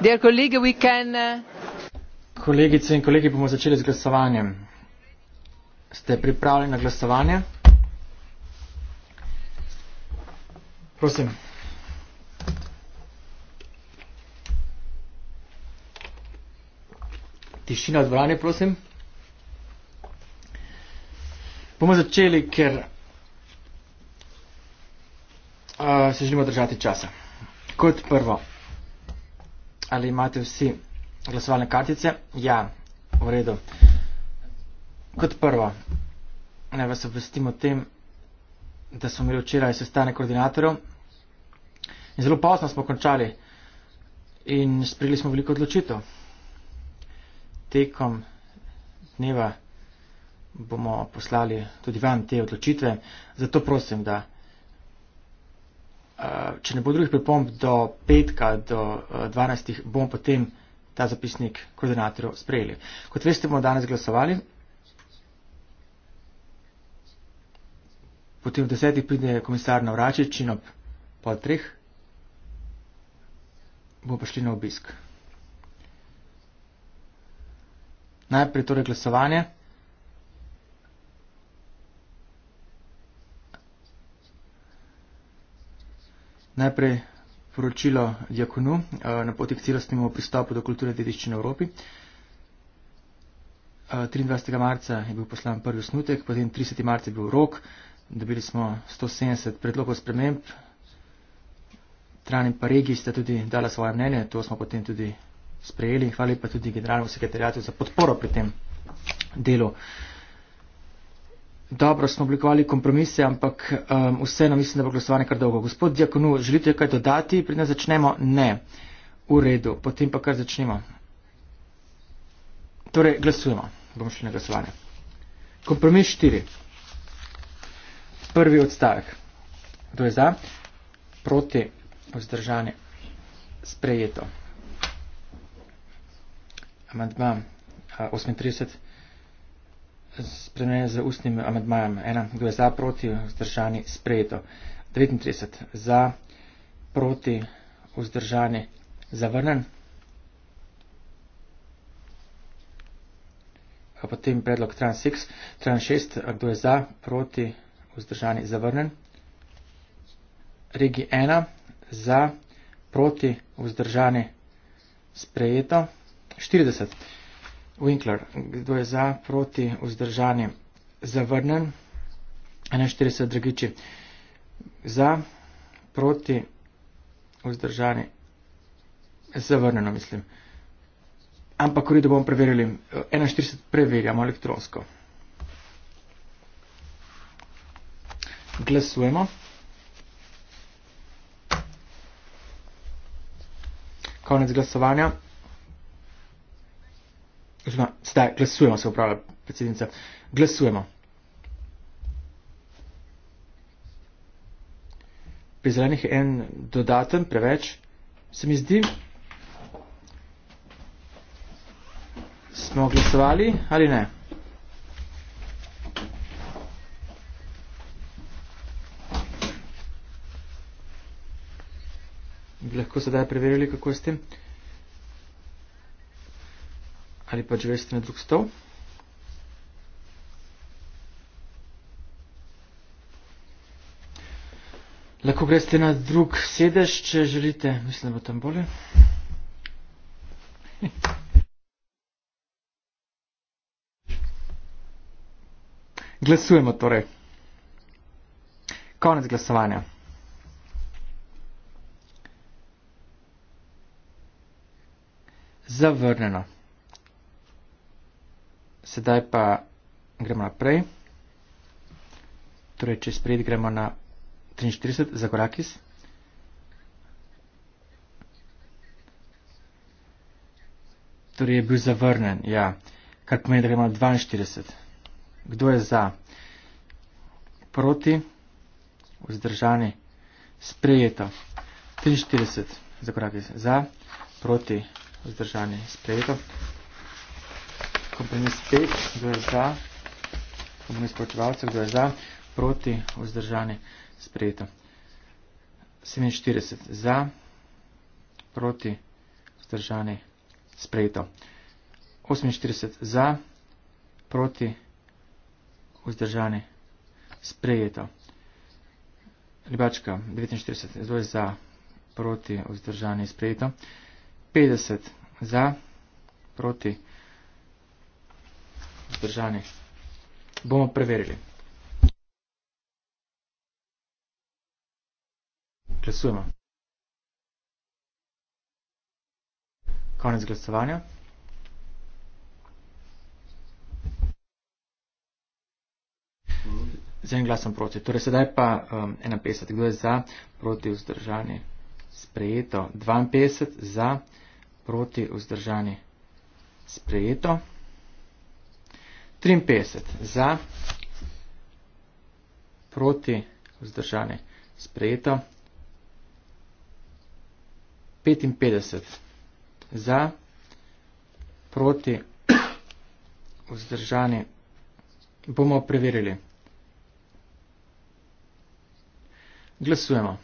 Uh, Kolegice in kolegi, bomo začeli z glasovanjem. Ste pripravljeni na glasovanje? Prosim. Tišina v dvorani, prosim. Bomo začeli, ker uh, se želimo držati časa. Kot prvo, ali imate vsi glasovalne kartice? Ja, v redu. Kot prvo, naj vas obvestim o tem, da smo imeli včeraj sestanek koordinatorov in zelo pozno smo končali in sprejeli smo veliko odločitev. Tekom dneva bomo poslali tudi vam te odločitve, zato prosim, da uh, če ne bo drugih pripomb do petka, do uh, 12, bom potem ta zapisnik koordinatorjev sprejeli. Kot veste, bomo danes glasovali. Potem v desetih pride komisar Navračič, čin ob pol treh. Bo pa šli na obisk. Najprej torej glasovanje. Najprej poročilo Jakunu eh, na poti k celostnemu pristopu do kulture dediščine Evropi. 23. Eh, marca je bil poslan prvi osnutek, potem 30. marca je bil rok, dobili smo 170 predlogov sprememb, trani pa regiji sta tudi dala svoje mnenje, to smo potem tudi sprejeli in hvala pa tudi generalnemu sekretarjatu za podporo pri tem delu. Uh, Dobro smo oblikovali kompromise, ampak um, vseeno mislim, da bo glasovanje kar dolgo. Gospod Djakonu, želite kaj dodati, preden začnemo? Ne. V redu, potem pa kar začnemo. Torej, glasujemo. Bomo šli na glasovanje. Kompromis 4. Prvi odstavek. Kdo je za? Proti. Vzdržanje. Sprejeto. Amandma 38. Uh, spremenjen z ustnim amedmajem. Ena, kdo je za, proti, vzdržani, sprejeto. 39, za, proti, vzdržani, zavrnen. A potem predlog tran 6, tran 6, kdo je za, proti, vzdržani, zavrnen. Regi 1, za, proti, vzdržani, sprejeto. 40. Winkler, kdo je za, proti, vzdržani, zavrnen, 41 drugiči, za, proti, vzdržani, zavrneno mislim. Ampak korido bomo preverili, 41 preverjamo elektronsko. Glasujemo. Konec glasovanja. Oziroma, sedaj glasujemo, se upravlja predsednica. Glasujemo. Pri zelenih en dodaten, preveč, se mi zdi. Smo glasovali ali ne? Bi lahko sedaj preverili, kako je s tem ali pač greste na drug stol. Lahko greste na drug sedež, če želite, mislim, da bo tam bolje. Glasujemo torej. Konec glasovanja. Zavrneno. Sedaj pa gremo naprej. Torej, če spred gremo na 43 za Gorakis. Torej je bil zavrnen, ja. Kar pomeni, da gremo na 42. Kdo je za? Proti? Vzdržani? Sprejeto. 43 za Gorakis. Za? Proti? Vzdržani? Sprejeto kompromis 5, kdo je za, kompromis počevalcev, kdo je za, proti, vzdržani, sprejeto. 47 za, proti, vzdržani, sprejeto. 48 za, proti, vzdržani, sprejeto. Ljubačka, 49, zdo je za, proti, vzdržani, sprejeto. 50 za, proti, vzdržani, sprejeto vzdržani. Bomo preverili. Časujemo. Konec glasovanja. Z enim glasom proti. Torej sedaj pa um, ena pesat. Kdo je za, proti vzdržani? Sprejeto. 52 za, proti vzdržani? Sprejeto. 53 za, proti, vzdržane, sprejeto, 55 za, proti, vzdržane, bomo preverili. Glasujemo.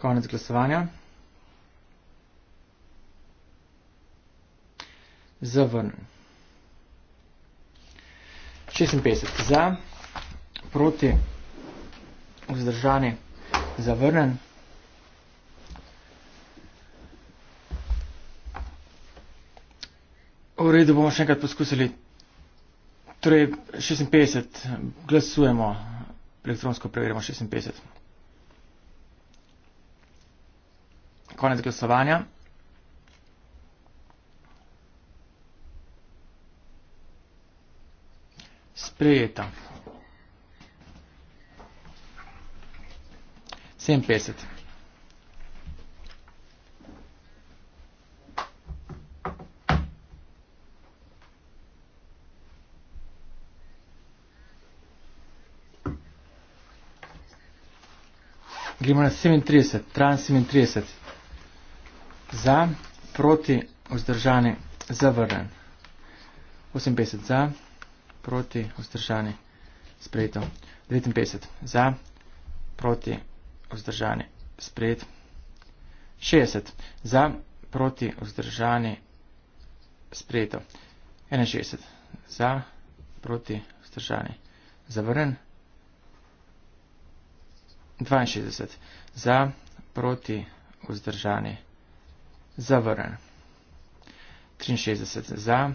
Konec glasovanja. zavrnil. 56 za, proti, vzdržani, zavrnen. V redu bomo še enkrat poskusili. Torej, 56 glasujemo, elektronsko preverimo 56. Konec glasovanja. sprejeta. 57. Gremo na 37, tran 37. Za, proti, vzdržani, zavrnen. 58 za proti, vzdržani, sprejeto. 59, za, proti, vzdržani, sprejet. 60, za, proti, vzdržani, sprejeto. 61, za, proti, vzdržani, zavrnen. 62, za, proti, vzdržani, zavrnen. 63, za,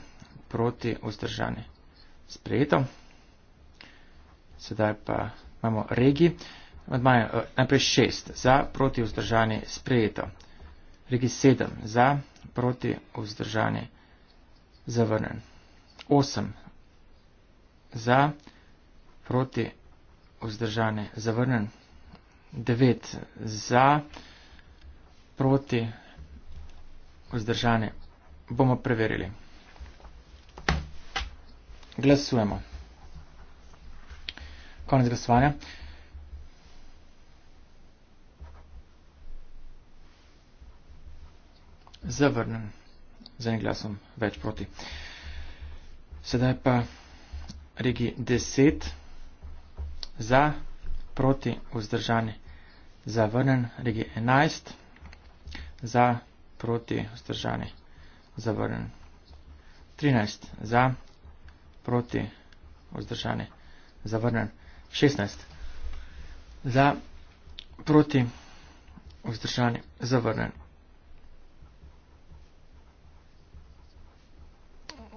proti, vzdržani, zavrnen sprejeto. Sedaj pa imamo regi. Odmaja eh, najprej šest za, proti vzdržanje sprejeto. Regi sedem za, proti vzdržanje zavrnen. Osem za, proti vzdržanje zavrnen. Devet za, proti vzdržanje bomo preverili glasujemo. Konec glasovanja. Zavrnen. Z enim glasom več proti. Sedaj pa regi 10 za, proti, vzdržani, zavrnen. Regi 11 za, proti, vzdržani, zavrnen. 13 za, proti vzdržani, zavrnen. 16. Za, proti vzdržani, zavrnen.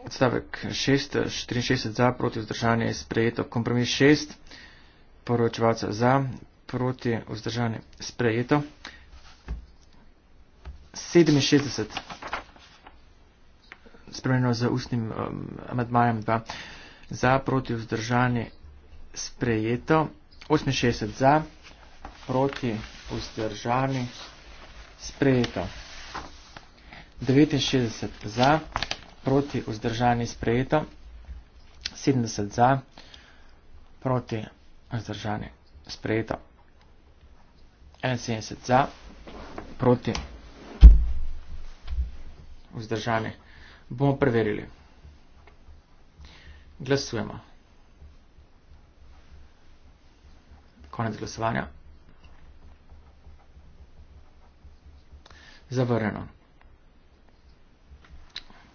Odstavek 6, 64 za, proti vzdržani je sprejeto. Kompromis 6, poročevalca za, proti vzdržani sprejeto. 67 spremenjeno z ustnim um, amadmajem 2 za proti vzdržanje sprejeto. 68 za proti vzdržanje sprejeto. 69 za proti vzdržanje sprejeto. 70 za proti vzdržanje sprejeto. 71 za proti vzdržanje sprejeto bomo preverili. Glasujemo. Konec glasovanja. Zavrjeno.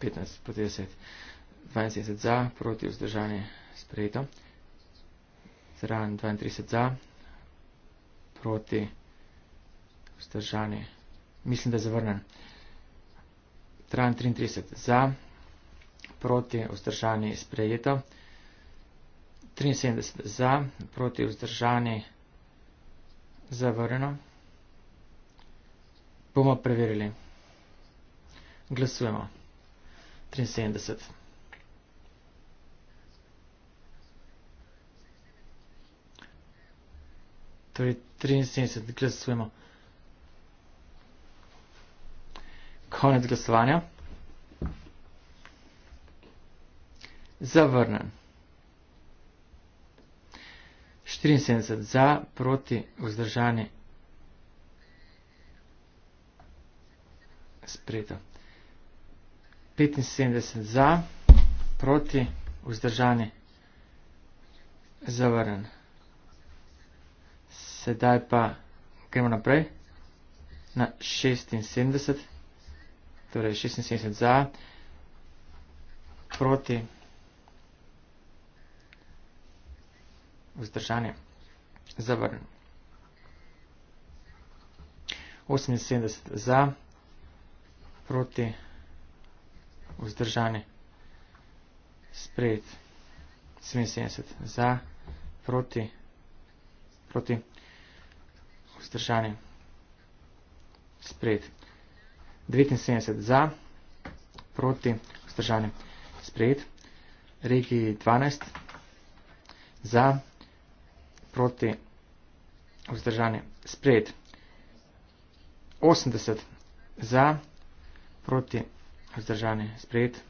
15 proti 10. 20 za, proti vzdržanje sprejeto. Zraven 32 za, proti vzdržanje. Mislim, da je zavrnen stran 33. Za, proti, vzdržani, sprejeto. 73. Za, proti, vzdržani, zavrjeno. Bomo preverili. Glasujemo. 73. Torej, 73 glasujemo. Konec glasovanja. Zavrnen. 74 za, proti, vzdržani. Spreto. 75 za, proti, vzdržani. Zavrnen. Sedaj pa gremo naprej. Na 76. 76 torej 76 za, proti vzdržanje, zavrn. 78 za, proti vzdržanje, sprejet. 77 za, proti, proti vzdržanje, sprejet. 79 za, proti, vzdržanje, sprejet. Regi 12 za, proti, vzdržanje, sprejet. 80 za, proti, vzdržanje, sprejet.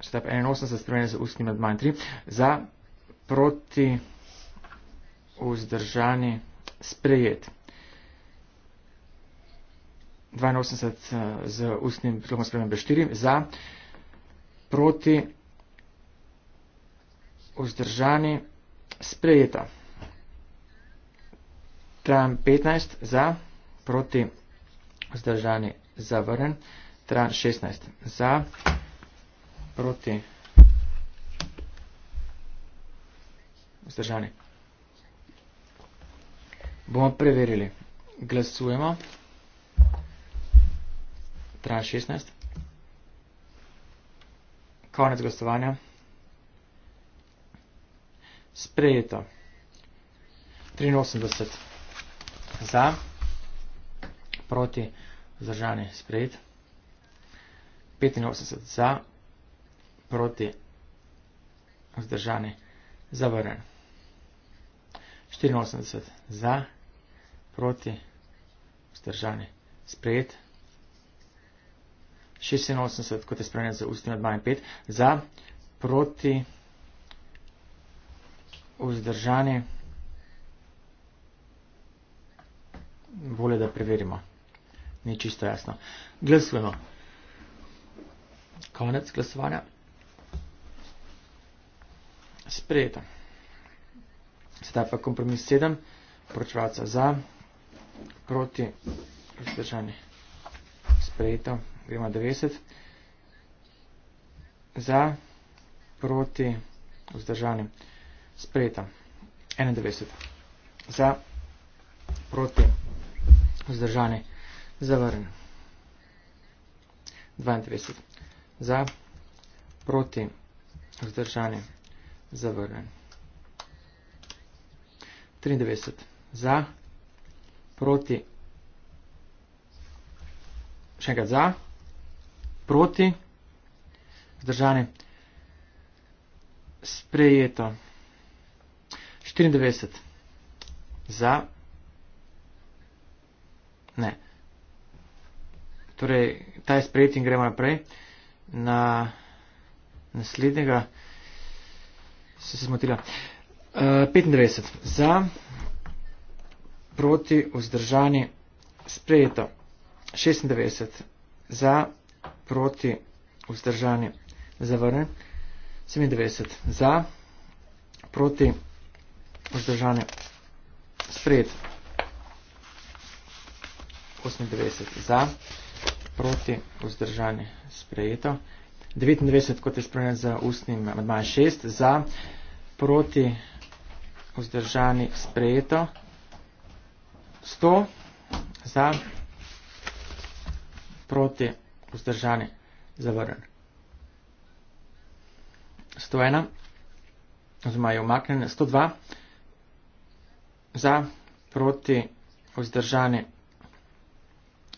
Štep 81, spremenje z ustnim admanj 3. Za, proti, vzdržanje, sprejet. Sprejet. 82 eh, z ustnim slovom spremembe 4 za, proti, vzdržani, sprejeta. Tran 15 za, proti, vzdržani, zavrnen. Tran 16 za, proti, vzdržani. Bomo preverili. Glasujemo traja 16. Konec gostovanja. Sprejeto. 83 za, proti, zdržani, sprejet. 85 za, proti, zdržani, zavrnen. 84 za, proti, zdržani, sprejet. 86, kot je spremljen z ustima 2 in 5, za, proti, vzdržani. Bolje, da preverimo. Ni čisto jasno. Glasujemo. Konec glasovanja. Sprejeta. Sedaj pa kompromis 7, proračunca za, proti, vzdržani. Sprejeta prima 90, za, proti, vzdržanim, sprejeta, 91, za, proti, vzdržani, zavrn, 92, za, proti, vzdržani, zavrn, 93, za, proti, še enkrat za, proti, vzdržani, sprejeto, 94 za, ne, torej ta je sprejet in gremo naprej, na naslednjega, se se smotila, uh, 95 za, proti, vzdržani, sprejeto, 96 za, proti, vzdržani, zavrnjen, 97 za, proti, vzdržani, sprejet, 98 za, proti, vzdržani, sprejeto, 99, kot je spremljen za ustnim amadmajem, 6 za, proti, vzdržani, sprejeto, 100 za, proti, vzdržani, sprejeto, vzdržani, zavrn. 101, oziroma je omaknjen, 102, za, proti, vzdržani,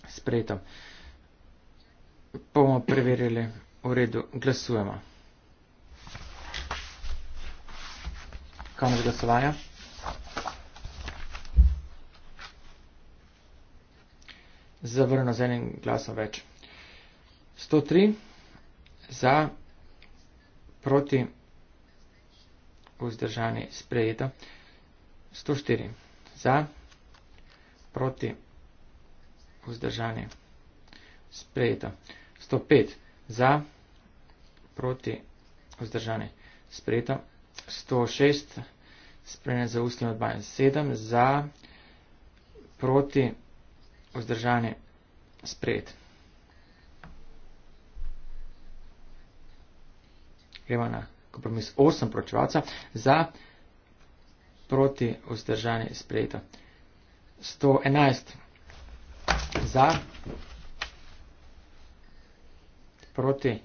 sprejeto. Bomo preverili v redu, glasujemo. Konec glasovanja. Zavrno z enim glasom več. 103 za proti vzdržani sprejeta. 104 za proti vzdržani sprejeta. 105 za proti vzdržani sprejeta. 106 sprejene za ustno odbajanje. 7 za proti vzdržani sprejeta. prispeva na kompromis 8 pročevalca za proti vzdržanje sprejeta. 111 za proti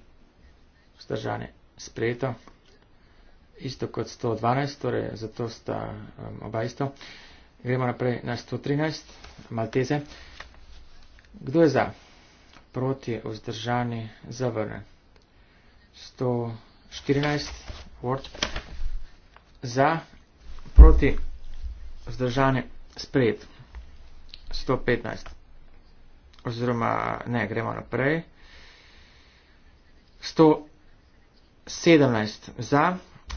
vzdržanje sprejeta. Isto kot 112, torej zato sta um, oba isto. Gremo naprej na 113, Malteze. Kdo je za? Proti vzdržanje zavrne. 100 14 word za proti vzdržanje spred 115 oziroma ne gremo naprej 117 za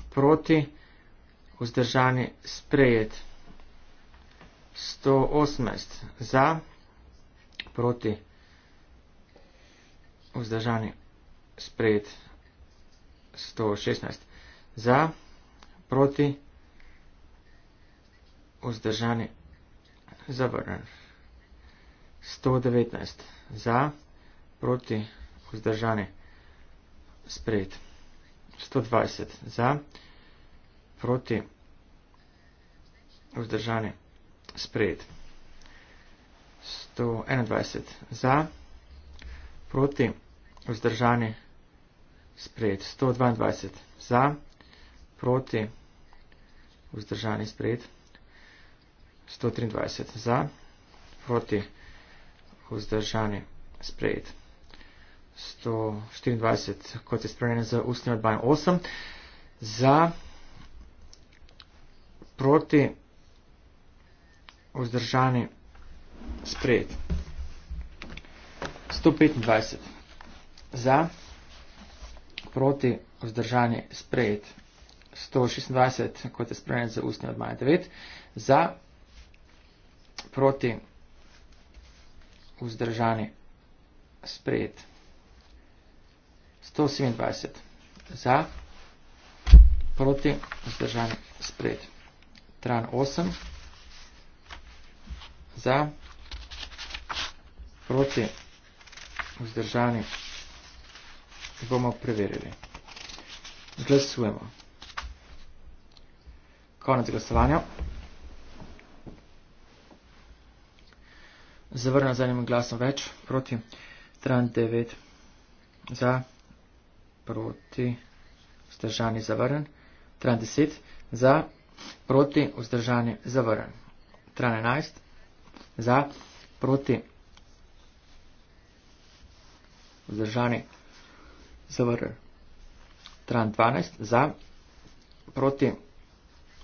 proti vzdržanje sprejet 118 za proti vzdržanje sprejet 116. Za, proti, vzdržani, zavrnjen. 119. Za, proti, vzdržani, sprejet. 120. Za, proti, vzdržani, sprejet. 121. Za, proti, vzdržani, sprejet sprejet 122 za, proti, vzdržani sprejet 123 za, proti, vzdržani sprejet 124, kot je spremenjen z ustnim odbajem 8, za, proti, vzdržani sprejet 125 za, proti vzdržanje sprejet. 126, kot je sprejet za ustni odmaj 9, za proti vzdržanje sprejet. 127, za proti vzdržanje sprejet. Tran 8, za proti vzdržanje sprejet bomo preverili. Glasujemo. Konec glasovanja. Zavrnjeno z enim glasom več, proti 39, za, proti, vzdržani, zavrnjen, 30, za, proti, vzdržani, zavrnjen, 13, za, proti, vzdržani, zavrnjen zavrl. Tran 12 za, proti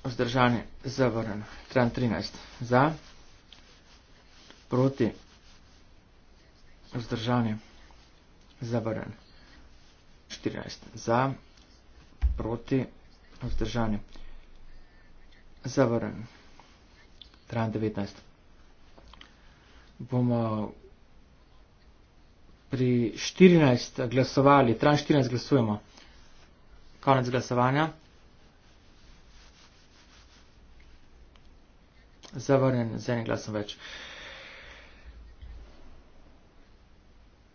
vzdržanje zavrljeno. Tran 13 za, proti vzdržanje zavrljeno. 14 za, proti vzdržanje zavrljeno. Tran 19 bomo vzdržanje pri 14 glasovali, trans 14 glasujemo. Konec glasovanja. Zavrnjen z enim glasom več.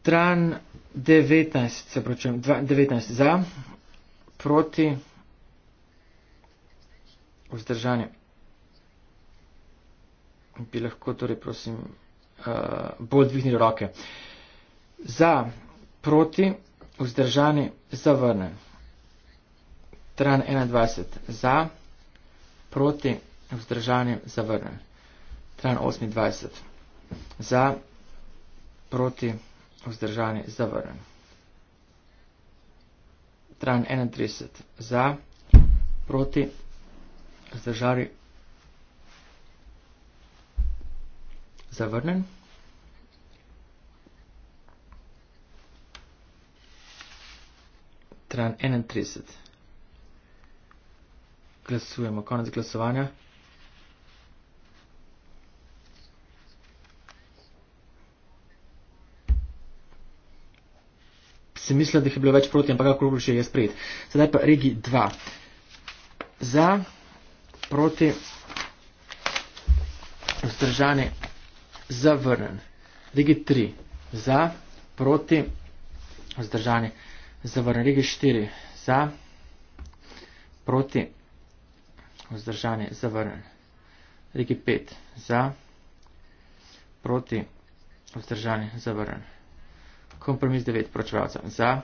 Tran 19, se pročujem, 19 za, proti vzdržanje. Bi lahko torej, prosim, uh, bolj dvihnili roke. Uh, za, proti, vzdržani, zavrnen. Tran 21, za, proti, vzdržani, zavrnen. Tran 28, za, proti, vzdržani, zavrnen. Tran 31, za, proti, vzdržani, zavrnen. Zavrnen. stran 31. Glasujemo, konec glasovanja. Sem mislila, da jih je bilo več proti, ampak kako bi še jaz sprejet. Sedaj pa regi 2. Za, proti, vzdržane, zavrnen. Regi 3. Za, proti, vzdržane, zavrnen zavrnili ga štiri za, proti, vzdržanje, zavrnen. Rigi 5 za, proti, vzdržanje, zavrnen. Kompromis 9 pročevalca za,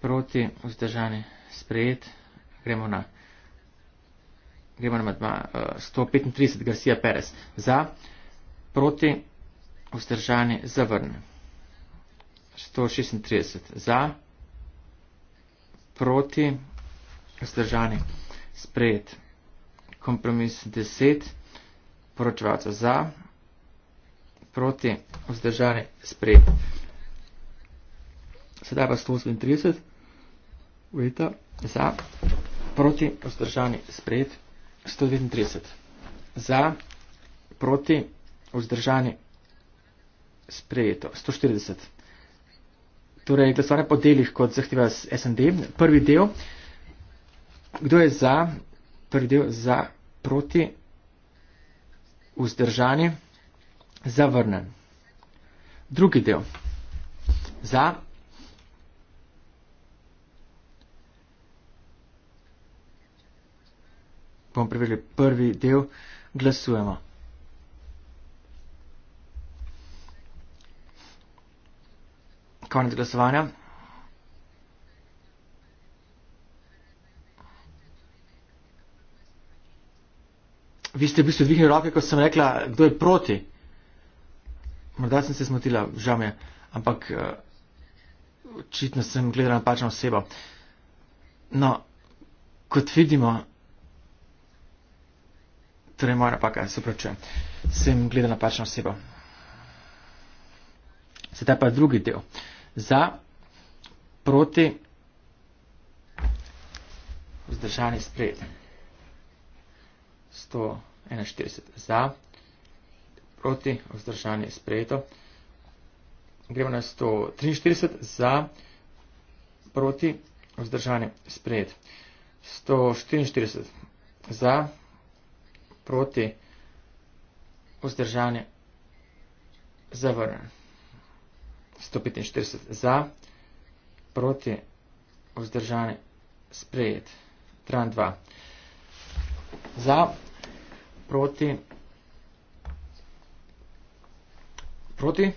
proti, vzdržanje, sprejet. Gremo na, gremo na madma, 135 eh, Garcia Perez za, proti, vzdržanje, zavrnen. 136 za, proti, vzdržanje, zavrnen proti, zdržani, sprejet. Kompromis 10, poročevalca za, proti, vzdržani, sprejet. Sedaj pa 138, ujeta, za, proti, vzdržani, sprejet. 139, za, proti, vzdržani, sprejeto. 140. Torej, glasovanje po delih, kot zahteva SND. Prvi del, kdo je za, prvi del za, proti, vzdržani, zavrnen. Drugi del, za, bom preverili prvi del, glasujemo. konec glasovanja. Vi ste v bistvu dvihnili roke, ko sem rekla, kdo je proti. Morda sem se smotila, žal mi je, ampak eh, očitno sem gledala napačno osebo. No, kot vidimo, torej moja napaka, se pravčujem, sem gledala napačno osebo. Sedaj pa drugi del. Uh, za, proti, vzdržani spred. 141 za, proti, vzdržani spredo. Gremo na 143 za, proti, vzdržani spred. 144 za, proti, vzdržani zavrnjen. 145 za, proti, vzdržani, sprejet. Tran 2. Za, proti, proti,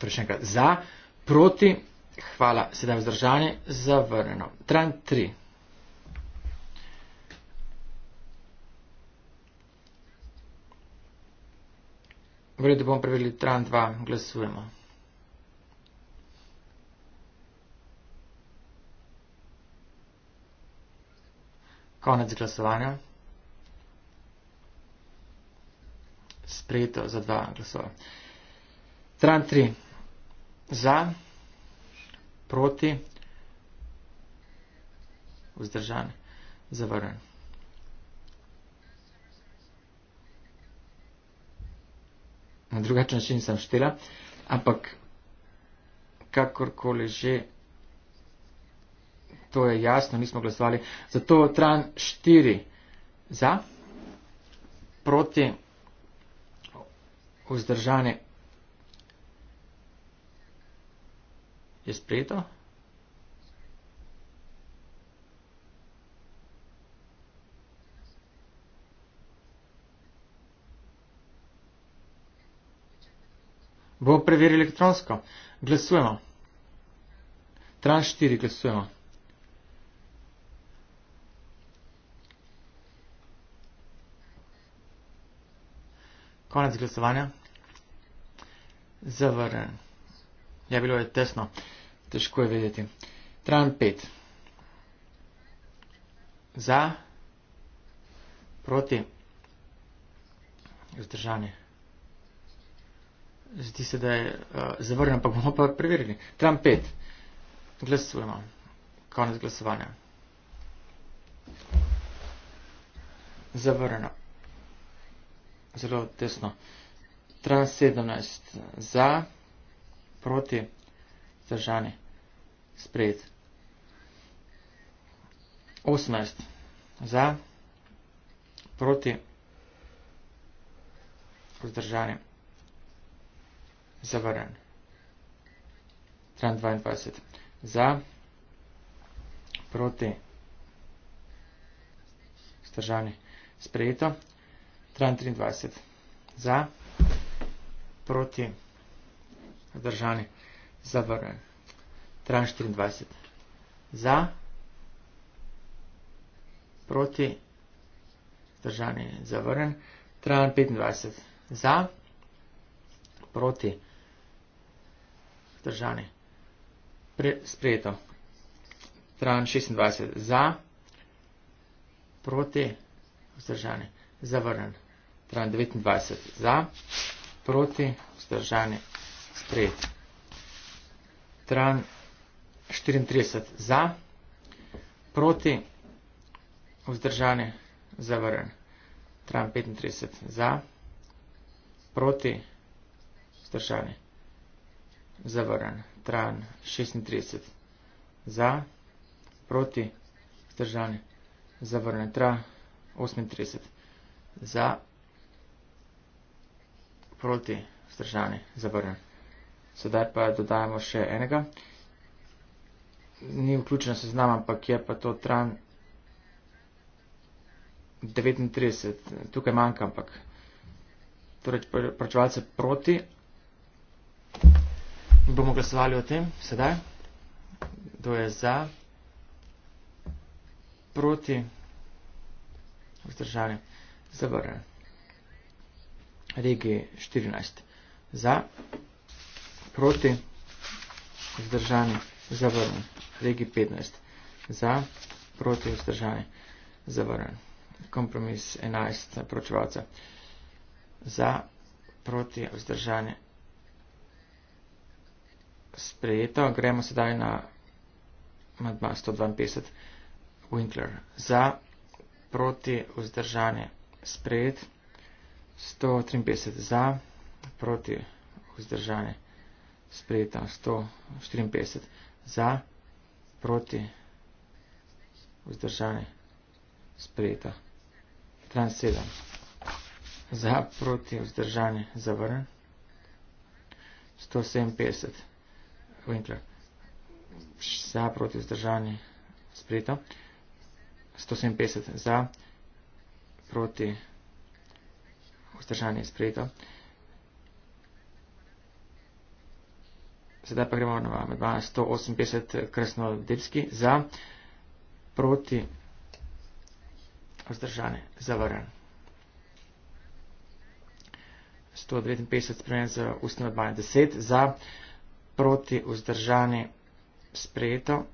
torej še enkrat, za, proti, hvala, sedaj vzdržani, zavrneno. Tran 3. V redu bomo preverili tran 2, glasujemo. Konec glasovanja. Sprejeto za dva glasova. Tran 3. Za, proti, vzdržan, zavrnjen. na drugačen način sem štela, ampak kakorkoli že, to je jasno, nismo glasovali. Zato tran 4 za, proti, vzdržane. Je sprejeto? Bomo preverili elektronsko. Glasujemo. Tranš 4 glasujemo. Konec glasovanja. Zavrnen. Ja, bilo je tesno. Težko je vedeti. Tran 5. Za. Proti. Zdržanje. Zdi se, da je uh, zavrnjen, ampak bomo pa preverili. Trump 5. Glasujemo. Konec glasovanja. Zavrnjeno. Zelo tesno. Trump 17. Za, proti, zdržani. Sprejet. 18. Za, proti, zdržani zavaran. Stran 22. Za, proti, stržani, sprejeto. Stran 23. Za, proti, stržani, zavaran. Stran 24. Za, proti, stržani, zavaran. Stran 25. Za, proti, stržani, zavaran vzdržani. Pre, sprejeto. Tran 26. Za. Proti. Vzdržani. Zavrnen. Tran 29. Za. Proti. Vzdržani. Sprejet. Tran 34. Za. Proti. Vzdržani. Zavrnen. Tran 35. Za. Proti. Vzdržani zavrnjen. Trajan 36. Za, proti, vzdržani. Zavrnjen. Trajan 38. Za, proti, vzdržani. Zavrnjen. Sedaj pa dodajamo še enega. Ni vključena seznam, ampak je pa to tran 39. Tukaj manjka, ampak. Torej, pračevalce proti. Bomo glasovali o tem sedaj. Kdo je za, proti, vzdržani, zavrnjen. Regi 14. Za, proti, vzdržani, zavrnjen. Regi 15. Za, proti, vzdržani, zavrnjen. Kompromis 11. Pročevalca. Za, proti, vzdržani, sprejeto. Gremo sedaj na madma 152. Winkler. Za, proti, vzdržanje. Sprejet. 153 za, proti, vzdržanje. Sprejeto. 154 za, proti, vzdržanje. Sprejeto. Trans 7. Za, proti, vzdržanje. Zavrn. 157. Winkler. Za proti vzdržanje sprita. 157 za proti vzdržanje sprita. Sedaj pa gremo na med 158 krasnodelski za proti vzdržanje zavaren. 159 spremenjen za ustno odbajanje 10 za proti proti vzdržani sprejeto,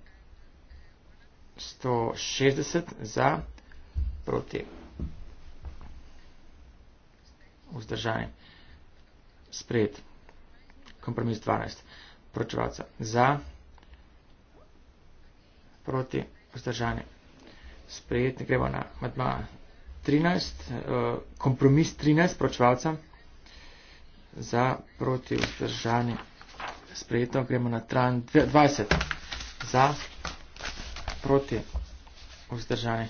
160 za proti vzdržani sprejet, kompromis 12, pročevalca za proti vzdržani sprejet, ne gremo na matma 13, eh, kompromis 13, pročevalca za proti vzdržani sprejet sprejeto, gremo na 23 za, proti, vzdržanje,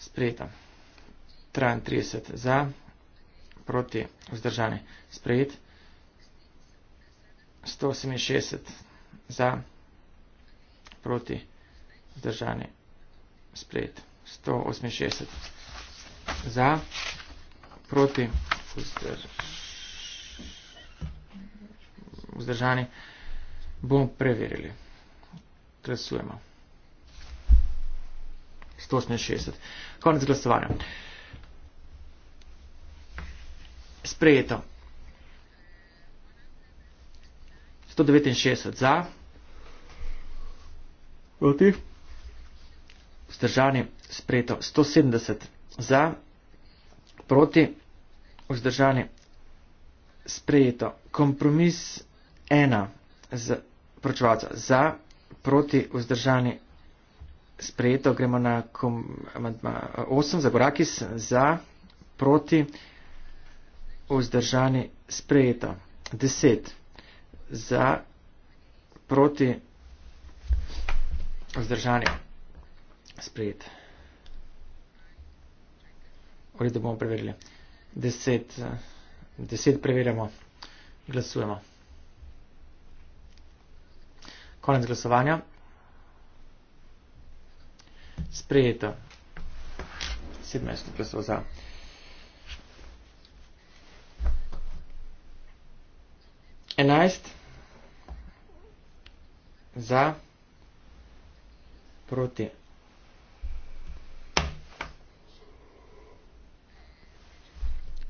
sprejeto, 33 za, proti, vzdržanje, sprejet, 168 za, proti, vzdržanje, sprejet, 168 za, proti, vzdržanje vzdržani, bomo preverili. Glasujemo. 168. Konec glasovanja. Sprejeto. 169 za. Proti. Vzdržani. Sprejeto. 170 za. Proti. Vzdržani. Sprejeto. Kompromis ena z pročevalca za, proti vzdržani sprejeto, gremo na komandma 8 za Gorakis, za, proti vzdržani sprejeto. 10 za, proti vzdržani sprejet. Uredno bomo preverili. 10, 10 preverjamo, glasujemo. Konec glasovanja. Sprejeto. 17 glasov za. Enajst za proti.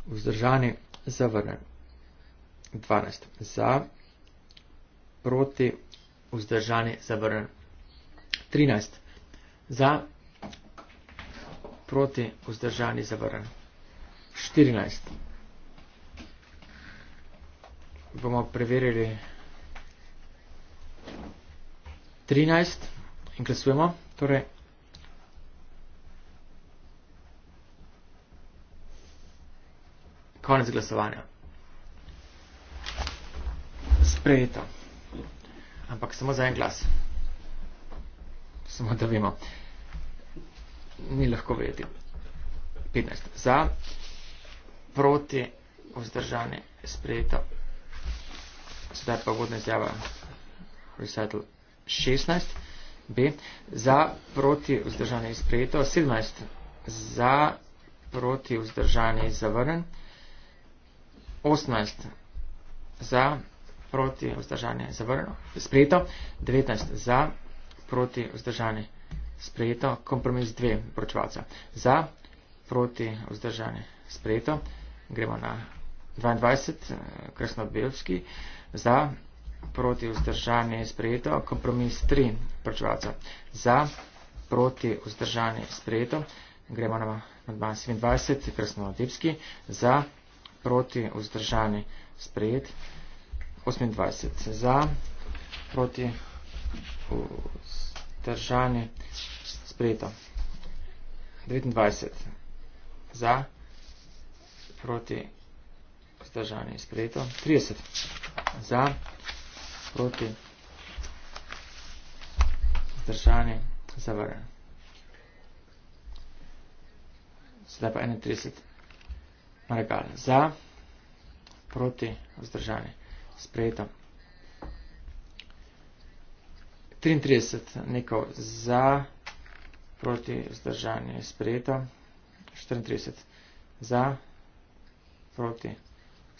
Vzdržani zavrne. 12 za proti vzdržani zavrn. 13. Za, proti, vzdržani zavrn. 14. Bomo preverili 13 in glasujemo. Torej, konec glasovanja. Sprejeto ampak samo za en glas. Samo da vemo. Ni lahko vedeti. 15. Za, proti, vzdržanje, sprejeto. Sedaj pa vodna izjava, recital 16. B. Za, proti, vzdržanje, sprejeto. 17. Za, proti, vzdržanje, zavrnen. 18. Za, proti vzdržanje zavrno, sprejeto, 19 za, proti vzdržanje sprejeto, kompromis 2 poročevalca za, proti vzdržanje sprejeto, gremo na 22, eh, Krasnobelski, za, proti vzdržanje sprejeto, kompromis 3 poročevalca za, proti vzdržanje sprejeto, gremo na 27, Krasnobelski, za, proti vzdržanje sprejeto. 28 za, proti vzdržanje, sprejeto. 29 za, proti vzdržanje, sprejeto. 30 za, proti vzdržanje, zavrne. Sedaj pa 31 margal za, proti vzdržanje sprejeta. 33 neko za, proti zdržanje sprejeta. 34 za, proti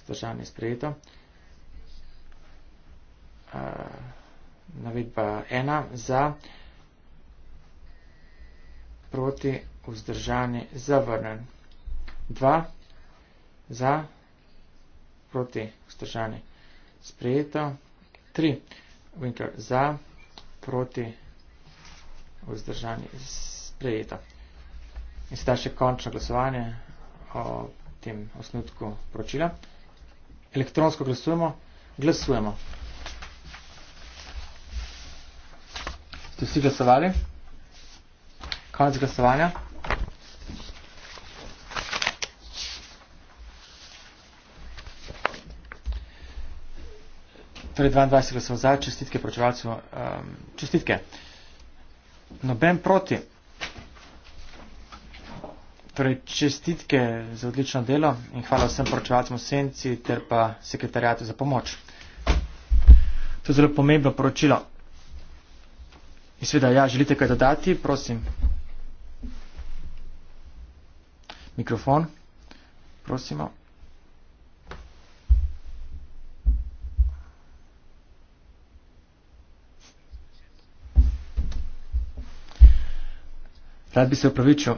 zdržanje sprejeta. Uh, navedba 1 za, proti vzdržanje zavrnen. 2 za, proti vzdržanje zavrnen sprejeto. 3. Winkler za, proti, vzdržanje sprejeto. In sedaj še končno glasovanje o tem osnutku poročila. Elektronsko glasujemo. Glasujemo. Ste vsi glasovali? Konec glasovanja. Torej 22 glasov za, čestitke pročevalcu, um, čestitke. Noben proti. Torej čestitke za odlično delo in hvala vsem pročevalcem v senci ter pa sekretarjatu za pomoč. To je zelo pomembno poročilo. In sveda, ja, želite kaj dodati, prosim. Mikrofon, prosimo. rad bi se opravičil.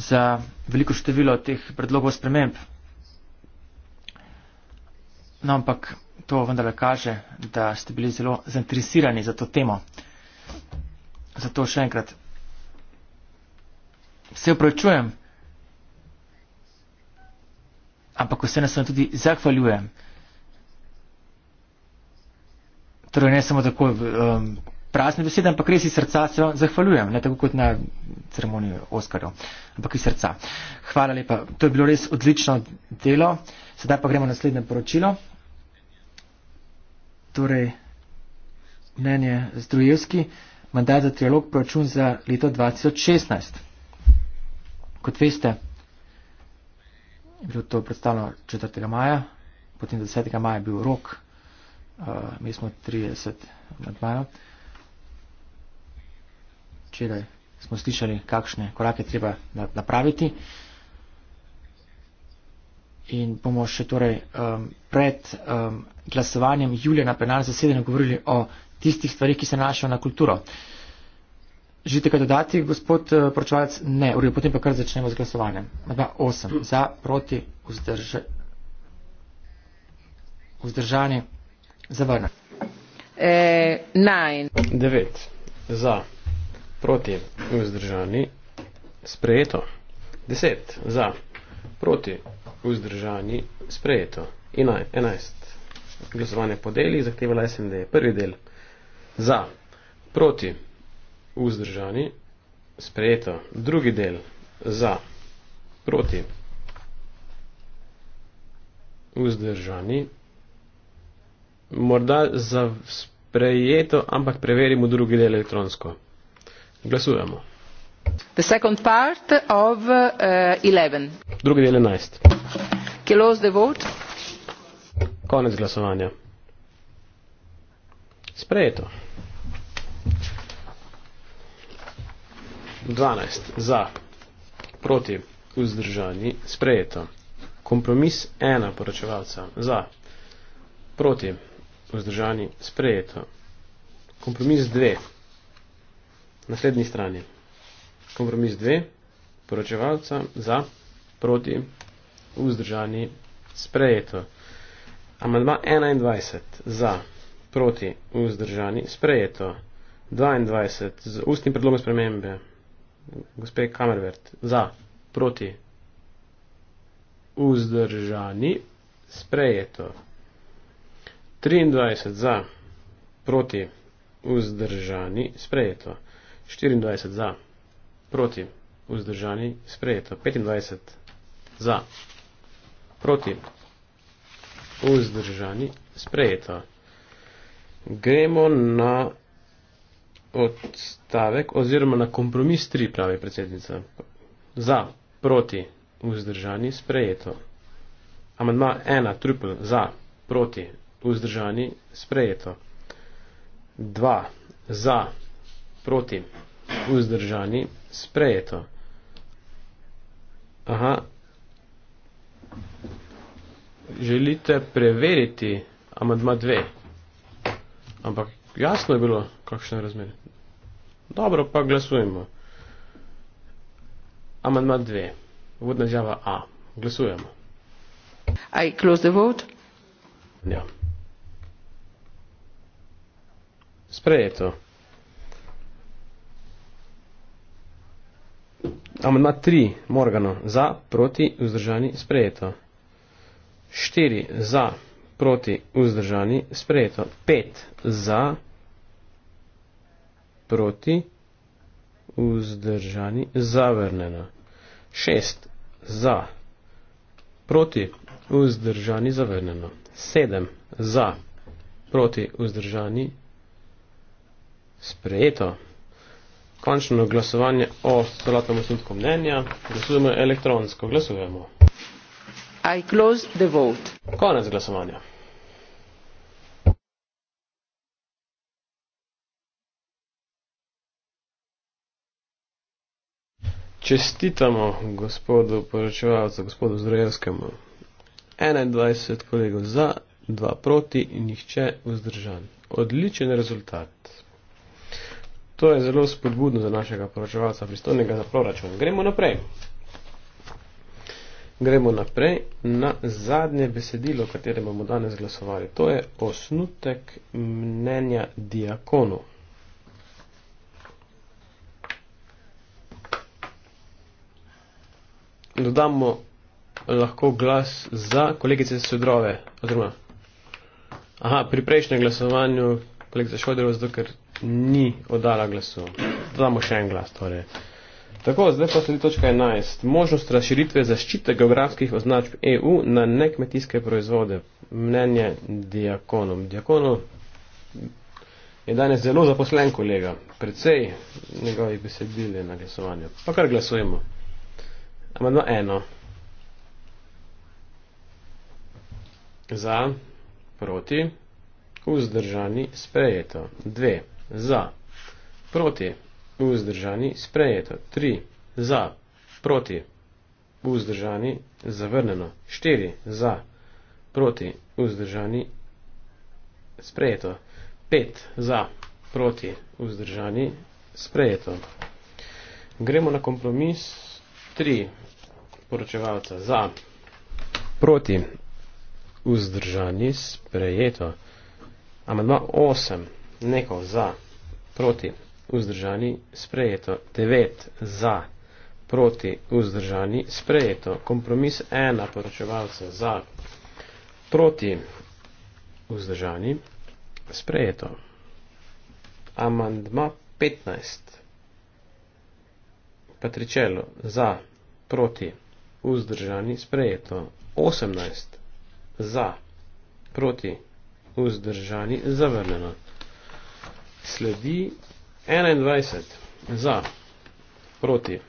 za veliko število teh predlogov sprememb. No, ampak to vendarle kaže, da ste bili zelo zainteresirani za to temo. Zato še enkrat se upravičujem, ampak vse nas tudi zahvaljujem torej ne samo tako um, prazne besede, ampak res iz srca se vam zahvaljujem, ne tako kot na ceremoniji Oskarov, ampak iz srca. Hvala lepa, to je bilo res odlično delo. Sedaj pa gremo na naslednje poročilo. Torej, mnenje Zdrujevski, mandat za trialog proračun za leto 2016. Kot veste, je bilo to predstavljeno 4. maja, potem 10. maja je bil rok uh, mi smo 30 amadmajev. Včeraj smo slišali, kakšne korake treba napraviti. In bomo še torej um, pred um, glasovanjem julija na plenarnem zasedanju govorili o tistih stvarih, ki se nanašajo na kulturo. Želite kaj dodati, gospod uh, poročevalec? Ne, v redu, potem pa kar začnemo z glasovanjem. 2-8 za, proti, vzdrž... vzdržanje. Zavrnjen. Eh, Najn. Devet. Za. Proti. Vzdržani. Sprejeto. Deset. Za. Proti. Vzdržani. Sprejeto. In naj. Enajst. Glasovanje po delih zahtevala SMD. Prvi del. Za. Proti. Vzdržani. Sprejeto. Drugi del. Za. Proti. Vzdržani. Sprejeto morda za sprejeto, ampak preverimo drugi del elektronsko. Glasujemo. Of, uh, drugi del 11. Konec glasovanja. Sprejeto. 12. Za. Proti. Vzdržani. Sprejeto. Kompromis ena poročevalca. Za. Proti vzdržani sprejeto. Kompromis 2. Naslednji strani. Kompromis 2. Poročevalca za, proti, vzdržani sprejeto. Amandma 21. Za, proti, vzdržani sprejeto. 22. Z ustnim predlogom spremembe. Gospe Kamervert. Za, proti, vzdržani sprejeto. 23 za, proti, vzdržani, sprejeto. 24 za, proti, vzdržani, sprejeto. 25 za, proti, vzdržani, sprejeto. Gremo na odstavek oziroma na kompromis 3, pravi predsednica. Za, proti, vzdržani, sprejeto. Amandma 1, triple, za, proti, vzdržani sprejeto. 2. Za, proti, vzdržani sprejeto. Aha. Želite preveriti amadma 2. Ampak jasno je bilo, kakšne razmere. Dobro, pa glasujemo. Amadma 2. Vodna zjava A. Glasujemo. I close the vote. Yeah. Ja. Sprejeto. Amandma 3, Morgano, za, proti, vzdržani, sprejeto. 4, za, proti, vzdržani, sprejeto. 5, za, proti, vzdržani, zavrnjeno. 6, za, proti, vzdržani, zavrnjeno. 7, za, proti, vzdržani, zavrneno sprejeto. Končno glasovanje o celotnem osnutku mnenja. Glasujemo elektronsko. Glasujemo. I close the vote. Konec glasovanja. Čestitamo gospodu poročevalcu, gospodu Zdrojevskemu. 21 kolegov za, 2 proti in nihče vzdržan. Odličen rezultat. To je zelo spodbudno za našega poročevalca, pristojnega za proračun. Gremo naprej. Gremo naprej na zadnje besedilo, o katerem bomo danes glasovali. To je osnutek mnenja diakonu. Dodamo lahko glas za kolegice Sodrove. Aha, pri prejšnjem glasovanju kolegice Šodrove, zato ker ni oddala glasu. Damo še en glas. Torej. Tako, zdaj pa sledi točka 11. Možnost razširitve zaščite geografskih označb EU na nekmetijske proizvode. Mnenje diakonom. Diakonom je danes zelo zaposlen kolega. Predvsej njegovi besedili na glasovanju. Pa kar glasujemo. Amadno eno. Za, proti, vzdržani, sprejeto. Dve za, proti, vzdržani, sprejeto, 3, za, proti, vzdržani, zavrneno, 4, za, proti, vzdržani, sprejeto, 5, za, proti, vzdržani, sprejeto. Gremo na kompromis 3, poročevalca za, proti, vzdržani, sprejeto. Amandma 8 neko za, proti, vzdržani, sprejeto, devet za, proti, vzdržani, sprejeto, kompromis ena poročevalca za, proti, vzdržani, sprejeto. Amandma 15. Patričelo za, proti, vzdržani, sprejeto. 18. Za, proti, vzdržani, zavrneno sledi 21 za proti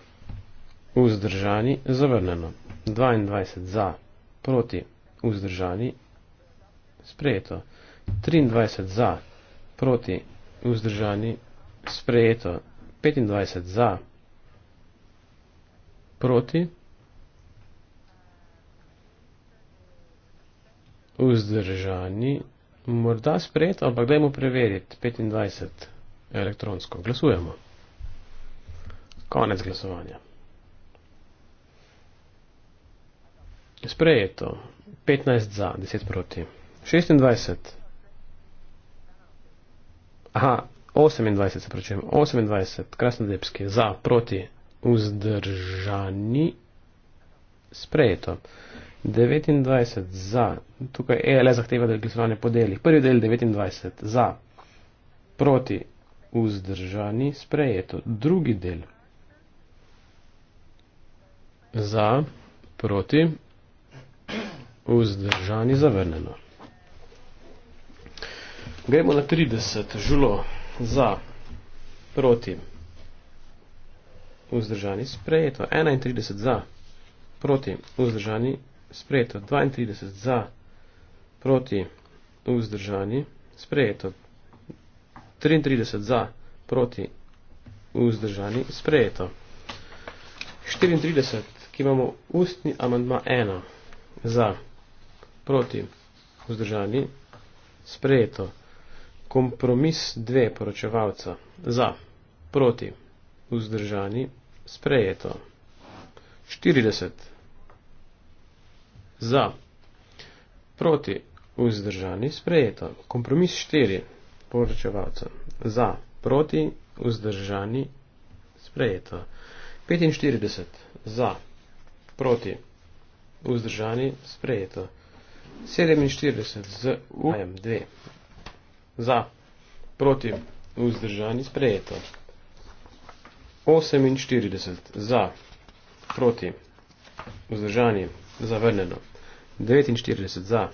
vzdržani zavrneno 22 za proti vzdržani sprejeto 23 za proti vzdržani sprejeto 25 za proti vzdržani Morda spred, ampak dajmo preveriti. 25 elektronsko. Glasujemo. Konec glasovanja. Sprejeto. 15 za, 10 proti. 26. Aha, 28 se pročujem. 28, krasnodepski, za, proti, vzdržani. Sprejeto. 29 za, tukaj ELE e zahteva, da je glasovanje po delih. Prvi del 29 za, proti, vzdržani, sprejeto. Drugi del za, proti, vzdržani, zavrneno. Gremo na 30, žulo za, proti, vzdržani, sprejeto. 31 za, proti, vzdržani, sprejeto sprejeto 32 za, proti vzdržani, sprejeto 33 za, proti vzdržani, sprejeto 34, ki imamo ustni amandma 1 za, proti vzdržani, sprejeto kompromis 2 poročevalca za, proti vzdržani, sprejeto 40 za, za, proti, vzdržani, sprejeto. Kompromis štiri, poročevalca, za, proti, vzdržani, sprejeto. 45, za, proti, vzdržani, sprejeto. 47, z, ujem, dve, za, proti, vzdržani, sprejeto. 48, za, proti, vzdržani, zavrneno. 49 za,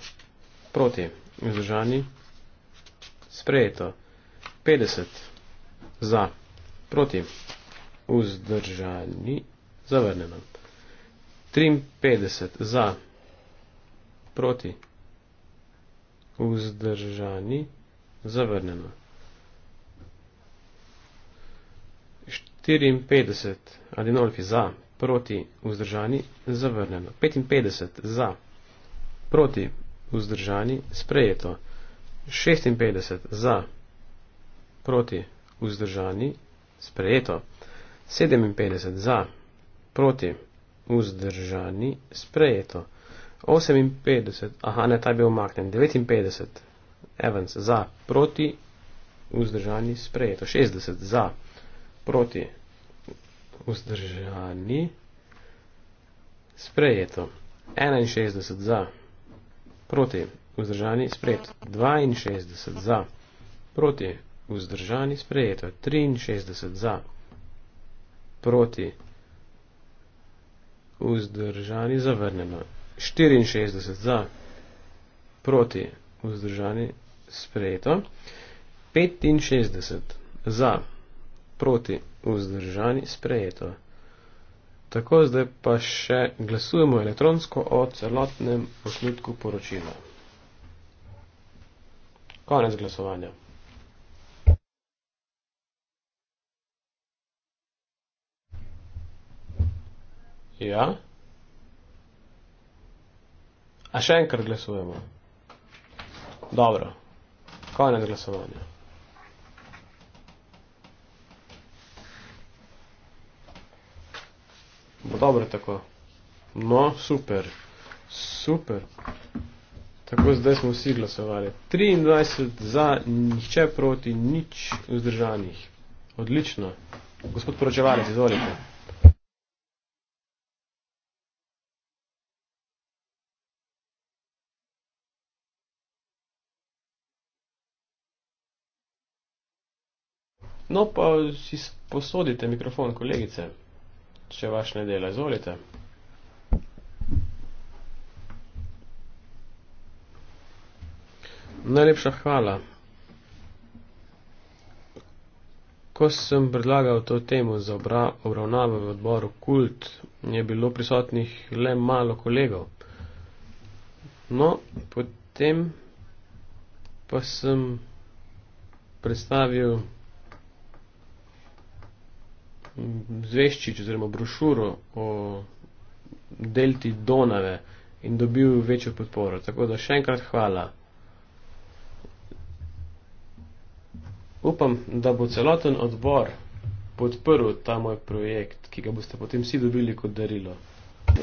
proti, vzdržani, sprejeto, 50 za, proti, vzdržani, zavrnjeno, 53 za, proti, vzdržani, zavrnjeno, 54 adinolfi za, proti, vzdržani, zavrnjeno, 55 za, proti, vzdržani, zavrnjeno, proti, vzdržani, sprejeto. 56 za, proti, vzdržani, sprejeto. 57 za, proti, vzdržani, sprejeto. 58, aha, ne, ta je bil omaknen. 59, Evans, za, proti, vzdržani, sprejeto. 60 za, proti, vzdržani, sprejeto. 61 za, proti, vzdržani, sprejeto. Proti. Vzdržani sprejeto. 62 za. Proti. Vzdržani sprejeto. 63 za. Proti. Vzdržani zavrnjeno. 64 za. Proti. Vzdržani sprejeto. 65 za. Proti. Vzdržani sprejeto. Tako, zdaj pa še glasujemo elektronsko o celotnem posnetku poročila. Konec glasovanja. Ja. A še enkrat glasujemo. Dobro. Konec glasovanja. bo dobro tako. No, super, super. Tako zdaj smo vsi glasovali. 23 za, nihče proti, nič vzdržanih. Odlično. Gospod poročevalec, izvolite. No, pa si posodite mikrofon, kolegice še vaš nedela. Izvolite. Najlepša hvala. Ko sem predlagal to temo za obra, obravnave v odboru Kult, je bilo prisotnih le malo kolegov. No, potem pa sem predstavil zveščič oziroma brošuro o delti Donave in dobil večjo podporo. Tako da še enkrat hvala. Upam, da bo celoten odbor podprl ta moj projekt, ki ga boste potem vsi dobili kot darilo.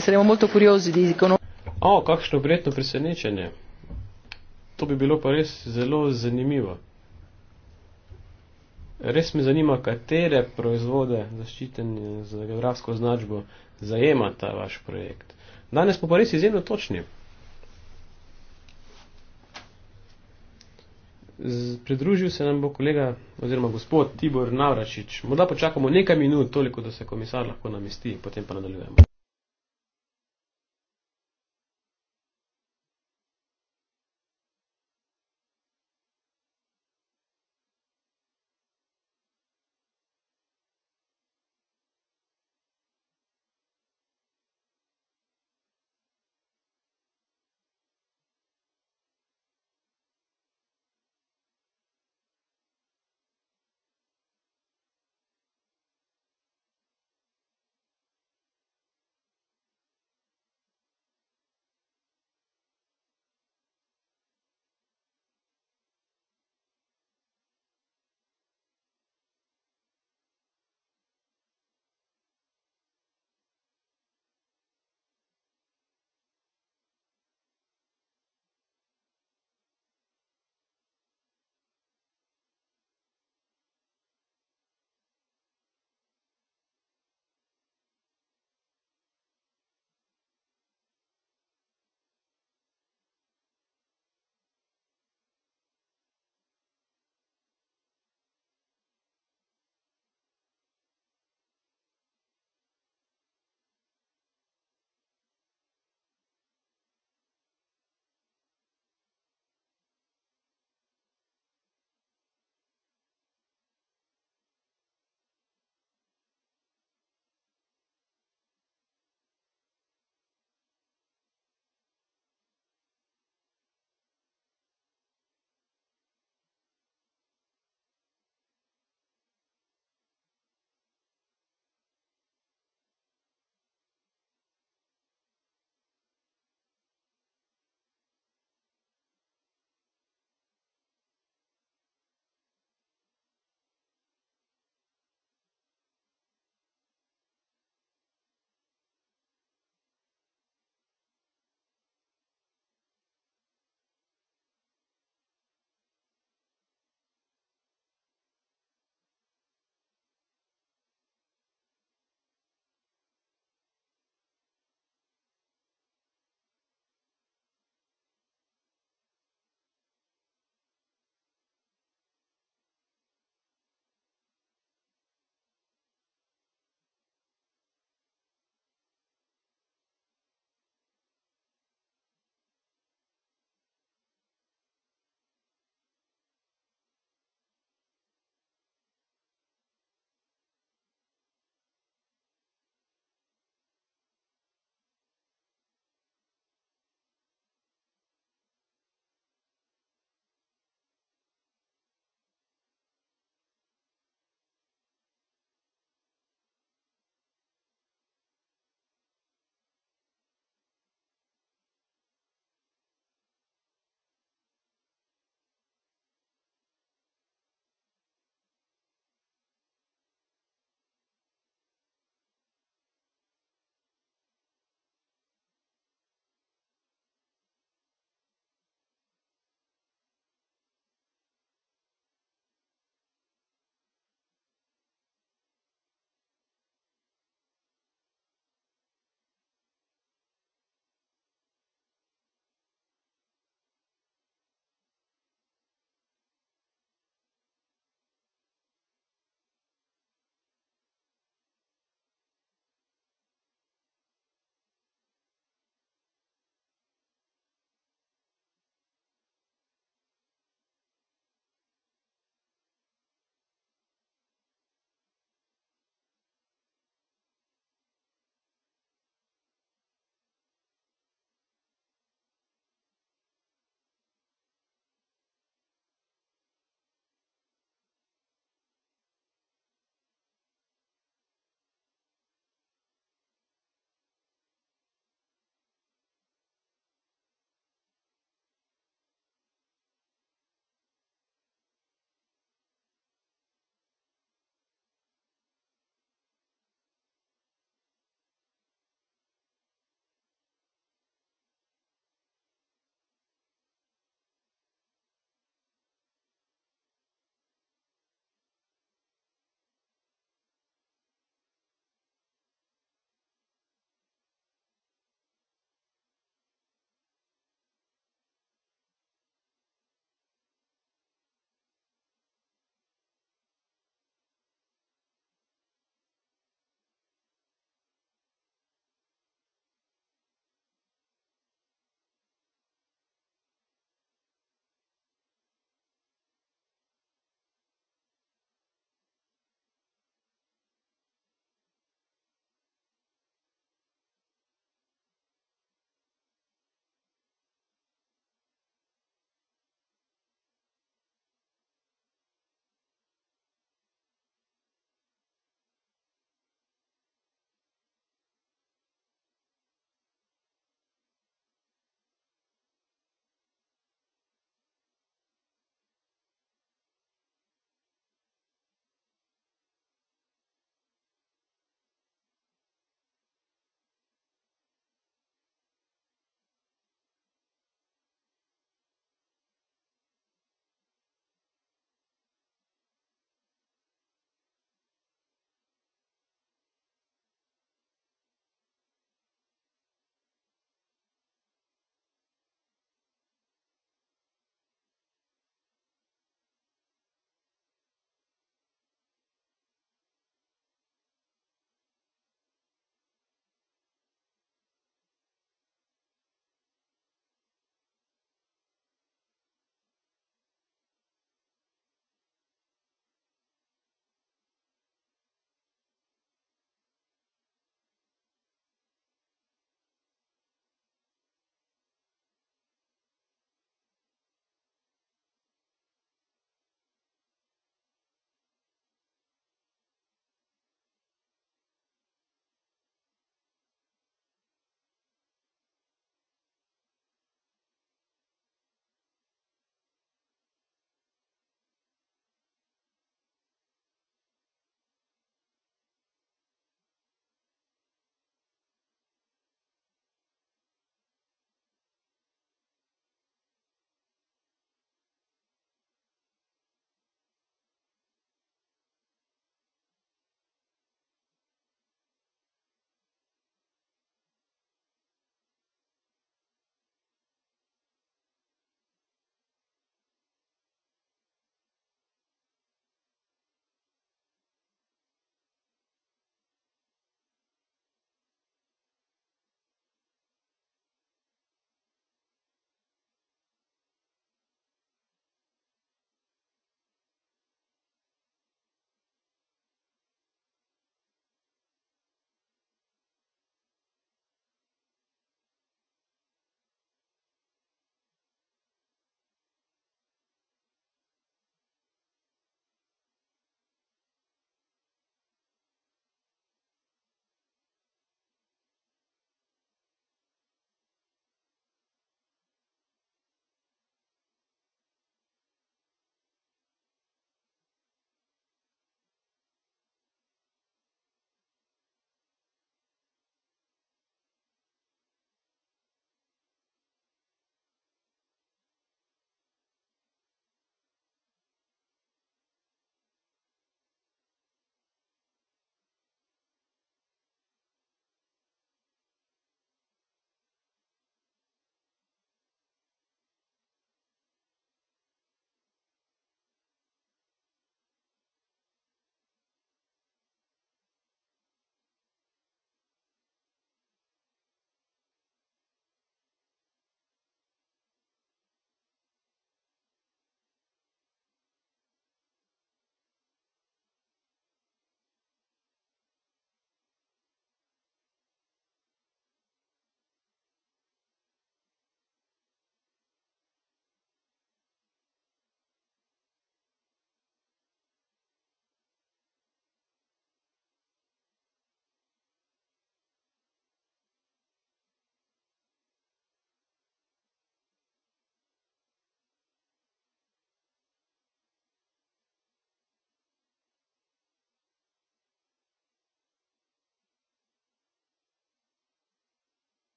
Sremo molto kuriozi di ikono. O, kakšno prijetno presenečenje. To bi bilo pa res zelo zanimivo. Res me zanima, katere proizvode zaščitene z geografsko označbo zajema ta vaš projekt. Danes smo pa res izjemno točni. Pridružil se nam bo kolega oziroma gospod Tibor Navračič. Morda počakamo nekaj minut, toliko, da se komisar lahko namesti, potem pa nadaljujemo.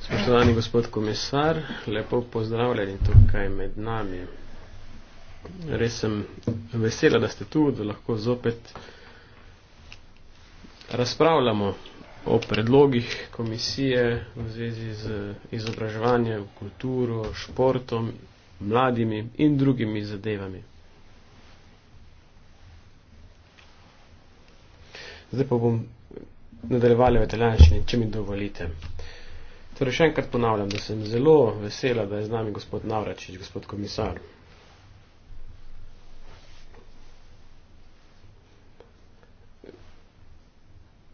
Spoštovani gospod komisar, lepo pozdravljeni tukaj med nami. Res sem vesela, da ste tu, da lahko zopet razpravljamo o predlogih komisije v zvezi z izobraževanjem, kulturo, športom, mladimi in drugimi zadevami. Zdaj pa bom nadaljevali v italijanščini, če mi dovolite. Torej, še enkrat ponavljam, da sem zelo vesela, da je z nami gospod Navračič, gospod komisar.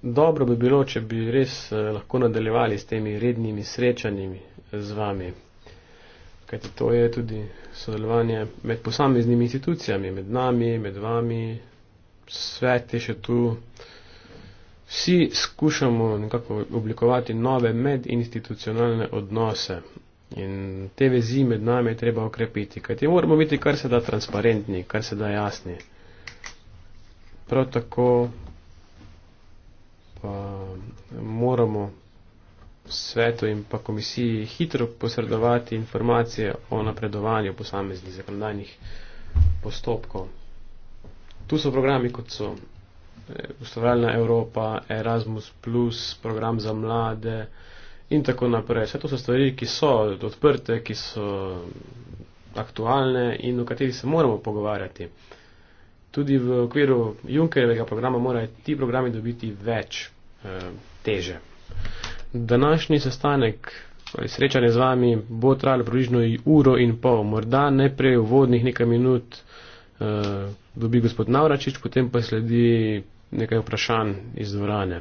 Dobro bi bilo, če bi res eh, lahko nadaljevali s temi rednimi srečanjimi eh, z vami, kajti to je tudi sodelovanje med posameznimi institucijami, med nami, med vami, svet je še tu. Vsi skušamo nekako oblikovati nove medinstitucionalne odnose in te vezi med nami je treba okrepiti, kajti moramo biti kar se da transparentni, kar se da jasni. Prav tako pa moramo svetu in pa komisiji hitro posredovati informacije o napredovanju posameznih zakonodajnih postopkov. Tu so programi, kot so ustvarjalna Evropa, Erasmus, plus, program za mlade in tako naprej. Vse to so stvari, ki so odprte, ki so aktualne in o katerih se moramo pogovarjati. Tudi v okviru Junckerjevega programa morajo ti programi dobiti več eh, teže. Današnji sestanek ali srečanje z vami bo trajalo približno uro in pol, morda ne prej v vodnih nekaj minut. Eh, dobi gospod Navračič, potem pa sledi nekaj vprašanj iz dvorane.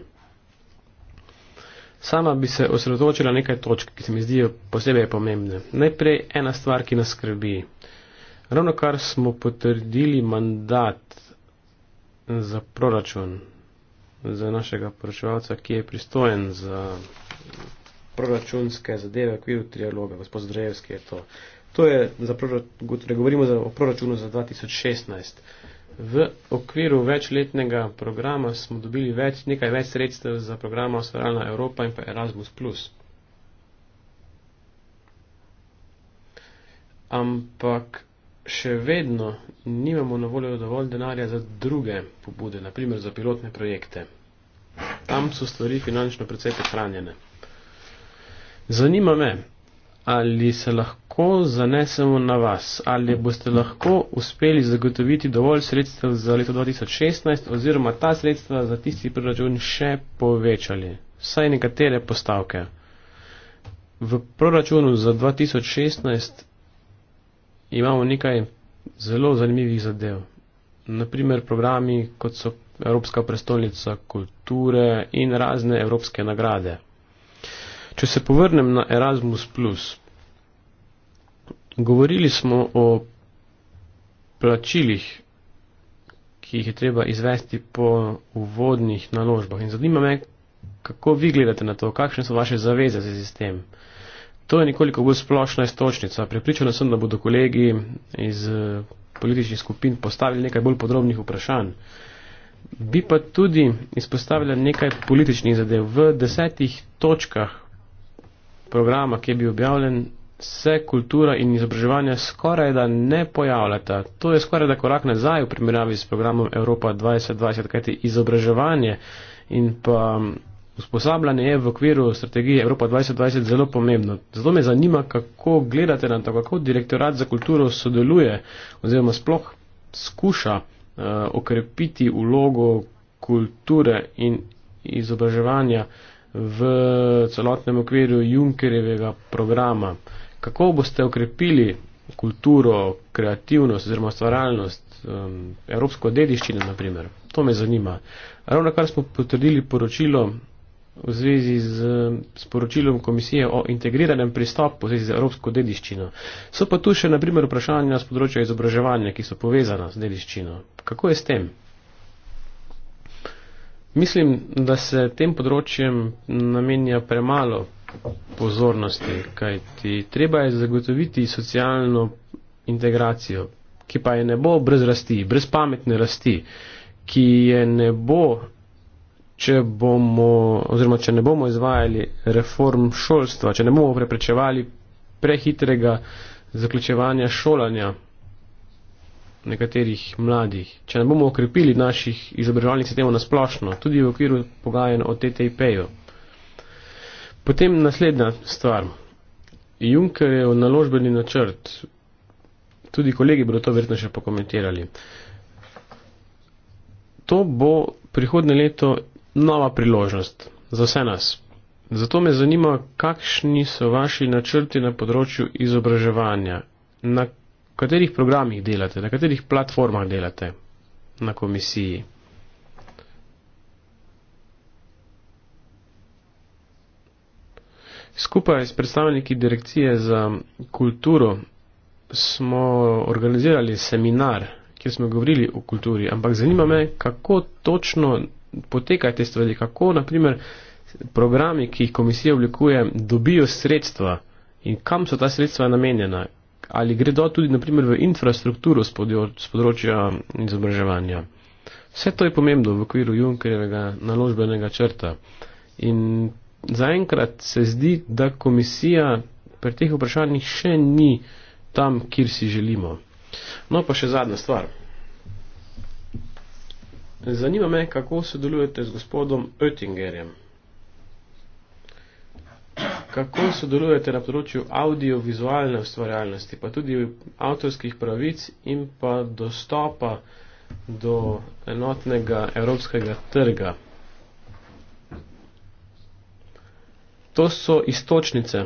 Sama bi se osredotočila nekaj točk, ki se mi zdijo posebej pomembne. Najprej ena stvar, ki nas skrbi. Ravno kar smo potrdili mandat za proračun, za našega poročevalca, ki je pristojen za proračunske zadeve v okviru trialoga, gospod Zdrejevski je to. To je, za proračun, govorimo za, o proračunu za 2016. V okviru večletnega programa smo dobili več, nekaj več sredstev za programa Osvaralna Evropa in pa Erasmus+. Ampak še vedno nimamo na voljo dovolj denarja za druge pobude, naprimer za pilotne projekte. Tam so stvari finančno precej prehranjene. Zanima me, ali se lahko zanesemo na vas, ali boste lahko uspeli zagotoviti dovolj sredstev za leto 2016 oziroma ta sredstva za tisti proračun še povečali, saj nekatere postavke. V proračunu za 2016 imamo nekaj zelo zanimivih zadev. Naprimer programi, kot so Evropska prestolnica kulture in razne evropske nagrade. Če se povrnem na Erasmus, govorili smo o plačilih, ki jih je treba izvesti po uvodnih naložbah. In zanima me, kako vi gledate na to, kakšne so vaše zaveze za sistem. To je nekoliko bolj splošna istočnica. Pripričana sem, da bodo kolegi iz eh, političnih skupin postavili nekaj bolj podrobnih vprašanj. Bi pa tudi izpostavila nekaj političnih zadev. V desetih točkah programa, ki je bil objavljen, se kultura in izobraževanje skoraj da ne pojavljata. To je skoraj da korak nazaj v primerjavi s programom Evropa 2020, kajti izobraževanje in pa mm, usposabljanje je v okviru strategije Evropa 2020 zelo pomembno. Zato me zanima, kako gledate na to, kako direktorat za kulturo sodeluje oziroma sploh skuša uh, okrepiti vlogo kulture in izobraževanja uh, v celotnem okviru Junkerjevega programa. Kako boste okrepili kulturo, kreativnost oziroma stvaralnost, um, evropsko dediščino naprimer? To me zanima. Ravno kar smo potrdili poročilo v zvezi z, um, s poročilom komisije o integriranem pristopu v zvezi z evropsko dediščino. So pa tu še naprimer vprašanja z področja izobraževanja, ki so povezana z dediščino. Kako je s tem? Mislim, da se tem področjem namenja premalo pozornosti, kajti treba je zagotoviti socialno integracijo, ki pa je ne bo brez rasti, brez pametne rasti, ki je ne bo, če bomo, oziroma če ne bomo izvajali reform šolstva, če ne bomo preprečevali prehitrega zaključevanja šolanja nekaterih mladih. Če ne bomo okrepili naših izobraževalnih sistemov na splošno, tudi v okviru pogajen o TTIP-ju. Potem naslednja stvar. Juncker je v naložbeni načrt, tudi kolegi bodo to verjetno še pokomentirali. To bo prihodne leto nova priložnost za vse nas. Zato me zanima, kakšni so vaši načrti na področju izobraževanja. Na v katerih programih delate, na katerih platformah delate na komisiji. Skupaj s predstavniki Direkcije za kulturo smo organizirali seminar, kjer smo govorili o kulturi, ampak zanima me, kako točno potekajo te stvari, kako naprimer programi, ki jih komisija oblikuje, dobijo sredstva in kam so ta sredstva namenjena, ali gre do tudi naprimer v infrastrukturo s področja izobraževanja. Vse to je pomembno v okviru Junkerjevega naložbenega črta. In zaenkrat se zdi, da komisija pri teh vprašanjih še ni tam, kjer si želimo. No pa še zadnja stvar. Zanima me, kako sodelujete z gospodom Oettingerjem kako sodelujete na področju audiovizualne ustvarjalnosti, pa tudi avtorskih pravic in pa dostopa do enotnega evropskega trga. To so istočnice,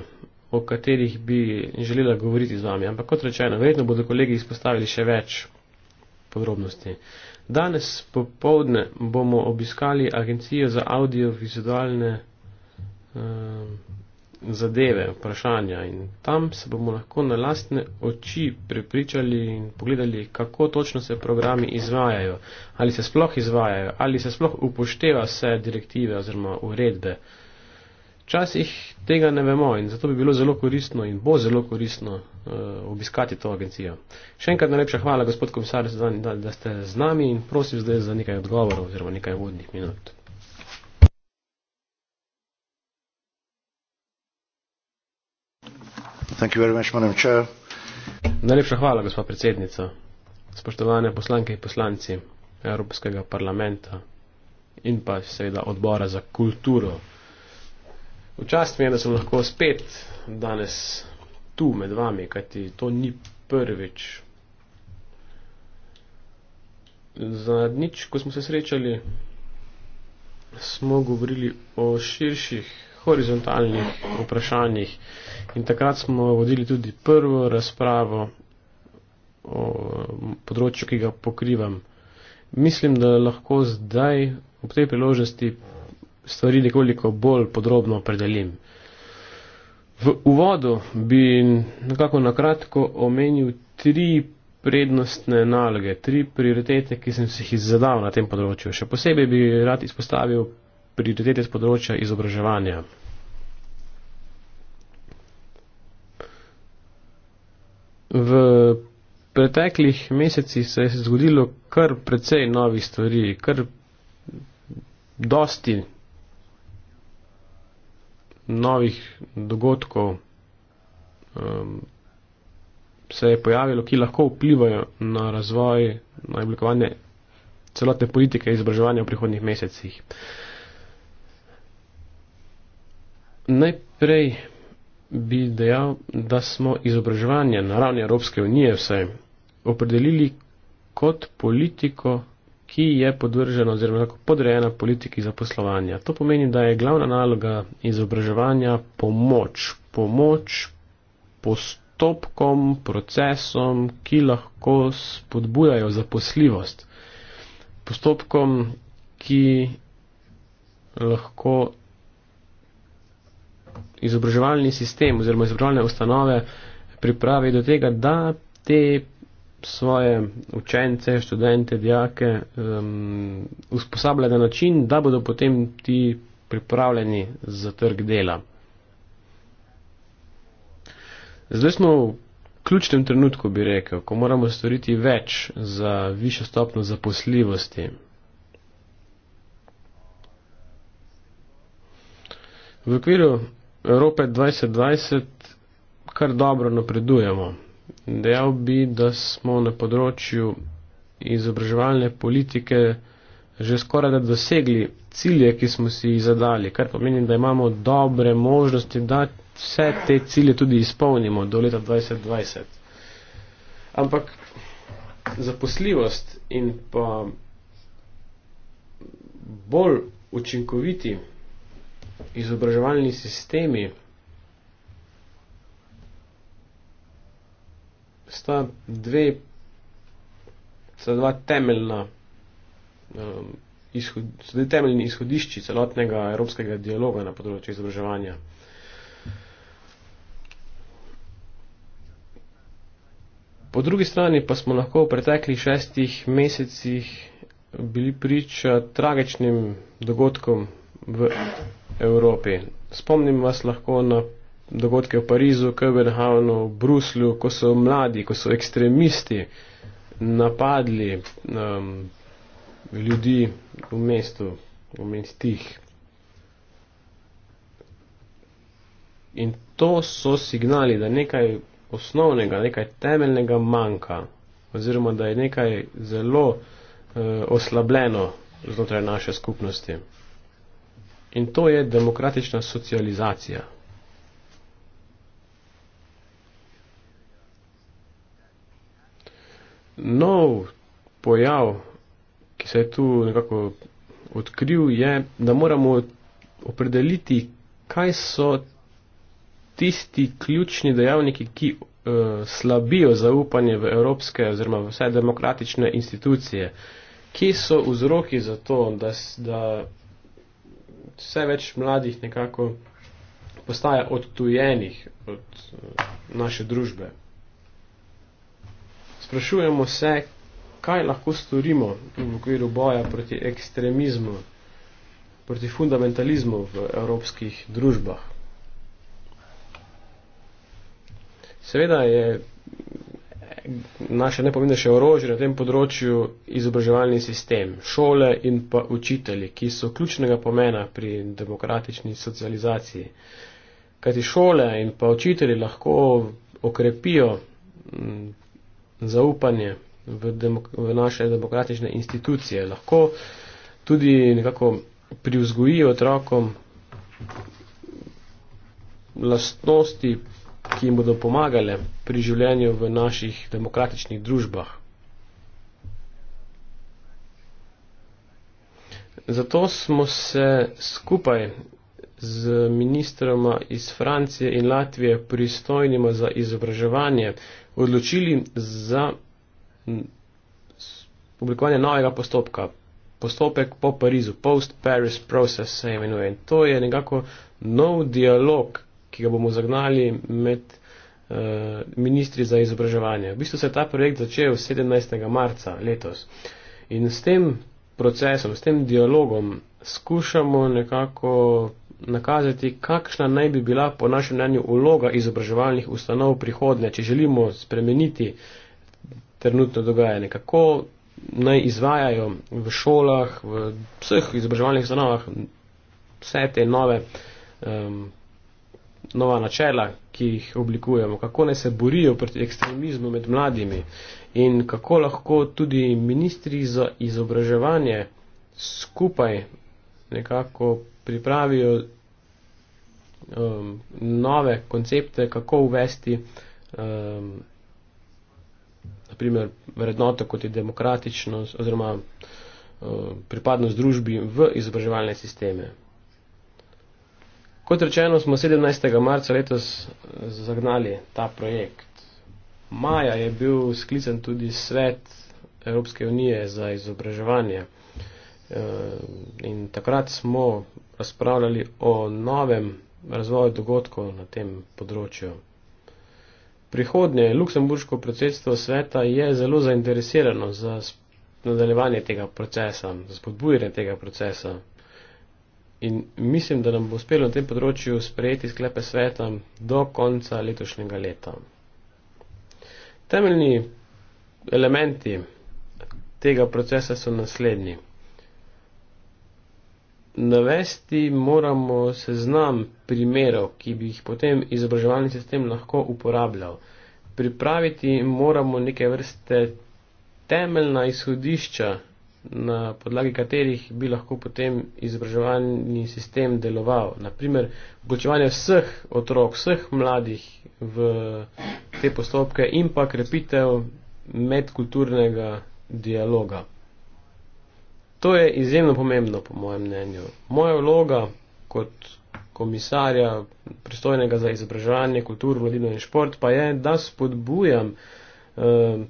o katerih bi želela govoriti z vami, ampak kot rečeno, verjetno bodo kolegi izpostavili še več podrobnosti. Danes popovdne bomo obiskali Agencijo za audiovizualne eh, zadeve, vprašanja in tam se bomo lahko na lastne oči prepričali in pogledali, kako točno se programi izvajajo, ali se sploh izvajajo, ali se sploh upošteva vse direktive oziroma uredbe. Včasih tega ne vemo in zato bi bilo zelo koristno in bo zelo koristno uh, obiskati to agencijo. Še enkrat najlepša hvala, gospod komisar, da, da ste z nami in prosim zdaj za nekaj odgovorov oziroma nekaj vodnih minut. Najlepša hvala, gospod predsednica. Spoštovane poslanke in poslanci Evropskega parlamenta in pa seveda odbora za kulturo. Včast mi je, da sem lahko spet danes tu med vami, kajti to ni prvič. Za nič, ko smo se srečali, smo govorili o širših horizontalnih vprašanjih. In takrat smo vodili tudi prvo razpravo o področju, ki ga pokrivam. Mislim, da lahko zdaj ob tej priložnosti stvari nekoliko bolj podrobno opredelim. V uvodu bi nekako nakratko omenil tri prednostne naloge, tri prioritete, ki sem si jih zadal na tem področju. Še posebej bi rad izpostavil prioritete z področja izobraževanja. V preteklih mesecih se je zgodilo kar precej novih stvari, kar dosti novih dogodkov um, se je pojavilo, ki lahko vplivajo na razvoj, na oblikovanje celotne politike izobraževanja v prihodnjih mesecih. Uh, Najprej bi dejal, da smo izobraževanje na ravni Evropske unije vsaj opredelili kot politiko, ki je podvržena oziroma podrejena politiki zaposlovanja. To pomeni, da je glavna naloga izobraževanja pomoč. Pomoč postopkom, procesom, ki lahko spodbujajo zaposljivost. Postopkom, ki lahko izobraževalni sistem oziroma izobraževalne ustanove pripravi do tega, da te svoje učence, študente, dijake um, usposablja na način, da bodo potem ti pripravljeni za trg dela. Zdaj smo v ključnem trenutku, bi rekel, ko moramo storiti več za višjo stopno zaposljivosti. V okviru Evrope 2020 kar dobro napredujemo. Dejal bi, da smo na področju izobraževalne politike že skoraj da dosegli cilje, ki smo si jih zadali, kar pomeni, da imamo dobre možnosti, da vse te cilje tudi izpolnimo do leta 2020. Ampak zaposljivost in pa bolj učinkoviti izobraževalni sistemi sta dve sta dva temeljna um, izhod, sta dve temeljni izhodišči celotnega evropskega dialoga na področju izobraževanja. Po drugi strani pa smo lahko v preteklih šestih mesecih bili priča tragičnim dogodkom v Evropi. Spomnim vas lahko na dogodke v Parizu, Köbenhavnu, Bruslju, ko so mladi, ko so ekstremisti napadli um, ljudi v mestu, v mestih. In to so signali, da nekaj osnovnega, nekaj temeljnega manjka, oziroma da je nekaj zelo uh, oslabljeno znotraj naše skupnosti in to je demokratična socializacija. Nov pojav, ki se je tu nekako odkril, je, da moramo opredeliti, kaj so tisti ključni dejavniki, ki uh, slabijo zaupanje v evropske oziroma vse demokratične institucije. Kje so vzroki za to, da, da vse več mladih nekako postaja odtujenih od eh, naše družbe. Sprašujemo se, kaj lahko storimo v okviru boja proti ekstremizmu, proti fundamentalizmu v evropskih družbah. Seveda je naše najpomembnejše orožje na tem področju izobraževalni sistem, šole in pa učitelji, ki so ključnega pomena pri demokratični socializaciji. Kajti šole in pa učitelji lahko okrepijo mm, zaupanje v, demok v naše demokratične institucije, lahko tudi nekako privzgojijo otrokom lastnosti, ki jim bodo pomagale pri življenju v naših demokratičnih družbah. Zato smo se skupaj z ministroma iz Francije in Latvije, pristojnima za izobraževanje, odločili za publikovanje novega postopka. Postopek po Parizu, Post-Paris Process se imenuje. To je nekako nov dialog, ki ga bomo zagnali med eh, ministri za izobraževanje. V bistvu se je ta projekt začel 17. marca letos in s tem procesom, s tem dialogom skušamo nekako nakazati, kakšna naj bi bila po našem mnenju uloga izobraževalnih ustanov prihodnje, če želimo spremeniti trenutno dogajanje, kako naj izvajajo v šolah, v vseh izobraževalnih ustanovah vse te nove um, nova načela, ki jih oblikujemo, kako naj se borijo proti ekstremizmu med mladimi in kako lahko tudi ministri za izobraževanje skupaj nekako pripravijo um, nove koncepte, kako uvesti um, naprimer vrednoto, kot je demokratičnost oziroma um, pripadnost družbi v izobraževalne sisteme. Kot rečeno, smo 17. marca letos zagnali ta projekt. Maja je bil sklican tudi svet Evropske unije za izobraževanje. Eh, in takrat smo razpravljali o novem razvoju dogodkov na tem področju. Prihodnje luksemburško predsedstvo sveta je zelo zainteresirano za nadaljevanje tega procesa, za spodbujanje tega procesa. In mislim, da nam bo uspelo na tem področju sprejeti sklepe sveta do konca letošnjega leta. Temeljni elementi tega procesa so naslednji. Navesti moramo seznam primerov, ki bi jih potem izobraževalni sistem lahko uporabljal. Pripraviti moramo neke vrste temeljna izhodišča na podlagi katerih bi lahko potem izobraževalni sistem deloval. Naprimer, vključevanje vseh otrok, vseh mladih v te postopke in pa krepitev medkulturnega dialoga. To je izjemno pomembno, po mojem mnenju. Moja vloga kot komisarja pristojnega za izobraževanje, kulturo, vladino in šport pa je, da spodbujam eh,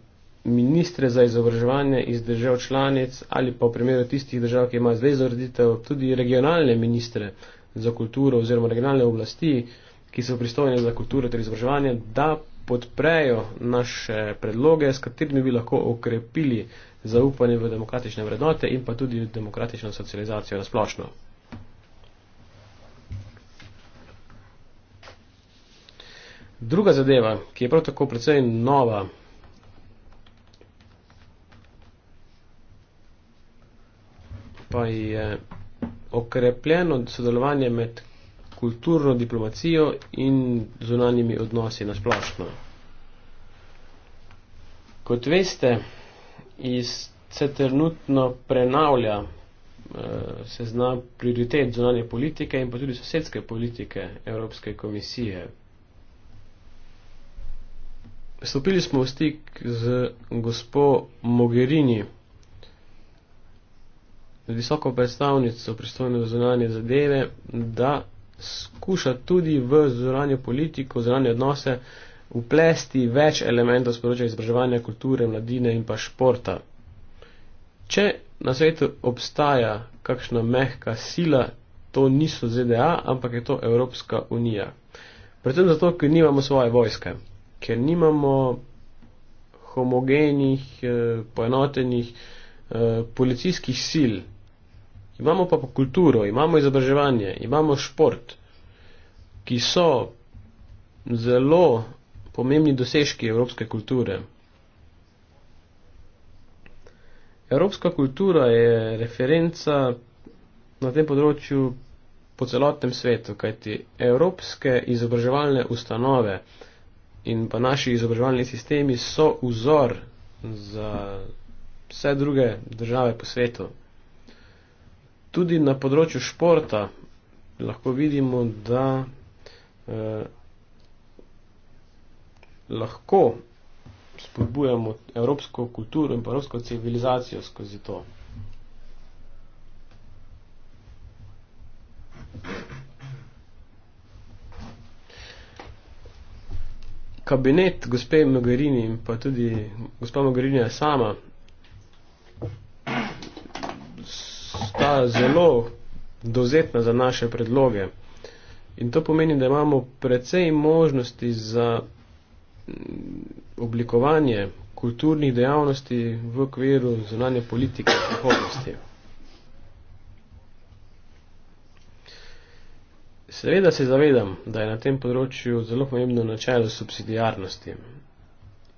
ministre za izobraževanje iz držav članic ali pa v primeru tistih držav, ki ima zdaj zaureditev, tudi regionalne ministre za kulturo oziroma regionalne oblasti, ki so pristojne za kulturo ter izobraževanje, da podprejo naše predloge, s katerimi bi lahko okrepili zaupanje v demokratične vrednote in pa tudi demokratično socializacijo nasplošno. Druga zadeva, ki je prav tako precej nova pa je okrepljeno sodelovanje med kulturno diplomacijo in zunanjimi odnosi na splošno. Kot veste, iz se trenutno prenavlja eh, se zna prioritet zunanje politike in pa tudi sosedske politike Evropske komisije. Stopili smo v stik z gospo Mogherini, z visoko predstavnico pristojne zunanje zadeve, da skuša tudi v zunanje politiko, zunanje odnose uplesti več elementov sporoča izobraževanja, kulture, mladine in pa športa. Če na svetu obstaja kakšna mehka sila, to niso ZDA, ampak je to Evropska unija. Predvsem zato, ker nimamo svoje vojske, ker nimamo homogenih, eh, poenotenih eh, policijskih sil, Imamo pa kulturo, imamo izobraževanje, imamo šport, ki so zelo pomembni dosežki evropske kulture. Evropska kultura je referenca na tem področju po celotnem svetu, kajti evropske izobraževalne ustanove in pa naši izobraževalni sistemi so vzor za vse druge države po svetu tudi na področju športa lahko vidimo, da eh, lahko spodbujamo evropsko kulturo in pa evropsko civilizacijo skozi to. Kabinet gospe Mogherini in pa tudi gospa Mogherini je sama sta zelo dozetna za naše predloge. In to pomeni, da imamo precej možnosti za mm, oblikovanje kulturnih dejavnosti v okviru zunanje politike v prihodnosti. Seveda se zavedam, da je na tem področju zelo pomembno načelo subsidijarnosti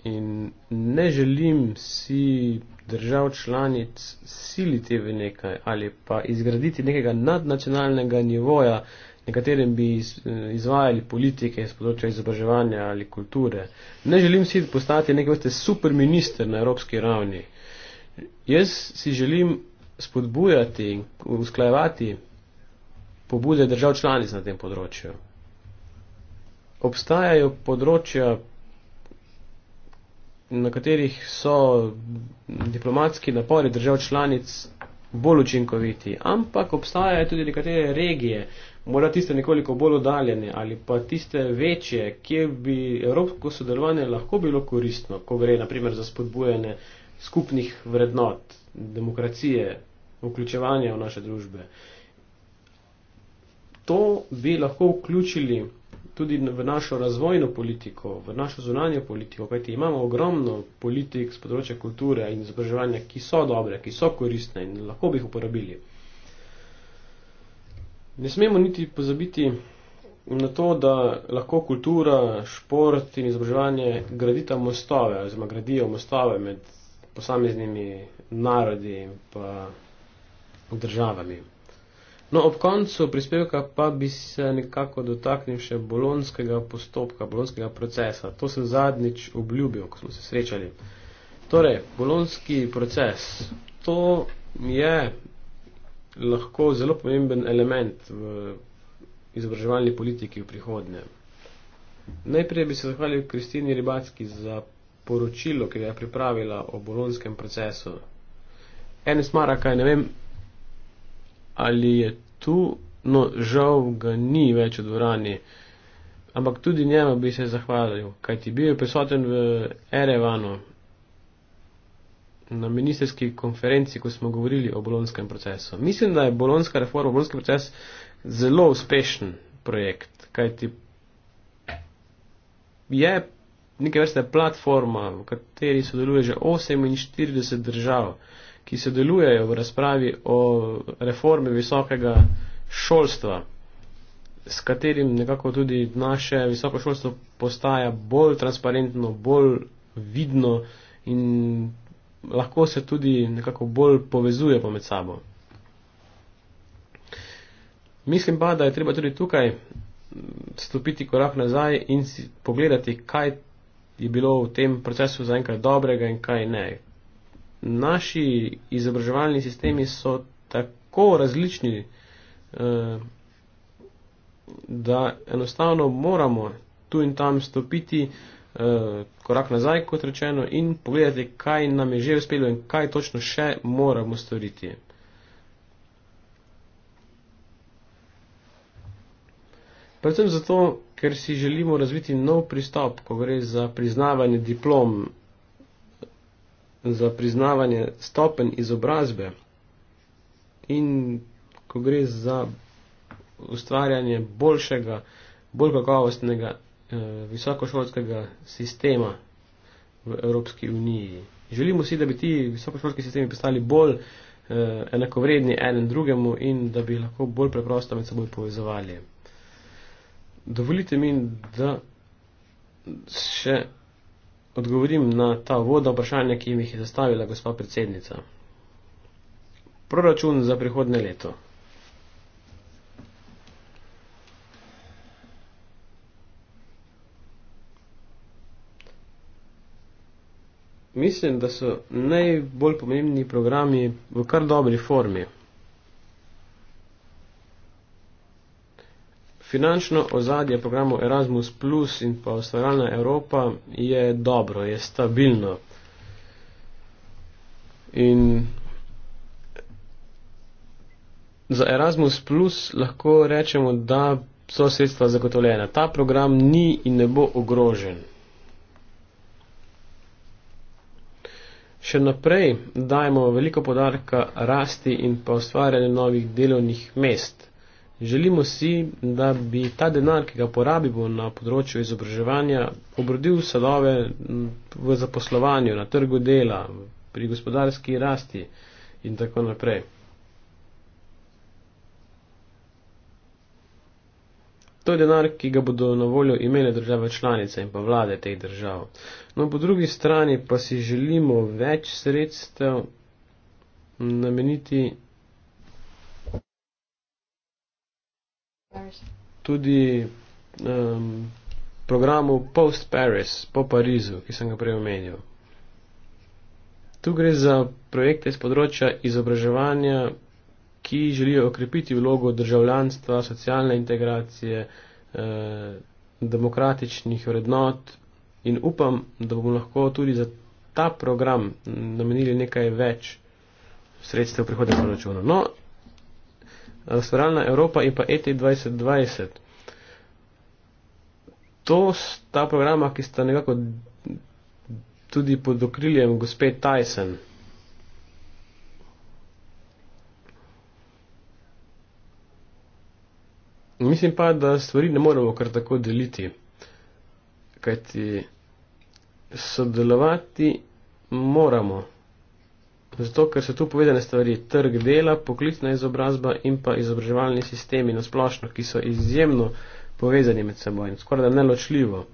in ne želim si držav članic siliti v nekaj ali pa izgraditi nekega nadnacionalnega nivoja, na katerem bi eh, izvajali politike iz področja izobraževanja ali kulture. Ne želim si postati nekaj vrste superminister na evropski ravni. Jaz si želim spodbujati in usklajevati pobude držav članic na tem področju. Obstajajo področja na katerih so diplomatski napori držav članic bolj učinkoviti, ampak obstajajo tudi nekatere regije, morda tiste nekoliko bolj oddaljene ali pa tiste večje, kjer bi evropsko sodelovanje lahko bilo koristno, ko gre naprimer za spodbujanje skupnih vrednot, demokracije, vključevanje v naše družbe. To bi lahko vključili tudi v našo razvojno politiko, v našo zunanjo politiko, kajti imamo ogromno politik z področja kulture in izobraževanja, ki so dobre, ki so koristne in lahko bi jih uporabili. Ne smemo niti pozabiti na to, da lahko kultura, šport in izobraževanje gradita mostove oziroma gradijo mostove med posameznimi narodi in državami. No, ob koncu prispevka pa bi se nekako dotaknil še bolonskega postopka, bolonskega procesa. To sem zadnjič obljubil, ko smo se srečali. Torej, bolonski proces, to je lahko zelo pomemben element v izobraževalni politiki v prihodnje. Najprej bi se zahvalil Kristini Ribacki za poročilo, ki ga je pripravila o bolonskem procesu. Enes Maraka, ne vem, ali je tu, no žal ga ni več v dvorani, ampak tudi njemu bi se zahvalil, kaj ti bil je prisoten v Erevanu na ministerski konferenci, ko smo govorili o bolonskem procesu. Mislim, da je bolonska reforma, bolonski proces zelo uspešen projekt, kaj ti je neke vrste platforma, v kateri sodeluje že 48 držav, ki sodelujejo v razpravi o reformi visokega šolstva, s katerim nekako tudi naše visoko šolstvo postaja bolj transparentno, bolj vidno in lahko se tudi nekako bolj povezuje pa med sabo. Mislim pa, da je treba tudi tukaj stopiti korak nazaj in si pogledati, kaj je bilo v tem procesu zaenkrat dobrega in kaj ne, naši izobraževalni sistemi so tako različni, eh, da enostavno moramo tu in tam stopiti eh, korak nazaj, kot rečeno, in pogledati, kaj nam je že uspelo in kaj točno še moramo storiti. Predvsem zato, ker si želimo razviti nov pristop, ko gre za priznavanje diplom za priznavanje stopen izobrazbe in ko gre za ustvarjanje boljšega, bolj kakovostnega eh, visokošolskega sistema v Evropski uniji. Želimo si, da bi ti visokošolski sistemi postali bolj eh, enakovredni enem drugemu in da bi lahko bolj preprosto med seboj povezovali. Dovolite mi, da še odgovorim na ta voda vprašanja, ki jih je zastavila gospa predsednica. Proračun za prihodne leto. Mislim, da so najbolj pomembni programi v kar dobri formi. Finančno ozadje programov Erasmus Plus in pa ustvarjalna Evropa je dobro, je stabilno. In za Erasmus Plus lahko rečemo, da so sredstva zagotovljena. Ta program ni in ne bo ogrožen. Še naprej dajemo veliko podarka rasti in pa ustvarjanju novih delovnih mest – Želimo si, da bi ta denar, ki ga porabimo na področju izobraževanja, obrodil sadove v zaposlovanju, na trgu dela, pri gospodarski rasti in tako naprej. To je denar, ki ga bodo na voljo imele države članice in pa vlade teh držav. No, po drugi strani pa si želimo več sredstev nameniti. tudi um, programu Post Paris, po Parizu, ki sem ga prej omenil. Tu gre za projekte iz področja izobraževanja, ki želijo okrepiti vlogo državljanstva, socialne integracije, eh, demokratičnih vrednot in upam, da bomo lahko tudi za ta program namenili nekaj več sredstev prihodnega proračuna. No, Ustvarjalna Evropa in pa e ET2020. To sta programa, ki sta nekako tudi pod okriljem gospe Tyson. Mislim pa, da stvari ne moremo kar tako deliti, kajti sodelovati moramo. Zato, ker so tu povedane stvari, trg dela, poklicna izobrazba in pa izobraževalni sistemi na splošno, ki so izjemno povezani med seboj in skoraj da neločljivo.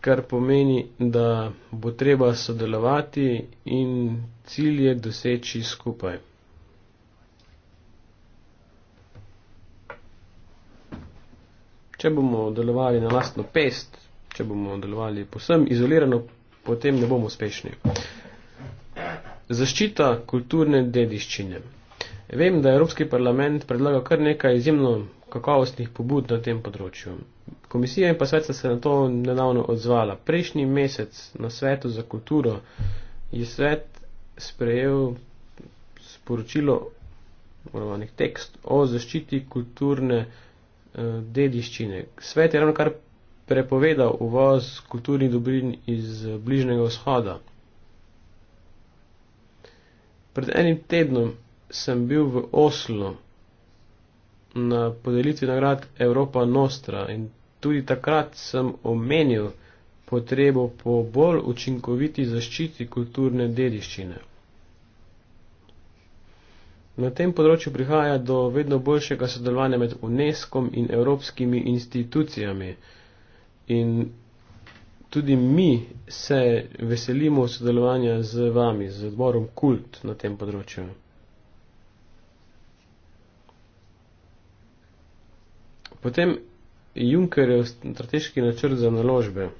Kar pomeni, da bo treba sodelovati in cilje doseči skupaj. Če bomo delovali na lastno pest, če bomo delovali posem izolirano, potem ne bomo uspešni. Zaščita kulturne dediščine. Vem, da Evropski parlament predlaga kar nekaj izjemno kakovostnih pobud na tem področju. Komisija in pa svet sta se na to nedavno odzvala. Prejšnji mesec na svetu za kulturo je svet sprejel sporočilo, moramo nek tekst, o zaščiti kulturne uh, dediščine. Svet je ravno kar prepovedal uvoz kulturnih dobrin iz bližnjega vzhoda. Pred enim tednom sem bil v Oslu na podelitvi nagrad Evropa Nostra in tudi takrat sem omenil potrebo po bolj učinkoviti zaščiti kulturne dediščine. Na tem področju prihaja do vedno boljšega sodelovanja med UNESCO in evropskimi institucijami in tudi mi se veselimo sodelovanja z vami, z odborom kult na tem področju. Potem Junker je strateški načrt za naložbe.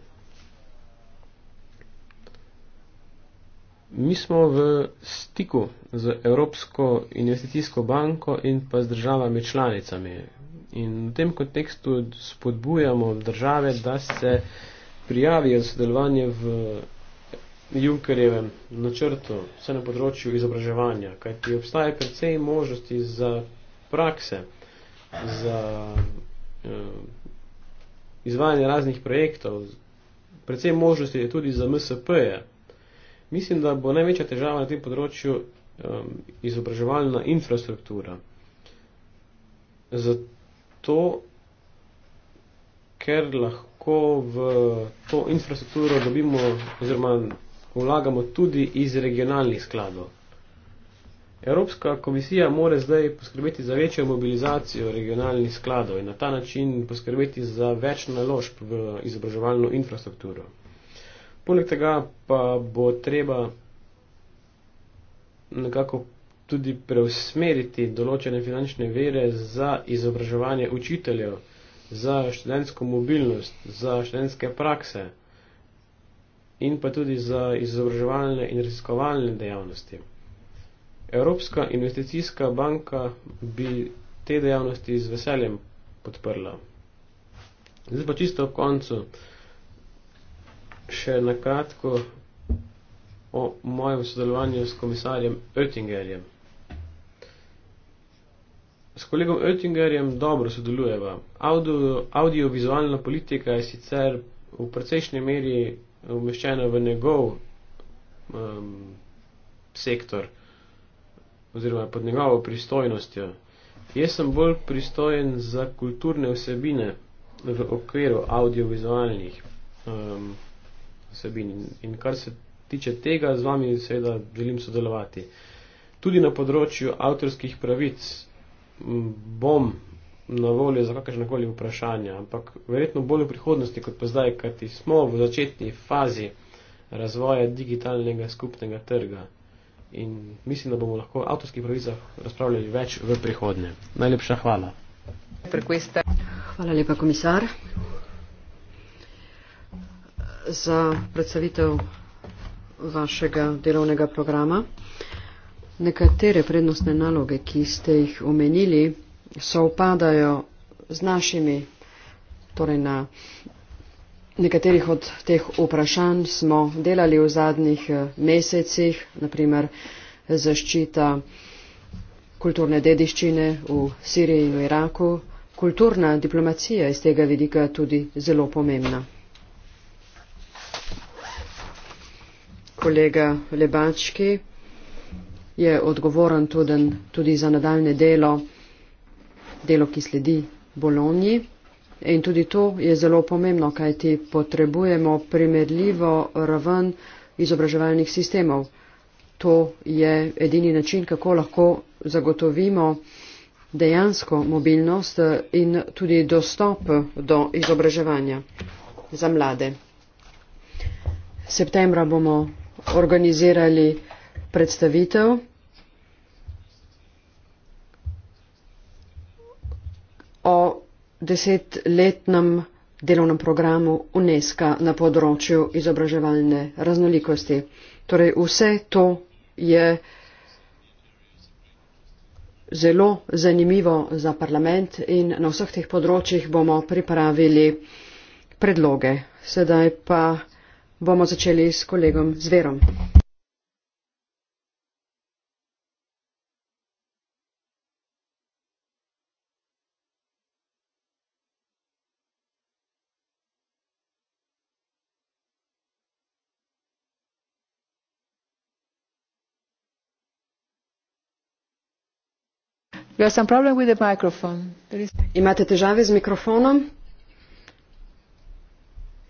Mi smo v stiku z Evropsko investicijsko banko in pa z državami članicami. In v tem kontekstu spodbujamo države, da se prijavijo za sodelovanje v Junkerjevem načrtu, vse na področju izobraževanja, kajti obstaje precej možnosti za prakse, za eh, izvajanje raznih projektov, precej možnosti je tudi za MSP-je. Mislim, da bo največja težava na tem področju eh, izobraževalna infrastruktura. Zato, ker lahko lahko v to infrastrukturo dobimo oziroma vlagamo tudi iz regionalnih skladov. Evropska komisija mora zdaj poskrbeti za večjo mobilizacijo regionalnih skladov in na ta način poskrbeti za več naložb v izobraževalno infrastrukturo. Poleg tega pa bo treba nekako tudi preusmeriti določene finančne vere za izobraževanje učiteljev za študentsko mobilnost, za študentske prakse in pa tudi za izobraževalne in raziskovalne dejavnosti. Evropska investicijska banka bi te dejavnosti z veseljem podprla. Zdaj pa čisto v koncu še nakratko o mojem sodelovanju s komisarjem Oettingerjem. S kolegom Oettingerjem dobro sodelujeva. Audio, audiovizualna politika je sicer v precejšnji meri umeščena v njegov um, sektor oziroma pod njegovo pristojnostjo. Jaz sem bolj pristojen za kulturne vsebine v okviru audiovizualnih um, vsebin in kar se tiče tega, z vami seveda želim sodelovati. Tudi na področju avtorskih pravic bom na voljo za kakršne koli vprašanja, ampak verjetno bolj v prihodnosti kot pa zdaj, kajti smo v začetni fazi razvoja digitalnega skupnega trga in mislim, da bomo lahko o avtorskih pravicah razpravljali več v prihodnje. Najlepša hvala. Hvala lepa, komisar, za predstavitev vašega delovnega programa. Nekatere prednostne naloge, ki ste jih omenili, so upadajo z našimi, torej na nekaterih od teh vprašanj smo delali v zadnjih eh, mesecih, naprimer zaščita kulturne dediščine v Siriji in v Iraku. Kulturna diplomacija je iz tega vidika tudi zelo pomembna. Kolega Lebački je odgovoren tudi, tudi za nadaljne delo, delo, ki sledi Bolonji. In tudi to je zelo pomembno, kajti potrebujemo primerljivo raven izobraževalnih sistemov. To je edini način, kako lahko zagotovimo dejansko mobilnost in tudi dostop do izobraževanja za mlade. Septembra bomo organizirali predstavitev. o desetletnem delovnem programu UNESCO na področju izobraževalne raznolikosti. Torej vse to je zelo zanimivo za parlament in na vseh teh področjih bomo pripravili predloge. Sedaj pa bomo začeli s kolegom Zverom. imate težave z mikrofonom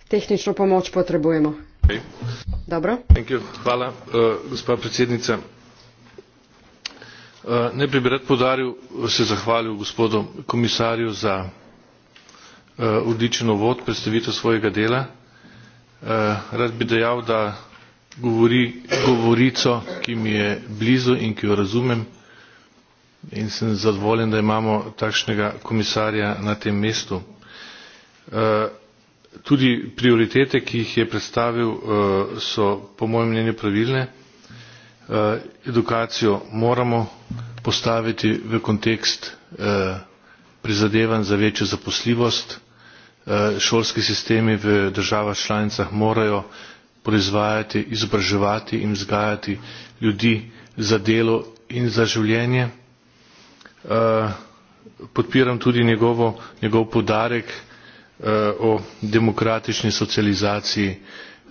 tehnično pomoč potrebujemo okay. dobro you, hvala uh, gospa predsednica uh, eh, ne bi rad podaril se zahvalil gospodu komisarju za uh, odličen uvod predstavitev svojega dela uh, rad bi dejal da govori govorico ki mi je blizu in ki jo razumem in sem zadovoljen da imamo takšnega komisarja na tem mestu. Eh, tudi prioritete ki jih je predstavil eh, so po mojem mnenju pravilne eh, edukacijo moramo postaviti v kontekst prizadevanj za večjo zaposljivost šolski sistemi v državah članicah morajo proizvajati izobraževati in vzgajati ljudi za delo in za življenje Eh, podpiram tudi njegovo, njegov podarek eh, o demokratični socializaciji.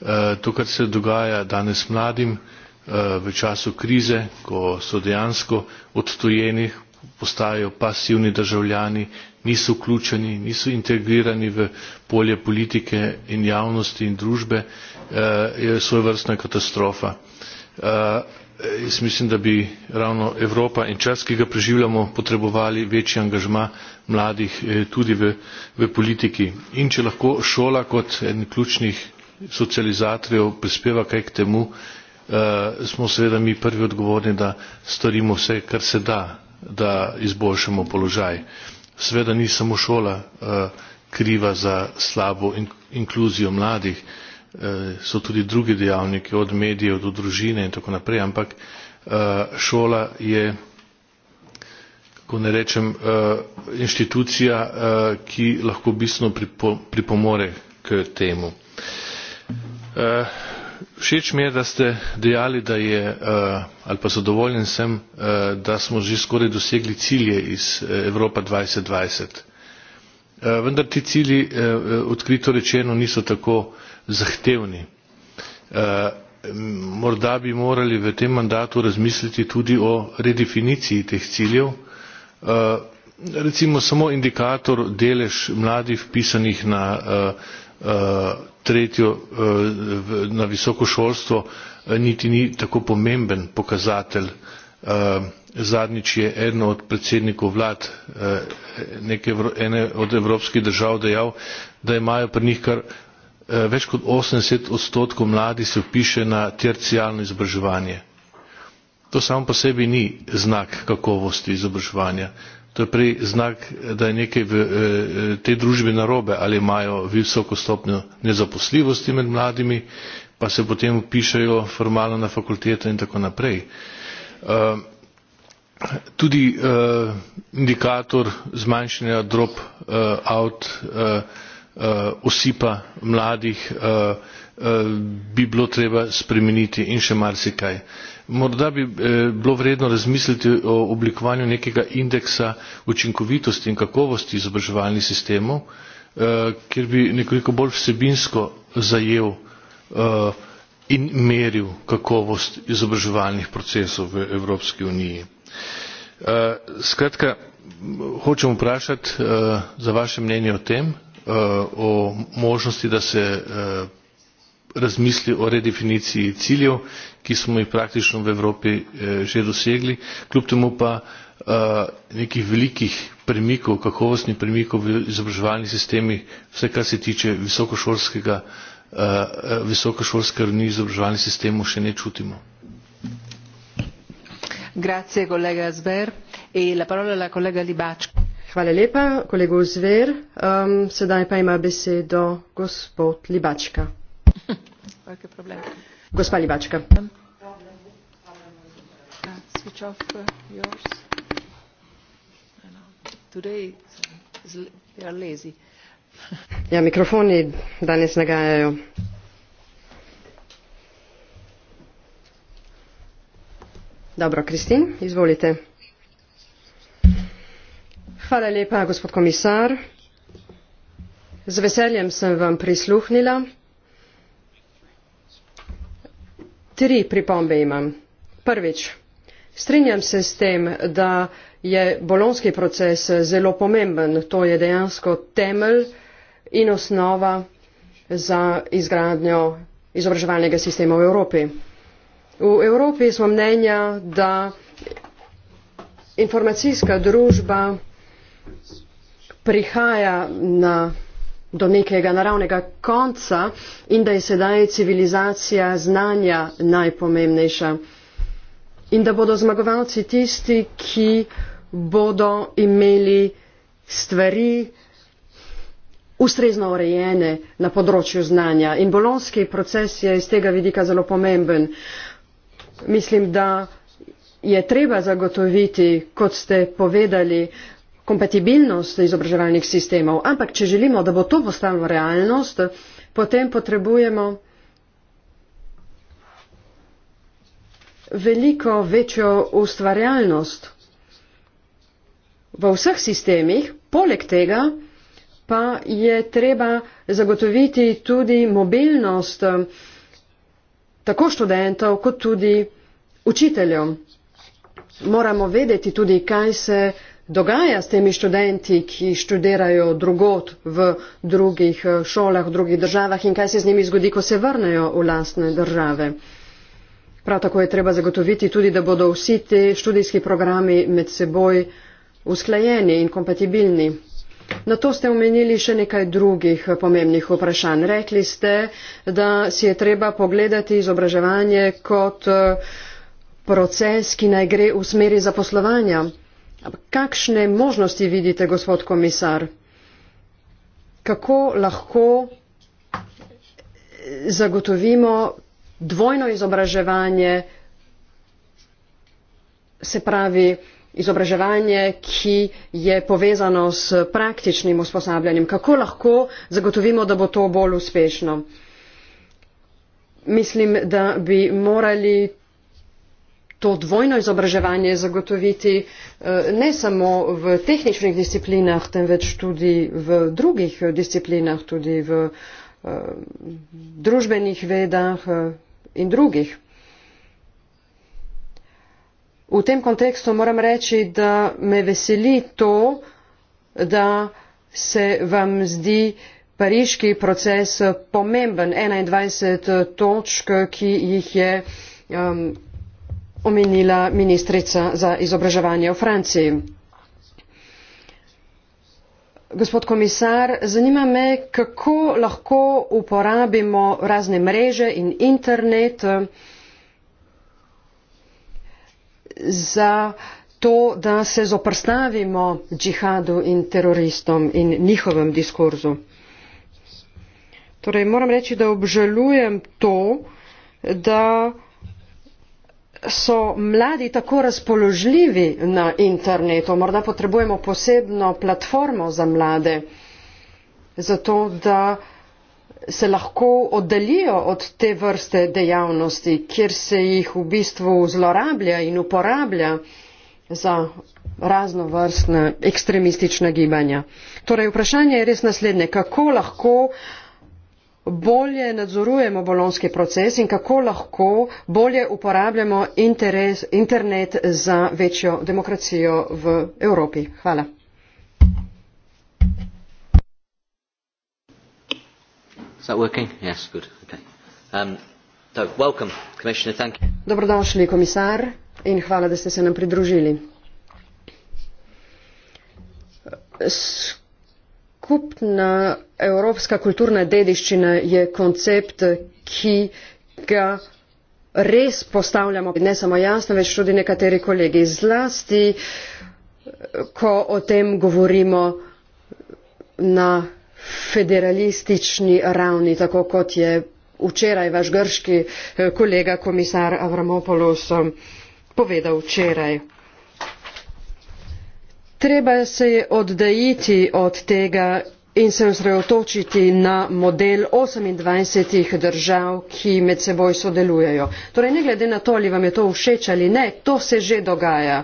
Eh, to, kar se dogaja danes mladim v času krize, ko so dejansko odtojeni, postajajo pasivni državljani, niso vključeni, niso integrirani v polje politike in javnosti in družbe, je svojevrstna katastrofa jaz mislim da bi ravno evropa in čas ki ga preživljamo potrebovali večji angažma mladih eh, tudi v politiki in če lahko šola kot eden ključnih socializatorjev prispeva kaj k temu eh, smo seveda mi prvi odgovorni da storimo vse kar se da da izboljšamo položaj. seveda ni samo šola eh, kriva za slabo inkluzijo mladih Eh, so tudi drugi dejavniki, od medijev do družine in tako naprej, ampak eh, šola je, ko ne rečem, eh, inštitucija, ki lahko bistveno pripomore k temu. Všeč mi je, da ste dejali, da je, ali pa zadovoljen sem, da smo že skoraj dosegli cilje iz Evropa 2020. Vendar ti cilji, odkrito rečeno, niso tako zahtevni. Eh, morda bi morali v tem mandatu razmisliti tudi o redefiniciji teh ciljev eh, recimo samo indikator delež mladih vpisanih na eh, tretjo na visoko šolstvo niti ni tako pomemben pokazatelj zadnjič je eden od predsednikov vlad neke ene od evropskih držav dejal da imajo pri njih kar Eh, več kot osemdeset odstotkov mladih se vpiše na tercijalno izobraževanje. To samo po sebi ni znak kakovosti izobraževanja. To je prej znak, da je nekaj v eh, eh, tej družbi narobe ali imajo visoko stopnjo nezaposljivosti med mladimi, pa se potem upišajo formalno na fakulteto in tako naprej. Tudi indikator zmanjšanja drop out Eh, osipa mladih eh, eh, bi bilo treba spremeniti in še marsikaj. Morda bi bilo vredno razmisliti o oblikovanju nekega indeksa učinkovitosti in kakovosti izobraževalnih sistemov, kjer bi nekoliko bolj vsebinsko zajel in meril kakovost izobraževalnih procesov v Evropski uniji. Skratka, hočem vprašati za vaše mnenje o tem, Eh, o možnosti da se eh, razmisli o redefiniciji ciljev ki smo jih praktično v evropi eh, že dosegli kljub temu pa nekih velikih premikov kakovostnih premikov v izobraževalnih sistemih vse kar se tiče visokošolskega visokošolske ravni izobraževalnih sistemov še ne čutimo Hvala lepa, kolego Zver. Um, sedaj pa ima besedo gospod Libačka. Gospa Libačka. Uh, uh, ja, mikrofoni danes nagajajo. Dobro, Kristin, izvolite. Hvala lepa, gospod komisar. Z veseljem sem vam prisluhnila. Tri pripombe imam. Prvič, strinjam se s tem, da je bolonski proces zelo pomemben. To je dejansko temelj in osnova za izgradnjo izobraževalnega sistema v Evropi. V Evropi smo mnenja, da informacijska družba prihaja na, do nekega naravnega konca in da je sedaj civilizacija znanja najpomembnejša in da bodo zmagovalci tisti, ki bodo imeli stvari ustrezno urejene na področju znanja. In bolonski proces je iz tega vidika zelo pomemben. Mislim, da je treba zagotoviti, kot ste povedali, kompatibilnost izobraževalnih sistemov, ampak če želimo, da bo to postalo realnost, potem potrebujemo veliko večjo ustvarjalnost v vseh sistemih, poleg tega pa je treba zagotoviti tudi mobilnost eh, tako študentov kot tudi učiteljev. Moramo vedeti tudi, kaj se dogaja s temi študenti, ki študirajo drugot v drugih eh, šolah, v drugih državah in kaj se z njimi zgodi, ko se vrnejo v lastne države. Prav tako je treba zagotoviti tudi, da bodo vsi ti študijski programi med seboj usklajeni in kompatibilni. Na to ste omenili še nekaj drugih eh, pomembnih vprašanj. Rekli ste, da si je treba pogledati izobraževanje kot eh, proces, ki naj gre v smeri zaposlovanja. Kakšne možnosti vidite, gospod komisar? Kako lahko zagotovimo dvojno izobraževanje, se pravi izobraževanje, ki je povezano s praktičnim usposabljanjem? Kako lahko zagotovimo, da bo to bolj uspešno? Mislim, da bi morali to dvojno izobraževanje zagotoviti eh, ne samo v tehničnih disciplinah, temveč tudi v drugih eh, disciplinah, tudi v eh, družbenih vedah in drugih. V tem kontekstu moram reči, da me veseli to, da se vam zdi pariški proces pomemben 21 točk, ki jih je um, omenila ministrica za izobraževanje v Franciji. Gospod komisar, zanima me, kako lahko uporabimo razne mreže in internet za to, da se zoprstavimo džihadu in teroristom in njihovem diskurzu. Torej, moram reči, da obžalujem to, da so mladi tako razpoložljivi na internetu? Morda potrebujemo posebno platformo za mlade, zato da se lahko oddaljijo od te vrste dejavnosti, kjer se jih v bistvu zlorablja in uporablja za raznovrstna ekstremistična gibanja. Torej, vprašanje je res naslednje. Kako lahko uh, bolje nadzorujemo bolonski proces in kako lahko bolje uporabljamo interes, internet za večjo demokracijo v Evropi. Hvala. Um, Dobrodošli, komisar, in hvala, da ste se nam pridružili. Skupna evropska kulturna dediščina je koncept, ki ga res postavljamo, ne samo jaz, ne več tudi nekateri kolegi, zlasti, ko o tem govorimo na federalistični ravni, tako kot je včeraj vaš grški eh, kolega komisar Avramopoulos eh, povedal včeraj. Treba se je oddajiti od tega in se osredotočiti na model 28 držav, ki med seboj sodelujejo. Torej, ne glede na to, ali vam je to všeč ali ne, to se že dogaja.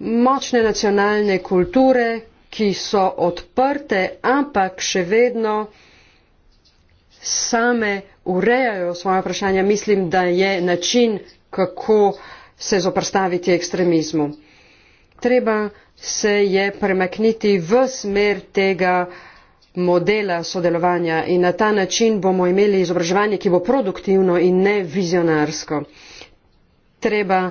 Močne nacionalne kulture, ki so odprte, ampak še vedno same urejajo svoje vprašanja, mislim, da je način, kako se zoprstaviti ekstremizmu. Treba se je premakniti v smer tega, modela sodelovanja in na ta način bomo imeli izobraževanje, ki bo produktivno in ne vizionarsko. Treba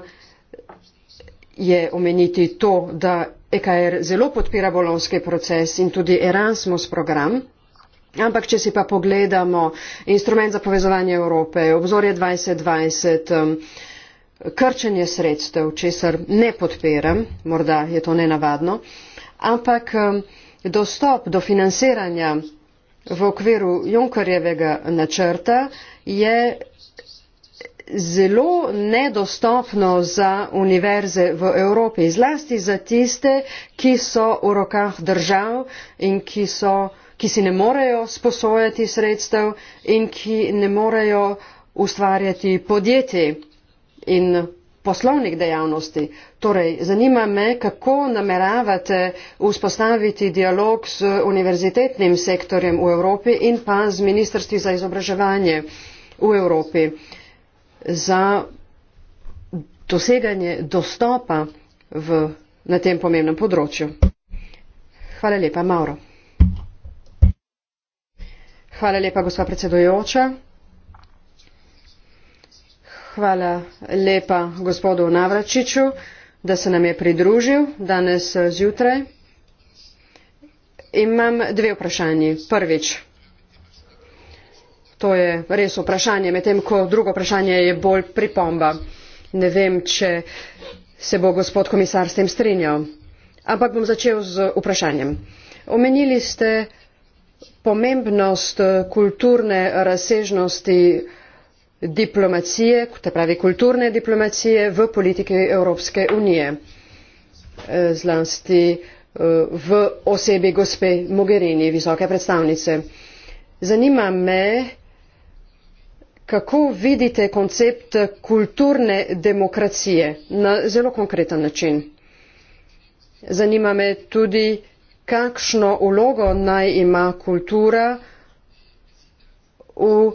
je omeniti to, da EKR zelo podpira bolonski proces in tudi Erasmus program. Ampak, če si pa pogledamo instrument za povezovanje Evrope, obzorje 2020, um, krčenje sredstev, česar ne podpiram, morda je to nenavadno, ampak um, dostop do financiranja v okviru Junkerjevega načrta je zelo nedostopno za univerze v Evropi, zlasti za tiste, ki so v rokah držav in ki, so, ki si ne morejo sposojati sredstev in ki ne morejo ustvarjati podjetij in poslovnih dejavnosti. Torej, zanima me, kako nameravate vzpostaviti dialog s univerzitetnim sektorjem v Evropi in pa z Ministrstvi za izobraževanje v Evropi za doseganje dostopa v, na tem pomembnem področju. Hvala lepa, Mauro. Hvala lepa, gospa predsedujoča hvala lepa gospodu navračiću da se nam je pridružil danes eh, zjutraj imam dve vprašanji prvič to je res vprašanje medtem ko drugo vprašanje je bolj pripomba ne vem če se bo gospod komisar s tem strinjal ampak bom začel z vprašanjem omenili ste pomembnost eh, kulturne razsežnosti diplomacije se pravi kulturne diplomacije v politiki Evropske unije e, zlasti e, v osebi gospe Mogherini, visoke predstavnice. Zanima me, kako vidite koncept kulturne demokracije na zelo konkreten način. Zanima me tudi, kakšno ulogo naj ima kultura v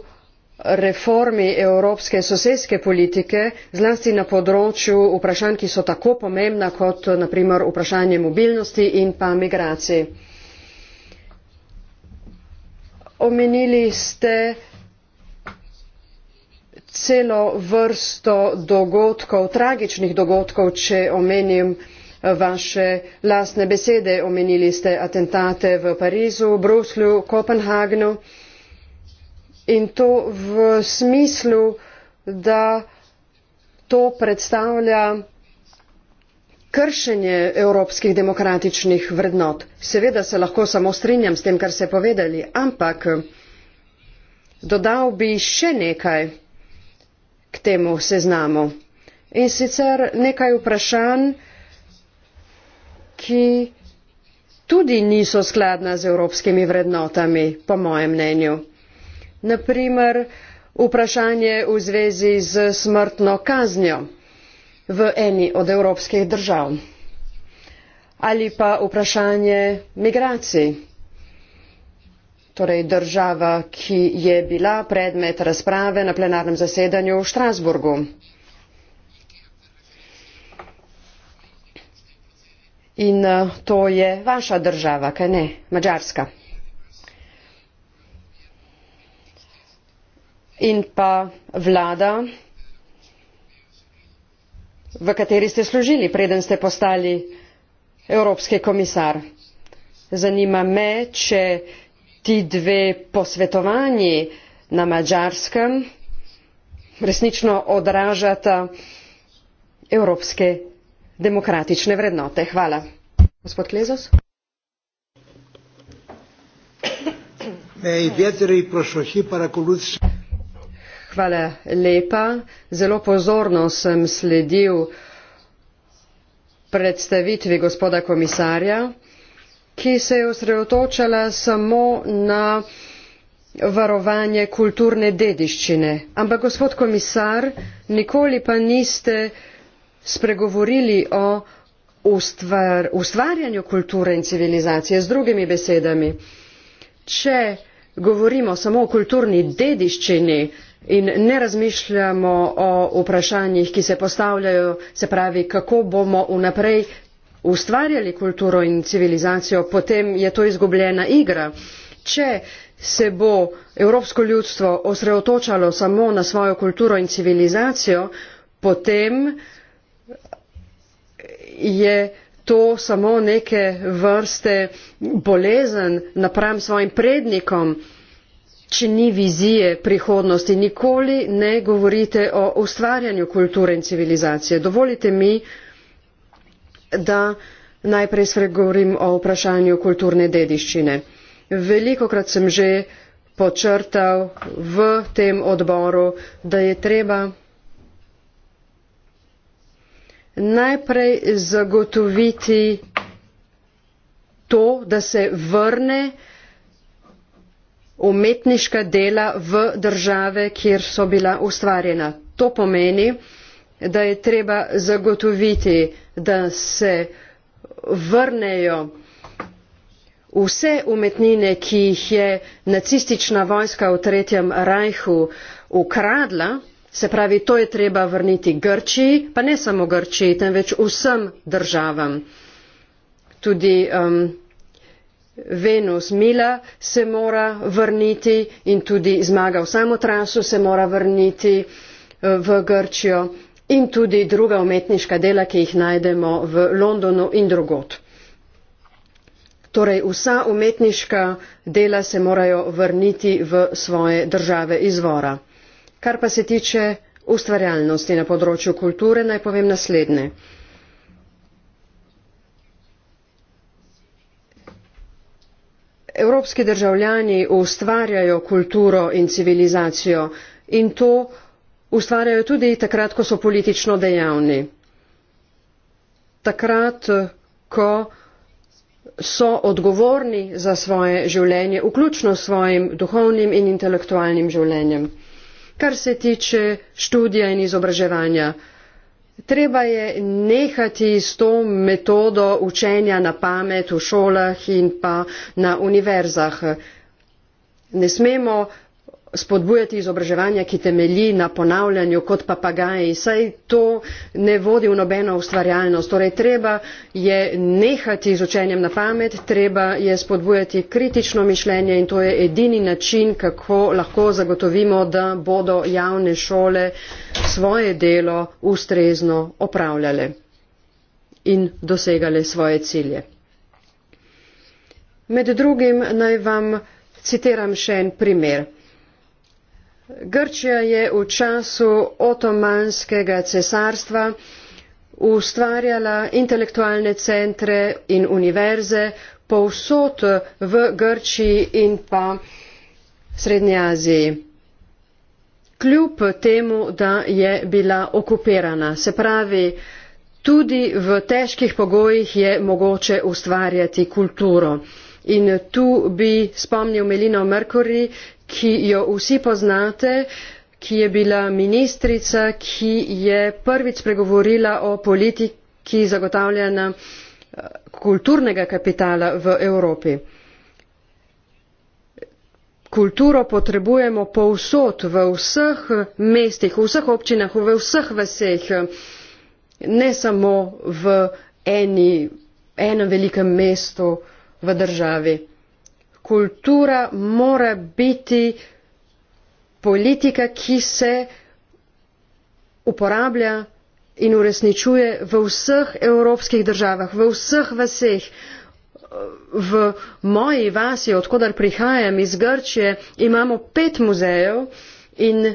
reformi evropske sosedske politike, zlasti na področju vprašanj, ki so tako pomembna kot naprimer vprašanje mobilnosti in pa migracij. Omenili ste celo vrsto dogodkov, tragičnih dogodkov, če omenim eh, vaše lastne besede. Omenili ste atentate v Parizu, Bruslju, Kopenhagnu in to v smislu, da to predstavlja kršenje evropskih demokratičnih vrednot. Seveda se lahko samo strinjam s tem, kar ste povedali, ampak dodal bi še nekaj k temu seznamu. In sicer nekaj vprašanj, ki tudi niso skladna z evropskimi vrednotami, po mojem mnenju na primer vprašanje v zvezi s smrtno kaznijo v eni od evropskih držav ali pa vprašanje migracij torej država ki je bila predmet razprave na plenarnem zasedanju v Štrasburgu in eh, to je vaša država kaj ne madžarska in pa vlada, v kateri ste služili, preden ste postali evropski komisar. Zanima me, če ti dve posvetovanji na mađarskem resnično odražata evropske demokratične vrednote. Hvala. Gospod Klezos. Ej, vjetri prošlo hipara kolucija. Hvala lepa. Zelo pozorno sem sledil predstavitvi gospoda komisarja, ki se je osredotočala samo na varovanje kulturne dediščine. Ampak, gospod komisar, nikoli pa niste spregovorili o ustvar, ustvarjanju kulture in civilizacije. Z drugimi besedami, če govorimo samo o kulturni dediščini, in ne razmišljamo o vprašanjih ki se postavljajo se pravi kako bomo vnaprej ustvarjali kulturo in civilizacijo potem je to izgubljena igra če se bo evropsko ljudstvo osredotočalo samo na svojo kulturo in civilizacijo potem je to samo neke vrste bolezen napram svojim prednikom Če ni vizije prihodnosti, nikoli ne govorite o ustvarjanju kulture in civilizacije. Dovolite mi, da najprej spregovorim o vprašanju kulturne dediščine. Velikokrat sem že počrtal v tem odboru, da je treba najprej zagotoviti to, da se vrne umetniška dela v države, kjer so bila ustvarjena. To pomeni, da je treba zagotoviti, da se vrnejo vse umetnine, ki jih je nacistična vojska v Tretjem rajhu ukradla, se pravi, to je treba vrniti Grčiji, pa ne samo Grčiji, temveč vsem državam. Tudi um, Venus Mila se mora vrniti in tudi zmaga v samotransu se mora vrniti eh, v Grčijo in tudi druga umetniška dela, ki jih najdemo v Londonu in drugot. Torej, vsa umetniška dela se morajo vrniti v svoje države izvora. Kar pa se tiče ustvarjalnosti na področju kulture, naj povem naslednje. evropski državljani ustvarjajo kulturo in civilizacijo in to ustvarjajo tudi takrat, ko so politično dejavni. Takrat, ko so odgovorni za svoje življenje, vključno s svojim duhovnim in intelektualnim življenjem. Kar se tiče študija in izobraževanja, Treba je nehati s to metodo učenja na pamet v šolah in pa na univerzah. Ne smemo spodbujati izobraževanja, ki temelji na ponavljanju kot papagaji, saj to ne vodi v nobeno ustvarjalnost. Torej, treba je nehati z učenjem na pamet, treba je spodbujati kritično mišljenje in to je edini način, kako lahko zagotovimo, da bodo javne šole svoje delo ustrezno opravljale in dosegale svoje cilje. Med drugim naj vam citiram še en primer. Grčija je v času otomanskega cesarstva ustvarjala intelektualne centre in univerze povsod v Grčiji in pa Srednji Aziji. Kljub temu, da je bila okupirana, se pravi, tudi v težkih pogojih je mogoče ustvarjati kulturo. In tu bi spomnil Melino Merkuri, ki jo vsi poznate ki je bila ministrica ki je prvič spregovorila o politiki zagotavljanja eh, kulturnega kapitala v evropi. kulturo potrebujemo povsod v vseh mestih v vseh občinah v vseh vaseh ne samo v eni, enem velikem mestu v državi kultura mora biti politika, ki se uporablja in uresničuje v vseh evropskih državah, v vseh vseh. V moji vasi, odkudar prihajam iz Grčije, imamo pet muzejev in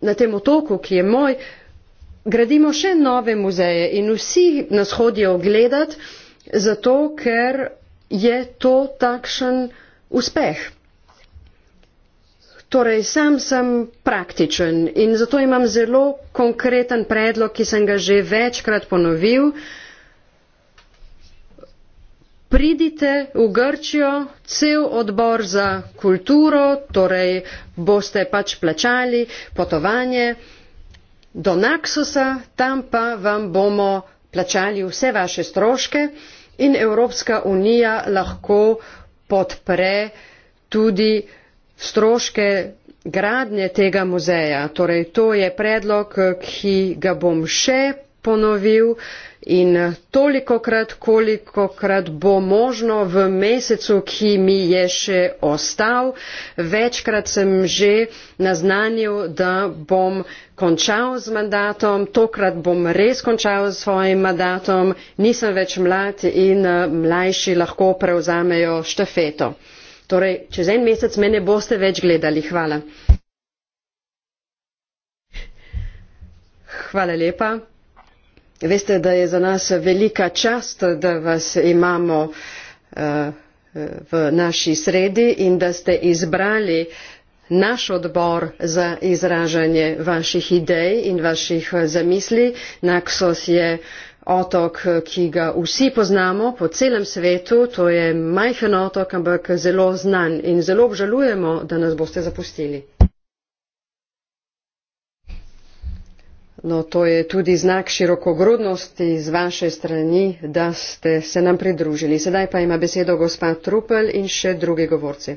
na tem otoku, ki je moj, gradimo še nove muzeje in vsi nas hodijo gledati, zato ker je to takšen uspeh. Torej, sam sem praktičen in zato imam zelo konkreten predlog, ki sem ga že večkrat ponovil. Pridite v Grčijo, cel odbor za kulturo, torej boste pač plačali potovanje do Naksosa, tam pa vam bomo plačali vse vaše stroške in Evropska unija lahko podpre tudi stroške gradnje tega muzeja. Torej, to je predlog, ki ga bom še ponovil in eh, tolikokrat, kolikokrat bo možno v mesecu, ki mi je še ostal. Večkrat sem že naznanil, da bom končal z mandatom, tokrat bom res končal s svojim mandatom, nisem več mlad in eh, mlajši lahko prevzamejo štafeto. Torej, čez en mesec me ne boste več gledali. Hvala. Hvala lepa. Veste, da je za nas velika čast, da vas imamo eh, v naši sredi in da ste izbrali naš odbor za izražanje vaših idej in vaših eh, zamisli. Naksos je otok, ki ga vsi poznamo po celem svetu, to je majhen otok, ampak zelo znan in zelo obžalujemo, da nas boste zapustili. No, to je tudi znak širokogrudnosti z vaše strani, da ste se nam pridružili. Sedaj pa ima besedo gospod Trupel in še drugi govorci.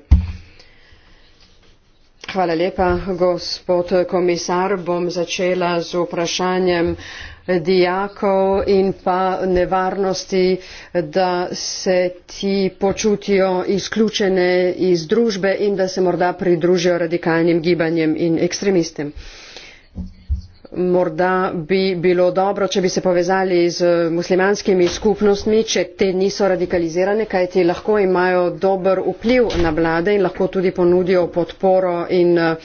Hvala lepa, gospod komisar. Bom začela z vprašanjem dijakov in pa nevarnosti, da se ti počutijo izključene iz družbe in da se morda pridružijo radikalnim gibanjem in ekstremistem morda bi bilo dobro, če bi se povezali z muslimanskimi skupnostmi, če te niso radikalizirane, kajti lahko imajo dober vpliv na vlade in lahko tudi ponudijo podporo in eh,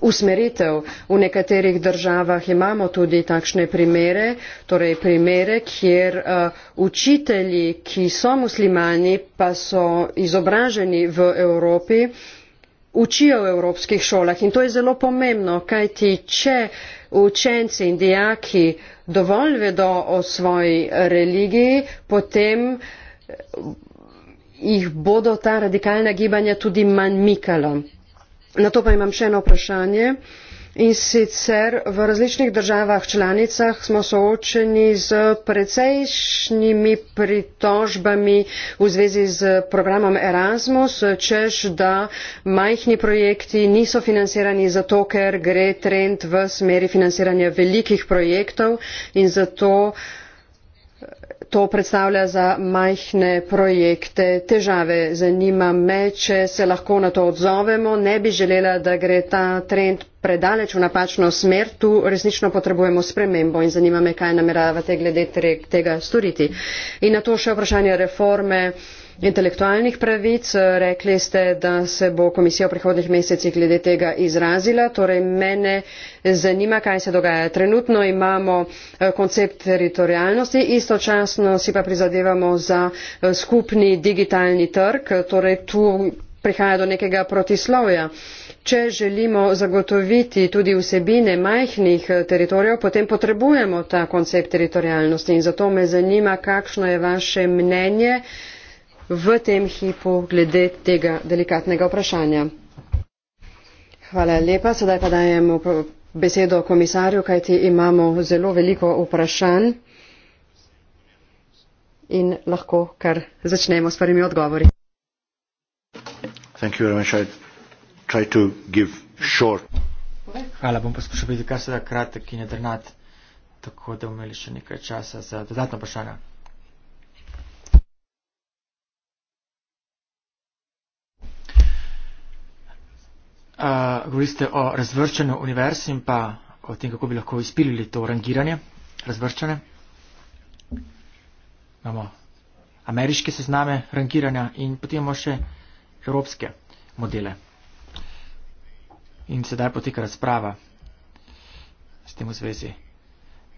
usmeritev. V nekaterih državah imamo tudi takšne primere, torej primere, kjer eh, učitelji, ki so muslimani, pa so izobraženi v Evropi, učijo v evropskih šolah in to je zelo pomembno, kajti če učenci in dijaki dovolj vedo o svoji religiji, potem eh, jih bodo ta radikalna gibanja tudi manj mikala. Na to pa imam še eno vprašanje in sicer v različnih državah članicah smo soočeni z precejšnjimi pritožbami v zvezi z programom Erasmus, čež da majhni projekti niso financirani zato, ker gre trend v smeri financiranja velikih projektov in zato uh, to predstavlja za majhne projekte težave. Zanima me, če se lahko na to odzovemo. Ne bi želela, da gre ta trend predaleč v napačno smer. Tu resnično potrebujemo spremembo in zanima me, kaj nameravate glede tega storiti. In na to še vprašanje reforme intelektualnih pravic. Rekli ste, da se bo komisija v prihodnih mesecih glede tega izrazila. Torej, mene zanima, kaj se dogaja. Trenutno imamo eh, koncept teritorijalnosti, istočasno si pa prizadevamo za eh, skupni digitalni trg. Torej, tu prihaja do nekega protislovja. Če želimo zagotoviti tudi vsebine majhnih eh, teritorijev, potem potrebujemo ta koncept teritorijalnosti. In zato me zanima, kakšno je vaše mnenje, v tem hipu glede tega delikatnega vprašanja. Hvala lepa. Sedaj pa dajem besedo komisarju, kajti imamo zelo veliko vprašanj in lahko kar začnemo s prvimi odgovori. Hvala, bom poskušal biti kar sedaj kratek in jedrnat, tako da bomo imeli še nekaj časa za dodatno vprašanje. govorite o razvrščanju univerz in pa o tem, kako bi lahko izpilili to rangiranje, razvrščanje. Imamo ameriške sezname rangiranja in potem imamo še evropske modele. In sedaj poteka razprava s tem v zvezi.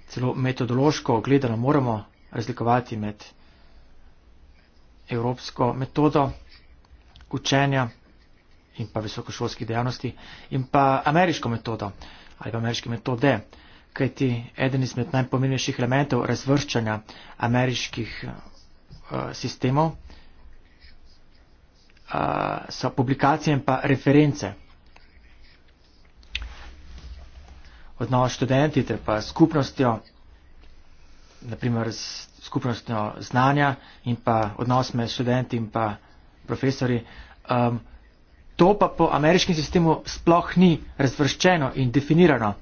Celo metodološko gledano moramo razlikovati med evropsko metodo učenja in pa visokošolski dejavnosti in pa ameriško metodo ali pa ameriške metode, kajti eden izmed najpomembnejših elementov razvrščanja ameriških uh, sistemov uh, so publikacije in pa reference. Odnos študenti ter pa skupnostjo, naprimer skupnostjo znanja in pa odnos med študenti in pa profesori. Um, ehm, To pa po ameriškem sistemu sploh ni razvrščeno in definirano,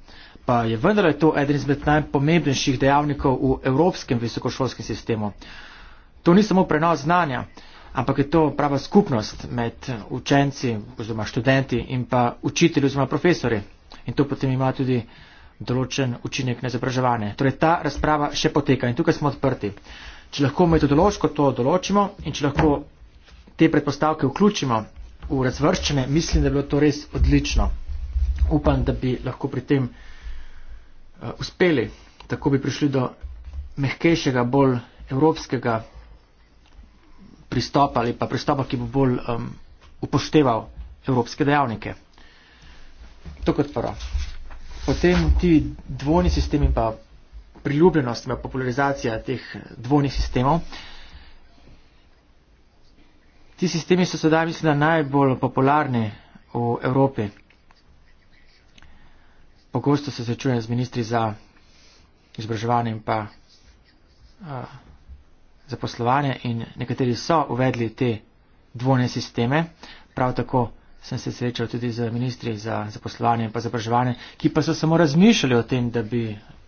pa je vendarle to eden izmed najpomembnejših dejavnikov v evropskem visokošolskem sistemu. To ni samo prenos znanja, ampak je to prava skupnost med učenci oziroma študenti in pa učitelji oziroma profesori. In to potem ima tudi določen učinek na izobraževanje. Torej ta razprava še poteka in tukaj smo odprti. Če lahko metodološko to določimo in če lahko te predpostavke vključimo v razvrščene, mislim, da je bilo to res odlično. Upam, da bi lahko pri tem uh, uspeli, tako bi prišli do mehkejšega, bolj evropskega pristopa ali pa pristopa, ki bo bolj um, upošteval evropske dejavnike. To kot prvo. Potem ti dvojni sistemi pa priljubljenost, pa popularizacija teh dvojnih sistemov. Uh, Ti sistemi so sedaj, mislim, najbolj popularni v Evropi. Pogosto se srečujem z ministri za izobraževanje in pa uh, zaposlovanje in nekateri so uvedli te dvojne sisteme. Prav tako sem se srečal tudi z ministri za zaposlovanje in pa izobraževanje, ki pa so samo razmišljali o tem, da bi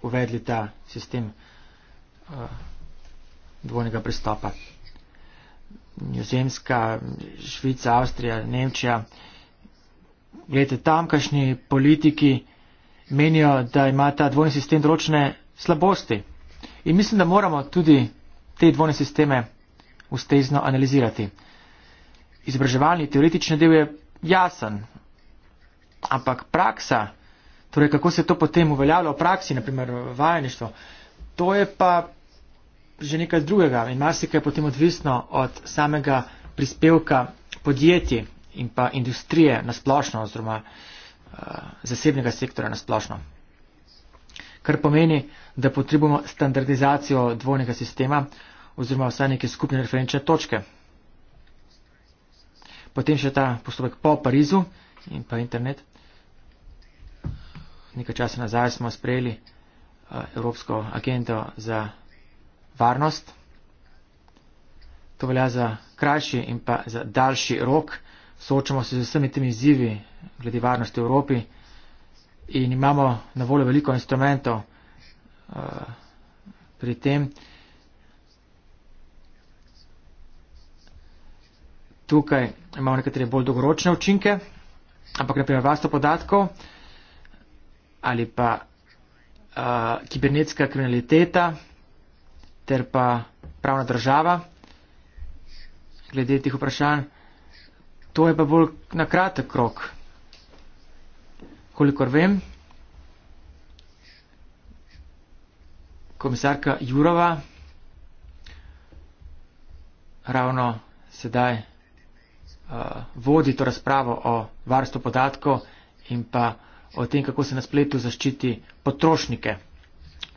uvedli ta sistem uh, dvojnega pristopa. Nizozemska, Švica, Avstrija, Nemčija. Glede, tamkajšnji politiki menijo, da ima ta dvojni sistem določene slabosti. In mislim, da moramo tudi te dvojne sisteme ustezno analizirati. Izobraževalni teoretični del je jasen, ampak praksa, torej kako se to potem uveljavlja v praksi, naprimer vajeništvo, to je pa že nekaj drugega in marsikaj potem odvisno od samega prispevka podjetij in pa industrije nasplošno oziroma uh, zasebnega sektora nasplošno. Kar pomeni, da potrebujemo standardizacijo dvojnega sistema oziroma vsaj neke skupne referenčne točke. Potem še ta postopek po Parizu in pa internet. Nekaj časa nazaj smo sprejeli uh, Evropsko agendo za varnost. To velja za krajši in pa za daljši rok. Soočamo se z vsemi temi izzivi glede varnosti v Evropi in imamo na voljo veliko instrumentov uh, pri tem. Tukaj imamo nekatere bolj dolgoročne učinke, ampak naprimer vlasto podatkov ali pa uh, kibernetska kriminaliteta ter pa pravna država glede teh vprašanj. To je pa bolj na kratek rok, kolikor vem. Komisarka Jurova ravno sedaj uh, vodi to razpravo o varstvu podatkov in pa o tem, kako se na spletu zaščiti potrošnike.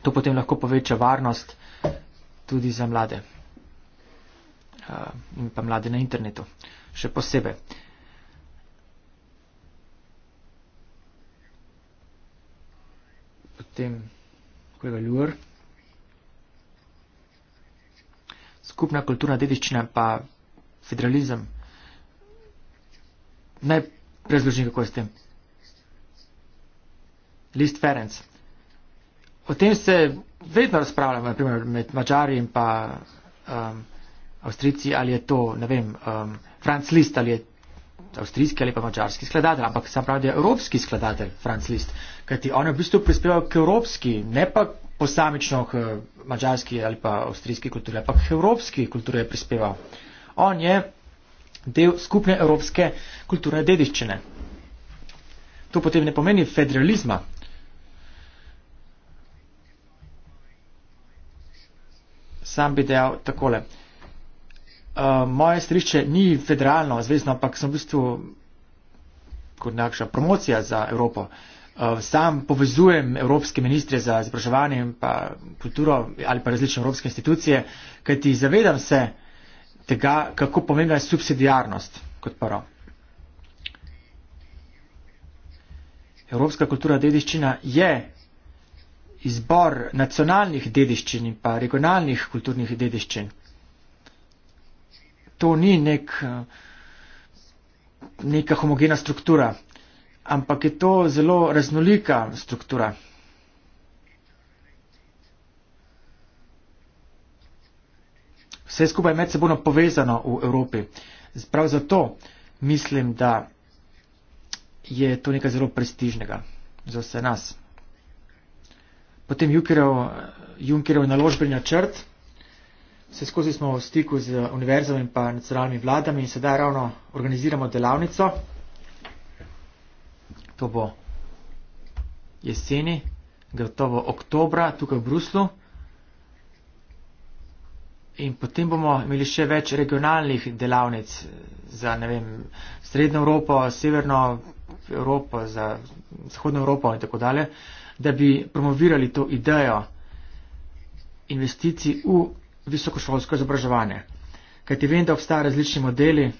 To potem lahko poveča varnost tudi za mlade in pa mlade na internetu, še posebej. Potem kolega Ljur. Skupna kulturna dediščina pa federalizem. Naj prezložim, kako je s tem. List Ferenc. O tem se vedno razpravljamo, naprimer med Mačari in pa um, Avstrici, ali je to, ne vem, um, Franz List, ali je avstrijski ali pa mačarski skladatelj, ampak sam pravi, da je evropski skladatelj Franz List, kajti on je v bistvu prispeval k evropski, ne pa posamično k mačarski ali pa avstrijski kulturi, ampak k evropski kulturi je prispeval. On je del skupne evropske kulturne dediščine. To potem ne pomeni federalizma, sam bi dejal takole. Uh, moje strišče ni federalno zvezno, ampak sem v bistvu kot nekakšna promocija za Evropo. Uh, sam povezujem evropske ministre za izobraževanje in pa kulturo ali pa različne evropske institucije, kajti zavedam se tega, kako pomembna je subsidijarnost kot prvo. Evropska kultura dediščina je izbor nacionalnih dediščin in pa regionalnih kulturnih dediščin. To ni nek, eh, neka homogena struktura, ampak je to zelo raznolika struktura. Vse skupaj je med sebojno povezano v Evropi. Prav zato mislim, da je to nekaj zelo prestižnega za vse nas potem Junkerov, Junkerov naložbeni načrt. Vse skozi smo v stiku z univerzami in pa nacionalnimi vladami in sedaj ravno organiziramo delavnico. To bo jeseni, gotovo oktobra, tukaj v Bruslu. In potem bomo imeli še več regionalnih delavnic za, ne vem, Srednjo Evropo, Severno Evropo, za Zahodno Evropo in tako dalje da bi promovirali to idejo investicij v visokošolsko izobraževanje. Kaj ti vem, da obstajajo različni modeli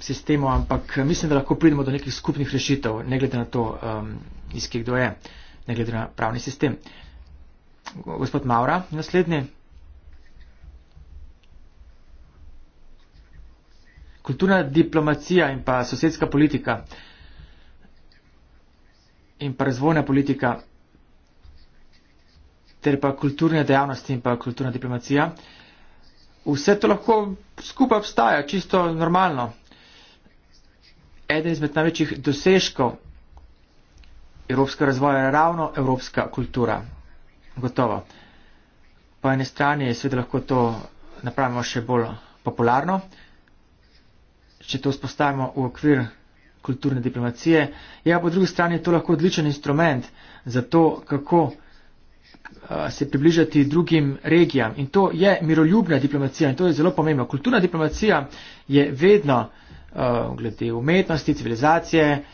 sistemov, ampak mislim, da lahko pridemo do nekih skupnih rešitev, ne glede na to, um, iz kje kdo je, ne glede na pravni sistem. Gospod Maura, naslednji. Kulturna diplomacija in pa sosedska politika in pa razvojna politika ter pa kulturne dejavnosti in pa kulturna diplomacija. Vse to lahko skupaj obstaja, čisto normalno. Eden izmed največjih dosežkov evropskega razvoja je ravno evropska kultura. Gotovo. Po eni strani je seveda lahko to napravimo še bolj popularno, če to spostavimo v okvir kulturne diplomacije, je ja, pa po drugi strani to lahko odličen instrument za to, kako se približati drugim regijam. In to je miroljubna diplomacija in to je zelo pomembno. Kulturna diplomacija je vedno glede umetnosti, civilizacije,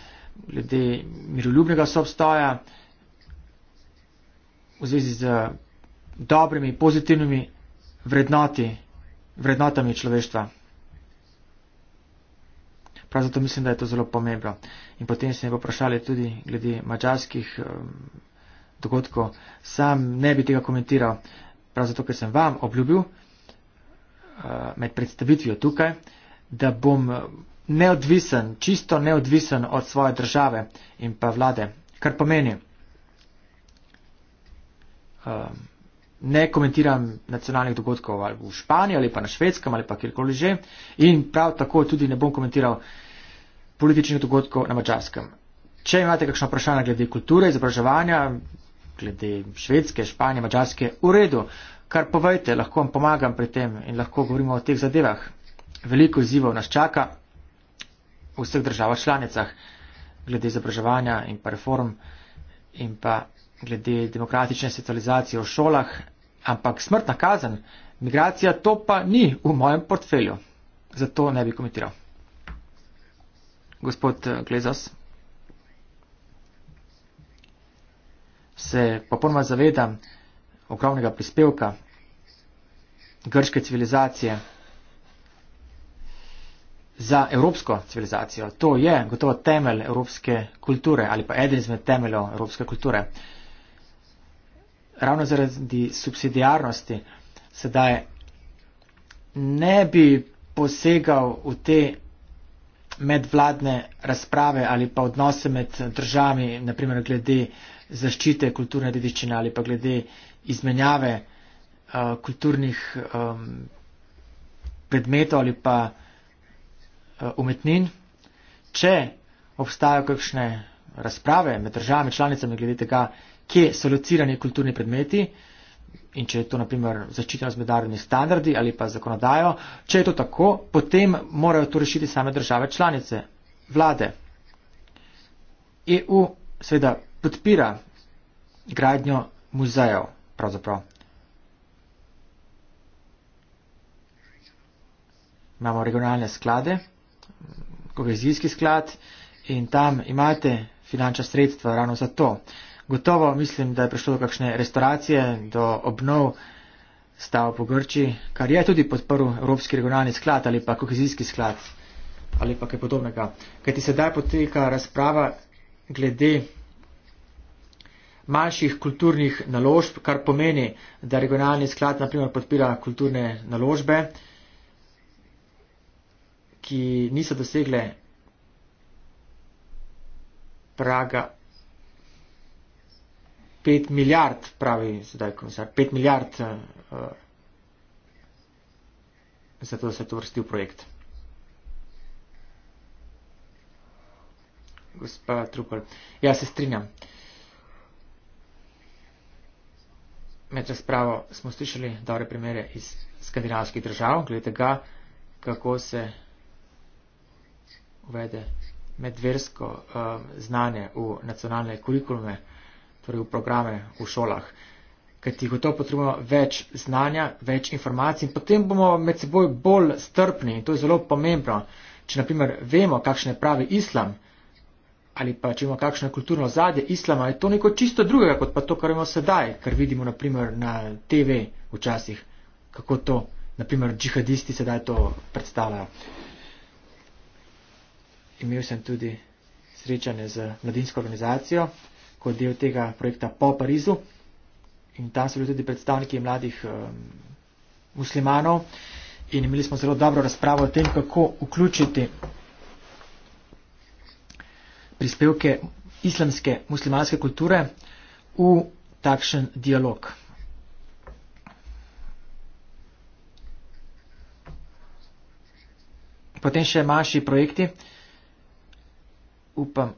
glede miroljubnega sobstoja v zvezi z dobrimi, pozitivnimi vrednoti, vrednotami človeštva. Prav zato mislim, da je to zelo pomembno. In potem se je poprašali tudi glede mačarskih dogodkov. Sam ne bi tega komentiral, prav zato, ker sem vam obljubil eh, med predstavitvijo tukaj, da bom eh, neodvisen, čisto neodvisen od svoje države in pa vlade. Kar pomeni ne komentiram nacionalnih dogodkov ali v Španiji ali pa na švedskem ali pa kjerkoli že in prav tako tudi ne bom komentiral političnih dogodkov na mačarskem. Če imate kakšno vprašanje glede kulture, izobraževanja, glede švedske, španje, mačarske, v redu, kar povejte, lahko vam pomagam pri tem in lahko govorimo o teh zadevah. Veliko izzivov nas čaka v vseh državah članicah glede izobraževanja in pa reform in pa glede demokratične socializacije v šolah, ampak smrtna kazen, migracija to pa ni v mojem portfelju. Zato ne bi komentiral. Gospod eh, Glezos, se popolnoma zavedam ogromnega prispevka grške civilizacije za evropsko civilizacijo. To je gotovo temelj evropske kulture ali pa eden izmed temeljev evropske kulture. Uh, ravno zaradi subsidijarnosti sedaj ne bi posegal v te medvladne razprave ali pa odnose med državami, naprimer glede zaščite kulturne dediščine ali pa glede izmenjave uh, kulturnih um, predmetov ali pa uh, umetnin, če obstajajo kakšne razprave med državami, članicami glede tega, uh, kje so locirani kulturni predmeti in če je to naprimer zaščita z medarnimi standardi ali pa zakonodajo. Če je to tako, potem morajo to rešiti same države članice, vlade. EU seveda podpira gradnjo muzejev, pravzaprav. Imamo regionalne sklade, kohezijski sklad in tam imate finančna sredstva ravno za to. Gotovo mislim, da je prišlo do kakšne restauracije, do obnov stav po Grči, kar je tudi podprl Evropski regionalni sklad ali pa kohezijski sklad ali pa kaj podobnega. Kajti sedaj poteka razprava glede manjših kulturnih naložb, kar pomeni, da regionalni sklad naprimer podpira kulturne naložbe, ki niso dosegle praga 5 milijard, pravi sedaj komisar, 5 milijard uh, za to, da se to vrsti v projekt. Gospa Trupel, ja se strinjam. Med razpravo smo slišali dobre primere iz skandinavskih držav, glede tega, kako se uvede medversko uh, znanje v nacionalne kurikulume torej v programe v šolah. Ker ti gotovo potrebujemo več znanja, več informacij in potem bomo med seboj bolj strpni in to je zelo pomembno. Če naprimer vemo, kakšen je pravi islam ali pa če imamo kakšno kulturno zadje islama, je to neko čisto drugega kot pa to, kar imamo sedaj, kar vidimo naprimer na TV včasih, kako to naprimer džihadisti sedaj to predstavljajo. Imel sem tudi srečanje z mladinsko organizacijo kot del tega projekta po Parizu. In tam so bili tudi predstavniki mladih um, muslimanov in imeli smo zelo dobro razpravo o tem, kako vključiti prispevke islamske muslimanske kulture v takšen dialog. Potem še manjši projekti. Upam,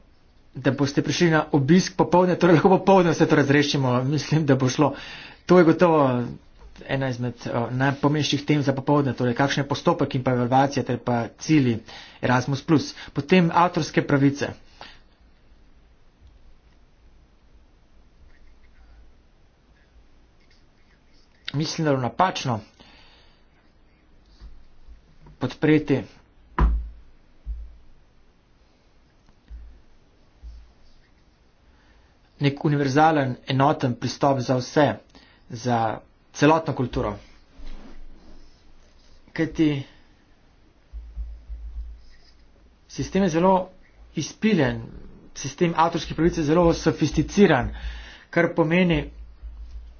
da boste prišli na obisk popovdne, torej lahko popovdne vse to razrešimo, mislim, da bo šlo. To je gotovo ena izmed najpomembnejših tem za popovdne, torej kakšen je postopek in pa evalvacija ter pa cili Erasmus. Potem avtorske pravice. Mislim, da je napačno podpreti nek univerzalen, enoten pristop za vse, za celotno kulturo. Kajti sistem je zelo izpiljen, sistem avtorskih pravic je zelo sofisticiran, kar pomeni,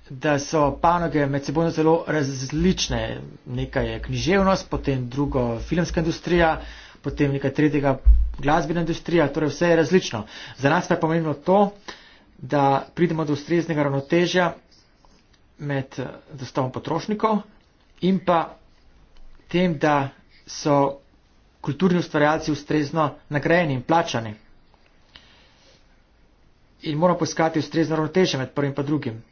da so panoge med seboj zelo različne. Nekaj je književnost, potem drugo filmska industrija, potem nekaj tretjega glasbena industrija, torej vse je različno. Za nas pa je pomembno to, da da pridemo do ustreznega ravnotežja med eh, dostavom potrošnikov in pa tem, da so kulturni ustvarjalci ustrezno nagrajeni in plačani. In moramo poiskati ustrezno ravnotežje med prvim in drugim.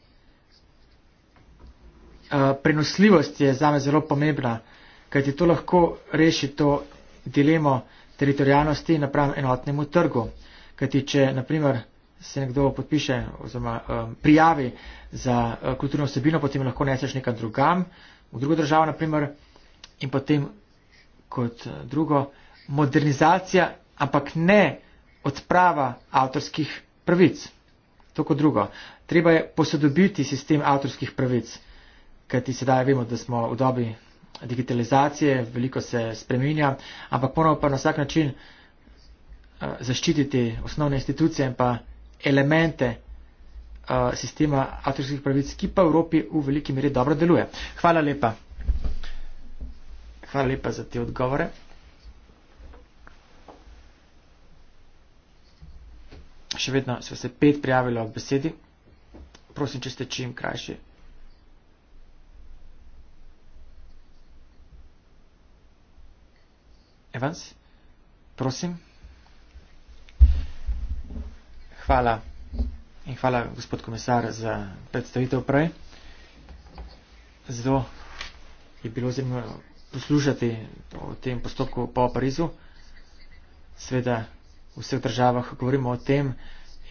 Eh, prenosljivost je zame zelo pomembna, kajti to lahko reši to dilemo teritorijalnosti napram enotnemu trgu. Kajti če, naprimer, se nekdo podpiše oziroma um, prijavi za uh, kulturno vsebino, potem lahko neseš nekam drugam, v drugo državo naprimer in potem kot uh, drugo modernizacija, ampak ne odprava avtorskih pravic. To kot drugo. Treba je posodobiti sistem avtorskih pravic, kajti sedaj vemo, da smo v dobi digitalizacije, veliko se spreminja, ampak moramo pa na vsak način uh, zaščititi osnovne institucije in pa elemente uh, sistema avtorskih pravic, ki pa v Evropi v veliki meri dobro deluje. Hvala lepa. Hvala lepa za te odgovore. Še vedno so se pet prijavilo v besedi. Prosim, če ste čim krajši. Evans, prosim. Hvala in hvala, gospod komisar, za predstavitev prej. Zelo je bilo zanimivo poslušati o tem postopku po Parizu. Sveda v vseh državah govorimo o tem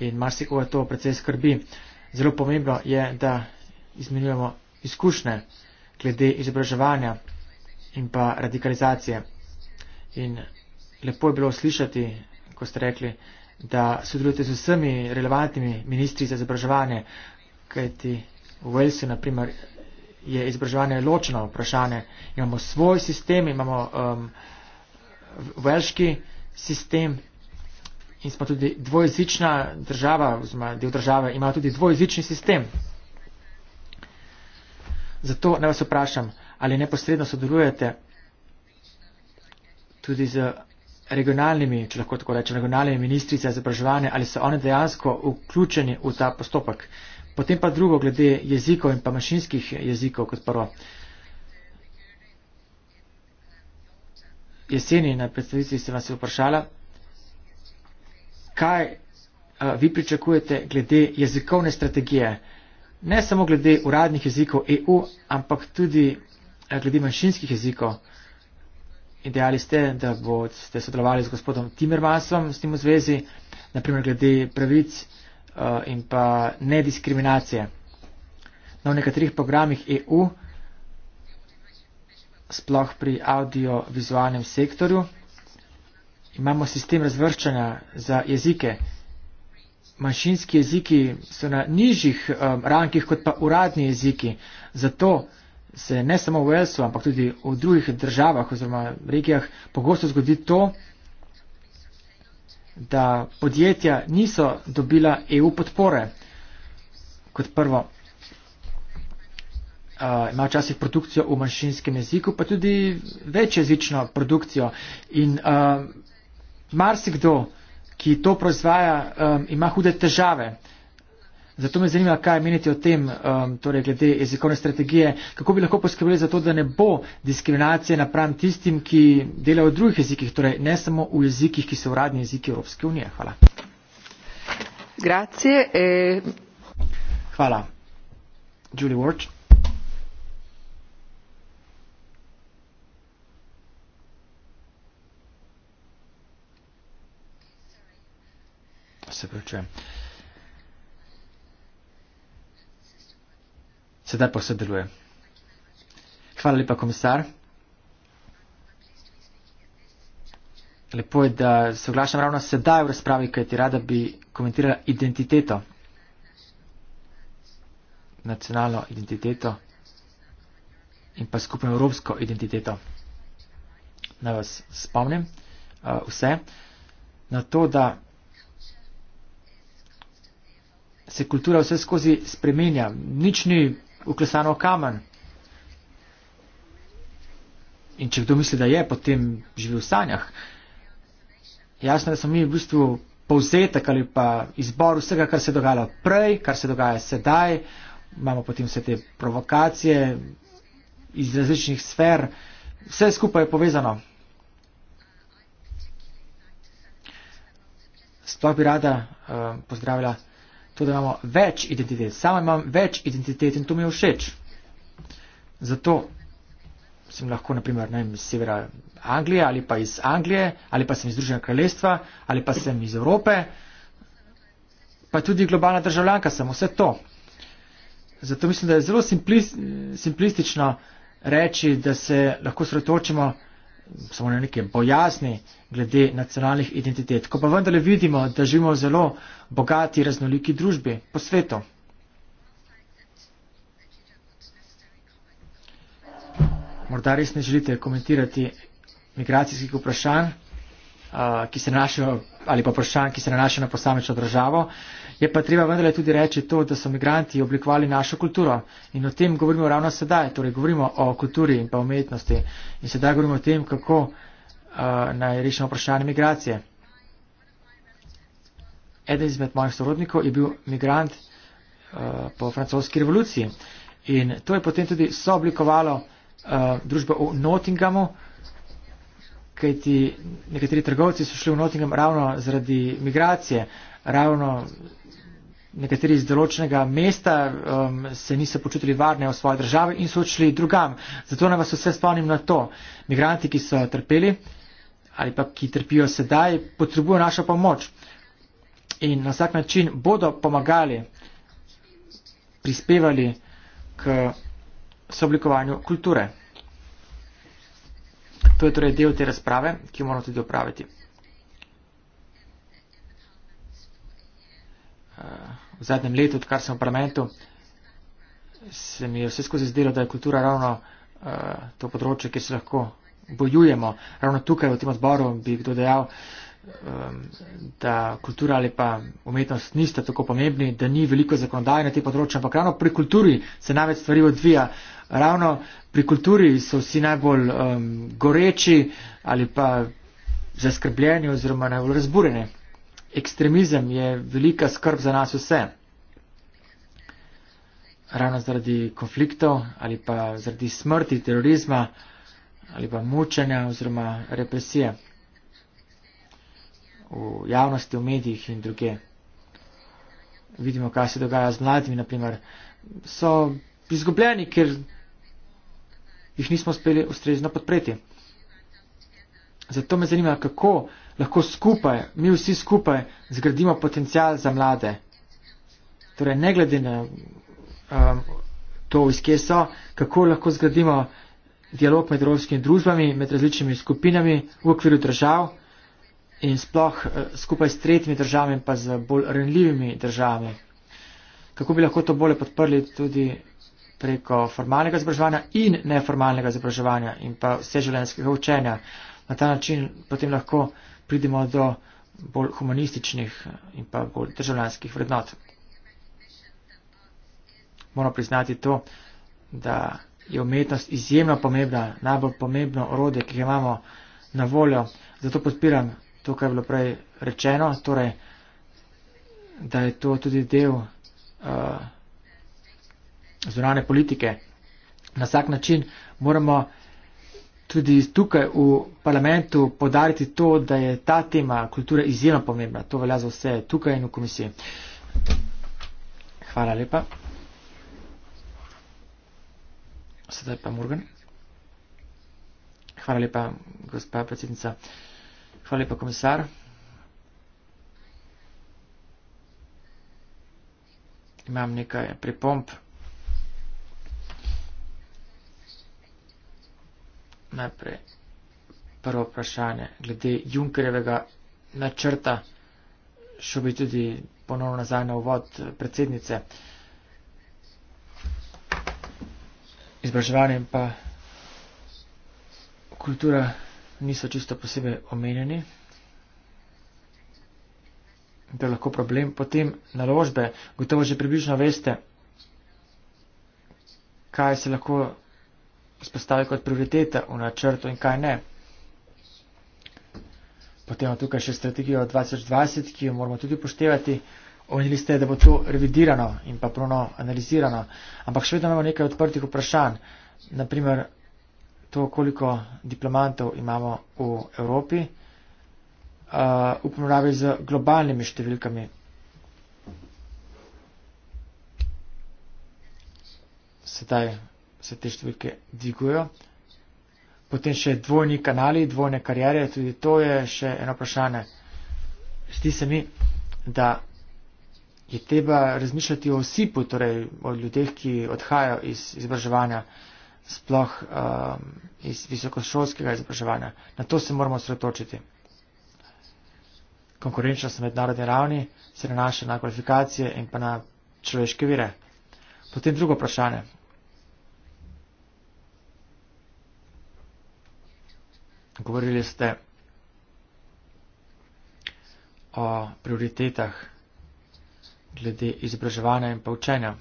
in marsikoga to precej skrbi. Zelo pomembno je, da izmenjujemo izkušnje glede izobraževanja in pa radikalizacije. In lepo je bilo slišati, ko ste rekli, da sodelujete z vsemi relevantnimi ministri za izobraževanje, kajti v Walesu, naprimer, je izobraževanje ločeno vprašanje. Imamo svoj sistem, imamo um, velški sistem in smo tudi dvojezična država, oziroma del države ima tudi dvojezični sistem. Zato ne vas vprašam, ali neposredno sodelujete tudi z regionalnimi, če lahko tako rečem, regionalnimi ministri za izobraževanje, ali so oni dejansko vključeni v ta postopek. Potem pa drugo glede jezikov in pa mašinskih jezikov kot prvo. Jeseni na predstavitvi sem vas vprašala, kaj a, vi pričakujete glede jezikovne strategije, ne samo glede uradnih jezikov EU, ampak tudi a, glede manjšinskih jezikov. A, in dejali ste, da boste sodelovali z gospodom Timmermansom s tem v zvezi, naprimer glede pravic uh, in pa nediskriminacije. Na no, nekaterih programih EU, sploh pri audiovizualnem sektorju, imamo sistem razvrščanja za jezike. Manjšinski jeziki so na nižjih um, rankih kot pa uradni jeziki. Zato se ne samo v Walesu, ampak tudi v drugih državah oziroma regijah pogosto zgodi to, da podjetja niso dobila EU podpore. Kot prvo, uh, ima včasih produkcijo v manjšinskem jeziku, pa tudi večjezično produkcijo. In uh, marsikdo, ki to proizvaja, um, ima hude težave. Uh, Zato me zanima, kaj menite o tem, um, torej glede jezikovne strategije, kako bi lahko poskrbeli za to, da ne bo diskriminacije napram tistim, ki delajo v drugih jezikih, torej ne samo v jezikih, ki so uradni jeziki Evropske unije. Hvala. Grazie. Eh... Hvala. Julie Warch. Se pravi, če. sedaj pa vse deluje. Hvala lepa, komisar. Lepo je, da se oglašam ravno sedaj v razpravi, kaj ti rada bi komentirala identiteto. Nacionalno identiteto in pa skupno evropsko identiteto. Naj vas spomnim uh, vse na to, da se kultura vse skozi spremenja. Nič ni uklesano kamen. In če kdo misli, da je, potem živi v sanjah. Jasno, da smo mi v bistvu povzetek ali pa izbor vsega, kar se je dogajalo prej, kar se dogaja sedaj. Imamo potem vse te provokacije iz različnih sfer. Vse skupaj je povezano. Sploh bi rada uh, pozdravila to, da imamo več identitet. Sam imam več identitet in to mi je všeč. Zato sem lahko, naprimer, ne vem, iz severa Anglije ali pa iz Anglije ali pa sem iz Združenega kraljestva ali pa sem iz Evrope, pa tudi globalna državljanka sem, vse to. Zato mislim, da je zelo simplistično reči, da se lahko sretočimo samo na nekem pojasni glede nacionalnih identitet. Ko pa vendarle vidimo, da živimo v zelo bogati, raznoliki družbi po svetu. Morda res ne želite komentirati migracijskih vprašanj, uh, ki se nanašajo, ali pa vprašanj, ki se nanašajo na posamečno državo. Je pa treba vendarle tudi reči to, da so migranti oblikovali našo kulturo in o tem govorimo ravno sedaj, torej govorimo o kulturi in pa umetnosti in sedaj govorimo o tem, kako uh, naj rešimo vprašanje migracije. Eden izmed mojih sorodnikov je bil migrant uh, po francoski revoluciji in to je potem tudi sooblikovalo uh, družbo v Nottinghamu, kajti nekateri trgovci so šli v Nottingham ravno zaradi migracije, ravno nekateri iz določenega mesta um, se niso počutili varne v svoje države in so odšli drugam. Zato nam vas vse spomnim na to. Migranti, ki so trpeli ali pa ki trpijo sedaj, potrebujo našo pomoč. In na vsak način bodo pomagali, prispevali k sooblikovanju kulture. To je torej del te razprave, ki jo moramo tudi opraviti. v zadnjem letu, odkar sem v parlamentu, se mi je vse skozi zdelo, da je kultura ravno eh, to področje, kjer se lahko bojujemo. Ravno tukaj v tem odboru bi kdo dejal, ehm, da kultura ali pa umetnost nista tako pomembni, da ni veliko zakonodaje na tem področju, ampak ravno pri kulturi se največ stvari odvija. Ravno pri kulturi so vsi najbolj um, goreči ali pa zaskrbljeni oziroma najbolj razburjeni ekstremizem je velika skrb za nas vse. Ravno zaradi konfliktov ali pa zaradi smrti, terorizma ali pa mučenja oziroma represije v javnosti, v medijih in druge. Vidimo, kaj se dogaja z mladimi, naprimer. So izgubljeni, ker jih nismo uspeli ustrezno podpreti. Zato me zanima, kako lahko skupaj, mi vsi skupaj zgradimo potencial za mlade. Torej, ne glede na um, to, iz kje so, kako lahko zgradimo dialog med evropskimi družbami, med različnimi skupinami v okviru držav in sploh uh, skupaj s tretjimi državami, pa z bolj renljivimi državami. Kako bi lahko to bolje podprli tudi preko formalnega izobraževanja in neformalnega izobraževanja in pa vseživljenjskega učenja. Na ta način potem lahko uh, pridemo do bolj humanističnih in pa bolj državljanskih vrednot. Moramo priznati to, da je umetnost izjemno pomembna, najbolj pomembno orodje, ki ga imamo na voljo. Zato podpiram to, kar je bilo prej rečeno, torej, da je to tudi del uh, eh, zunane politike. Na vsak način moramo tudi tukaj v parlamentu podariti to, da je ta tema kultura izjemno pomembna. To velja za vse tukaj in v komisiji. Hvala lepa. Sedaj pa Morgan. Hvala lepa, gospa predsednica. Hvala lepa, komisar. Imam nekaj pripomp. najprej prvo vprašanje glede Junkerjevega načrta, šel bi tudi ponovno nazaj na uvod predsednice. Izbraževanje in pa kultura niso čisto posebej omenjeni. To je lahko problem. Potem naložbe, gotovo že približno veste, kaj se lahko izpostavili kot prioritete v načrtu in kaj ne. Potem imamo tukaj še strategijo 2020, ki jo moramo tudi poštevati. Omenili ste, da bo to revidirano in pa pruno analizirano, ampak še vedno imamo nekaj odprtih vprašanj. Naprimer, to, koliko diplomantov imamo v Evropi, uh, v primerjavi z globalnimi številkami. Sedaj se te številke dvigujejo. Potem še dvojni kanali, dvojne karijere, tudi to je še eno vprašanje. Zdi se mi, da je treba razmišljati o osipu, torej o ljudeh, ki odhajajo iz izobraževanja, sploh um, iz visokošolskega izobraževanja. Na to se moramo sretočiti. Konkurenčnost na mednarodni ravni se nanaša na kvalifikacije in pa na človeške vire. Potem drugo vprašanje. govorili ste o prioritetah glede izobraževanja in pa učenja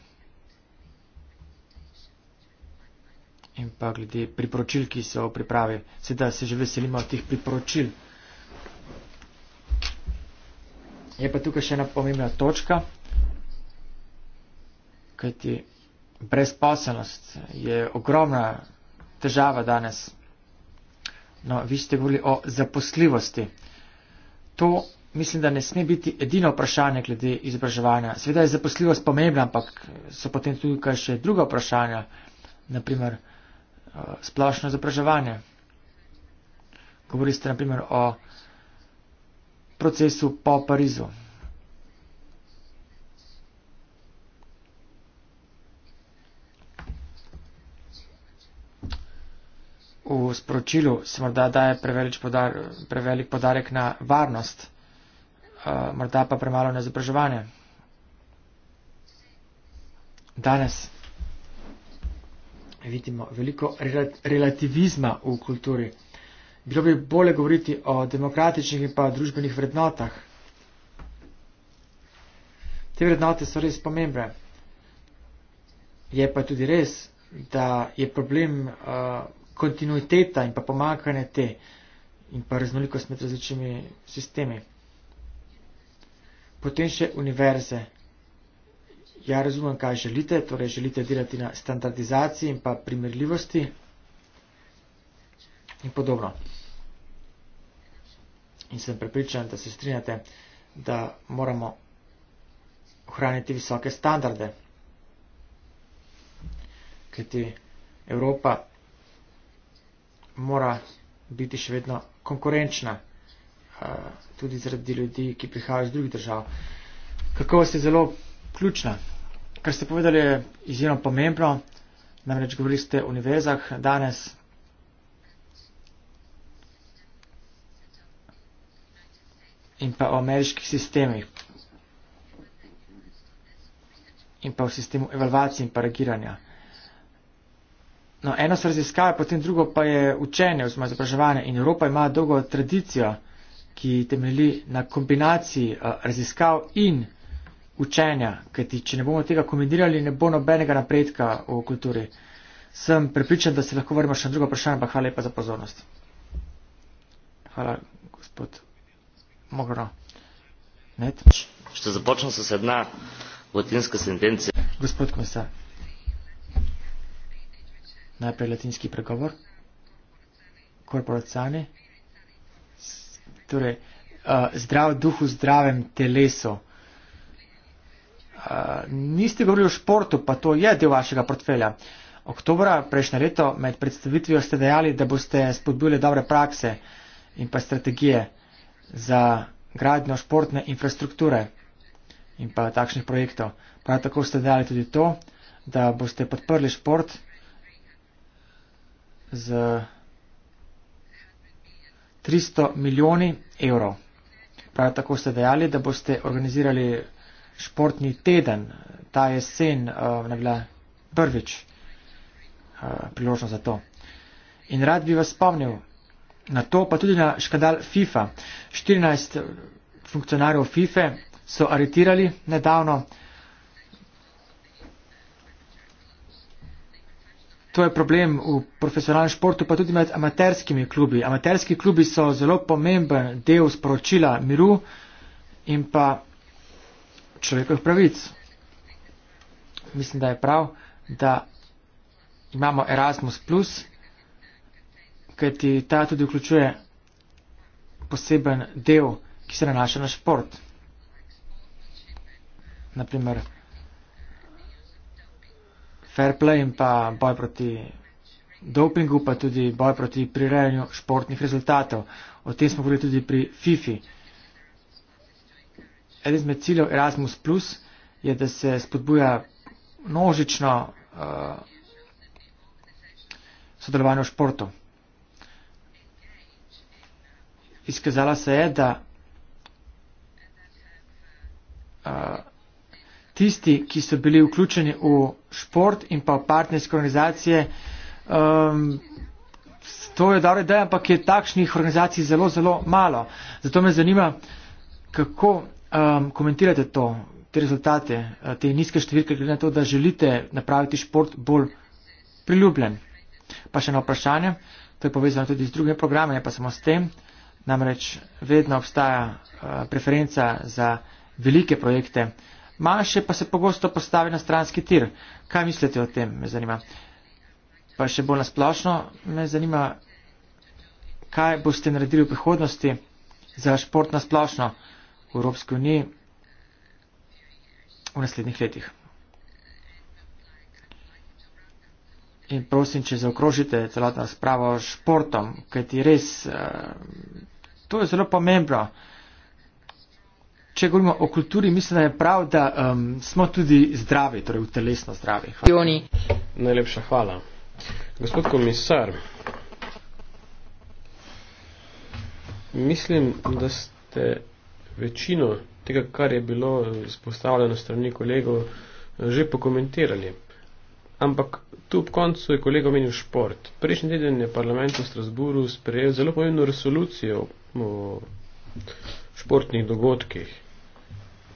in pa glede priporočil, ki so v pripravi. Seveda se že veselimo teh priporočil. Je pa tukaj še ena pomembna točka, kajti brezposelnost je ogromna težava danes. No, vi ste govorili o zaposljivosti. To mislim, da ne sme biti edino vprašanje glede izobraževanja. Sveda je zaposljivost pomembna, ampak so potem tudi kaj še druga vprašanja, naprimer eh, splošno izobraževanje. Govorili ste naprimer o procesu po Parizu. v sporočilu se morda daje podar, prevelik podarek na varnost, uh, morda pa premalo na izobraževanje. Danes vidimo veliko relativizma v kulturi. Bilo bi bolje govoriti o demokratičnih in pa družbenih vrednotah. Te vrednote so res pomembne. Je pa tudi res, da je problem uh, kontinuiteta in pa pomakanje te in pa raznolikost med različnimi sistemi. Potem še univerze. Ja, razumem, kaj želite, torej želite delati na standardizaciji in pa primerljivosti in podobno. In sem prepričan, da se strinjate, da moramo ohraniti visoke standarde. Kajti Evropa mora biti še vedno konkurenčna, eh, tudi zaradi ljudi, ki prihajajo iz drugih držav. Kakovost je zelo ključna. Kar ste povedali, je izjemno pomembno. Namreč govorili ste o univerzah danes. In pa o ameriških sistemih. In pa o sistemu evalvacije in pa reagiranja. No, eno so raziskave, potem drugo pa je učenje oziroma izobraževanje. In Evropa ima dolgo tradicijo, ki temelji na kombinaciji uh, raziskav in učenja, kajti če ne bomo tega kombinirali, ne bo nobenega napredka v kulturi. Sem prepričan, da se lahko vrnemo še na drugo vprašanje, pa hvala lepa za pozornost. Hvala, gospod Mogro. Net. Če započnem s sedna latinska sentencija. Gospod komisar najprej latinski pregovor, korporacane, torej uh, zdrav duhu, zdravem telesu. Uh, niste govorili o športu, pa to je del vašega portfelja. Oktobra prejšnje leto med predstavitvijo ste dejali, da boste spodbujali dobre prakse in pa strategije za gradnjo športne infrastrukture in pa takšnih projektov. Prav tako ste dejali tudi to, da boste podprli šport z 300 milijoni evrov. Prav tako ste dejali, da boste organizirali športni teden. Ta jesen uh, je bila prvič uh, priložnost za to. In rad bi vas spomnil na to, pa tudi na škandal FIFA. 14 funkcionarjev FIFA e so aretirali nedavno. To je problem v profesionalnem športu, pa tudi med amaterskimi klubi. Amaterski klubi so zelo pomemben del sporočila miru in pa človekovih pravic. Mislim, da je prav, da imamo Erasmus, kajti ta tudi vključuje poseben del, ki se nanaša na šport. Naprimer, fair play in pa boj proti dopingu, pa tudi boj proti prirejanju športnih rezultatov. O tem smo govorili tudi pri FIFI. Eden izmed ciljev Erasmus Plus je, da se spodbuja množično uh, sodelovanje v športu. Izkazala se je, da uh, tisti, ki so bili vključeni v šport in pa v partnerske organizacije. Um, to je dobra ideja, ampak je takšnih organizacij zelo, zelo malo. Zato me zanima, kako um, komentirate to, te rezultate, eh, te nizke številke, glede na to, da želite napraviti šport bolj priljubljen. Pa še eno vprašanje, to je povezano tudi z drugim programom, ne pa samo s tem. Namreč vedno obstaja uh, preferenca za velike projekte. Uh, manjše pa se pogosto postavi na stranski tir. Kaj mislite o tem, me zanima? Pa še bolj nasplošno, me zanima, kaj boste naredili v prihodnosti za šport nasplošno v Evropski uniji v naslednjih letih. In prosim, če zaokrožite celotno razpravo s športom, kajti res, eh, to je zelo pomembno. Če govorimo o kulturi, mislim, da je prav, da um, smo tudi zdravi, torej v telesno zdravi. Joni. Najlepša hvala. Gospod komisar, mislim, da ste večino tega, kar je bilo izpostavljeno strani kolegov, že pokomentirali. Ampak tu ob koncu je kolega omenil šport. Prejšnji teden je parlament v Strasburu sprejel zelo pomembno resolucijo o športnih dogodkih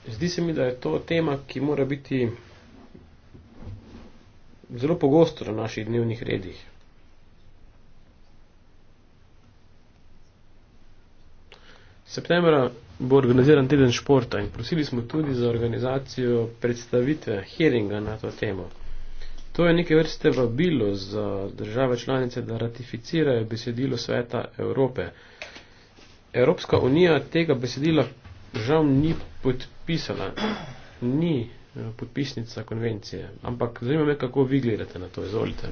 zdi se mi, da je to tema, ki mora biti zelo pogosto na naših dnevnih redih. Septembra bo organiziran teden športa in prosili smo tudi za organizacijo predstavitve, hearinga na to temo. To je neke vrste vabilo za države članice, da ratificirajo besedilo Sveta Evrope. Evropska unija tega besedila žal ni podpisala, ni eh, podpisnica konvencije. Ampak zanima me, kako vi gledate na to, izvolite.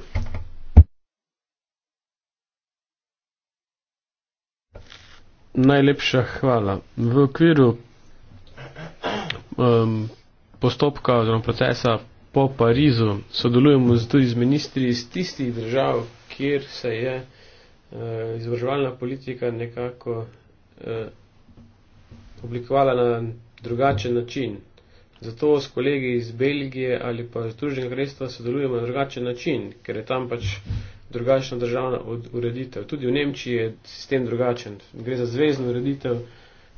Najlepša hvala. V okviru um, postopka oziroma procesa po Parizu sodelujemo tudi z ministri iz tistih držav, kjer se je uh, izobraževalna politika nekako uh, oblikovala na drugačen način. Zato s kolegi iz Belgije ali pa Združenega kraljestva sodelujemo na drugačen način, ker je tam pač drugačna državna ureditev. Tudi v Nemčiji je sistem drugačen. Gre za zvezdno ureditev,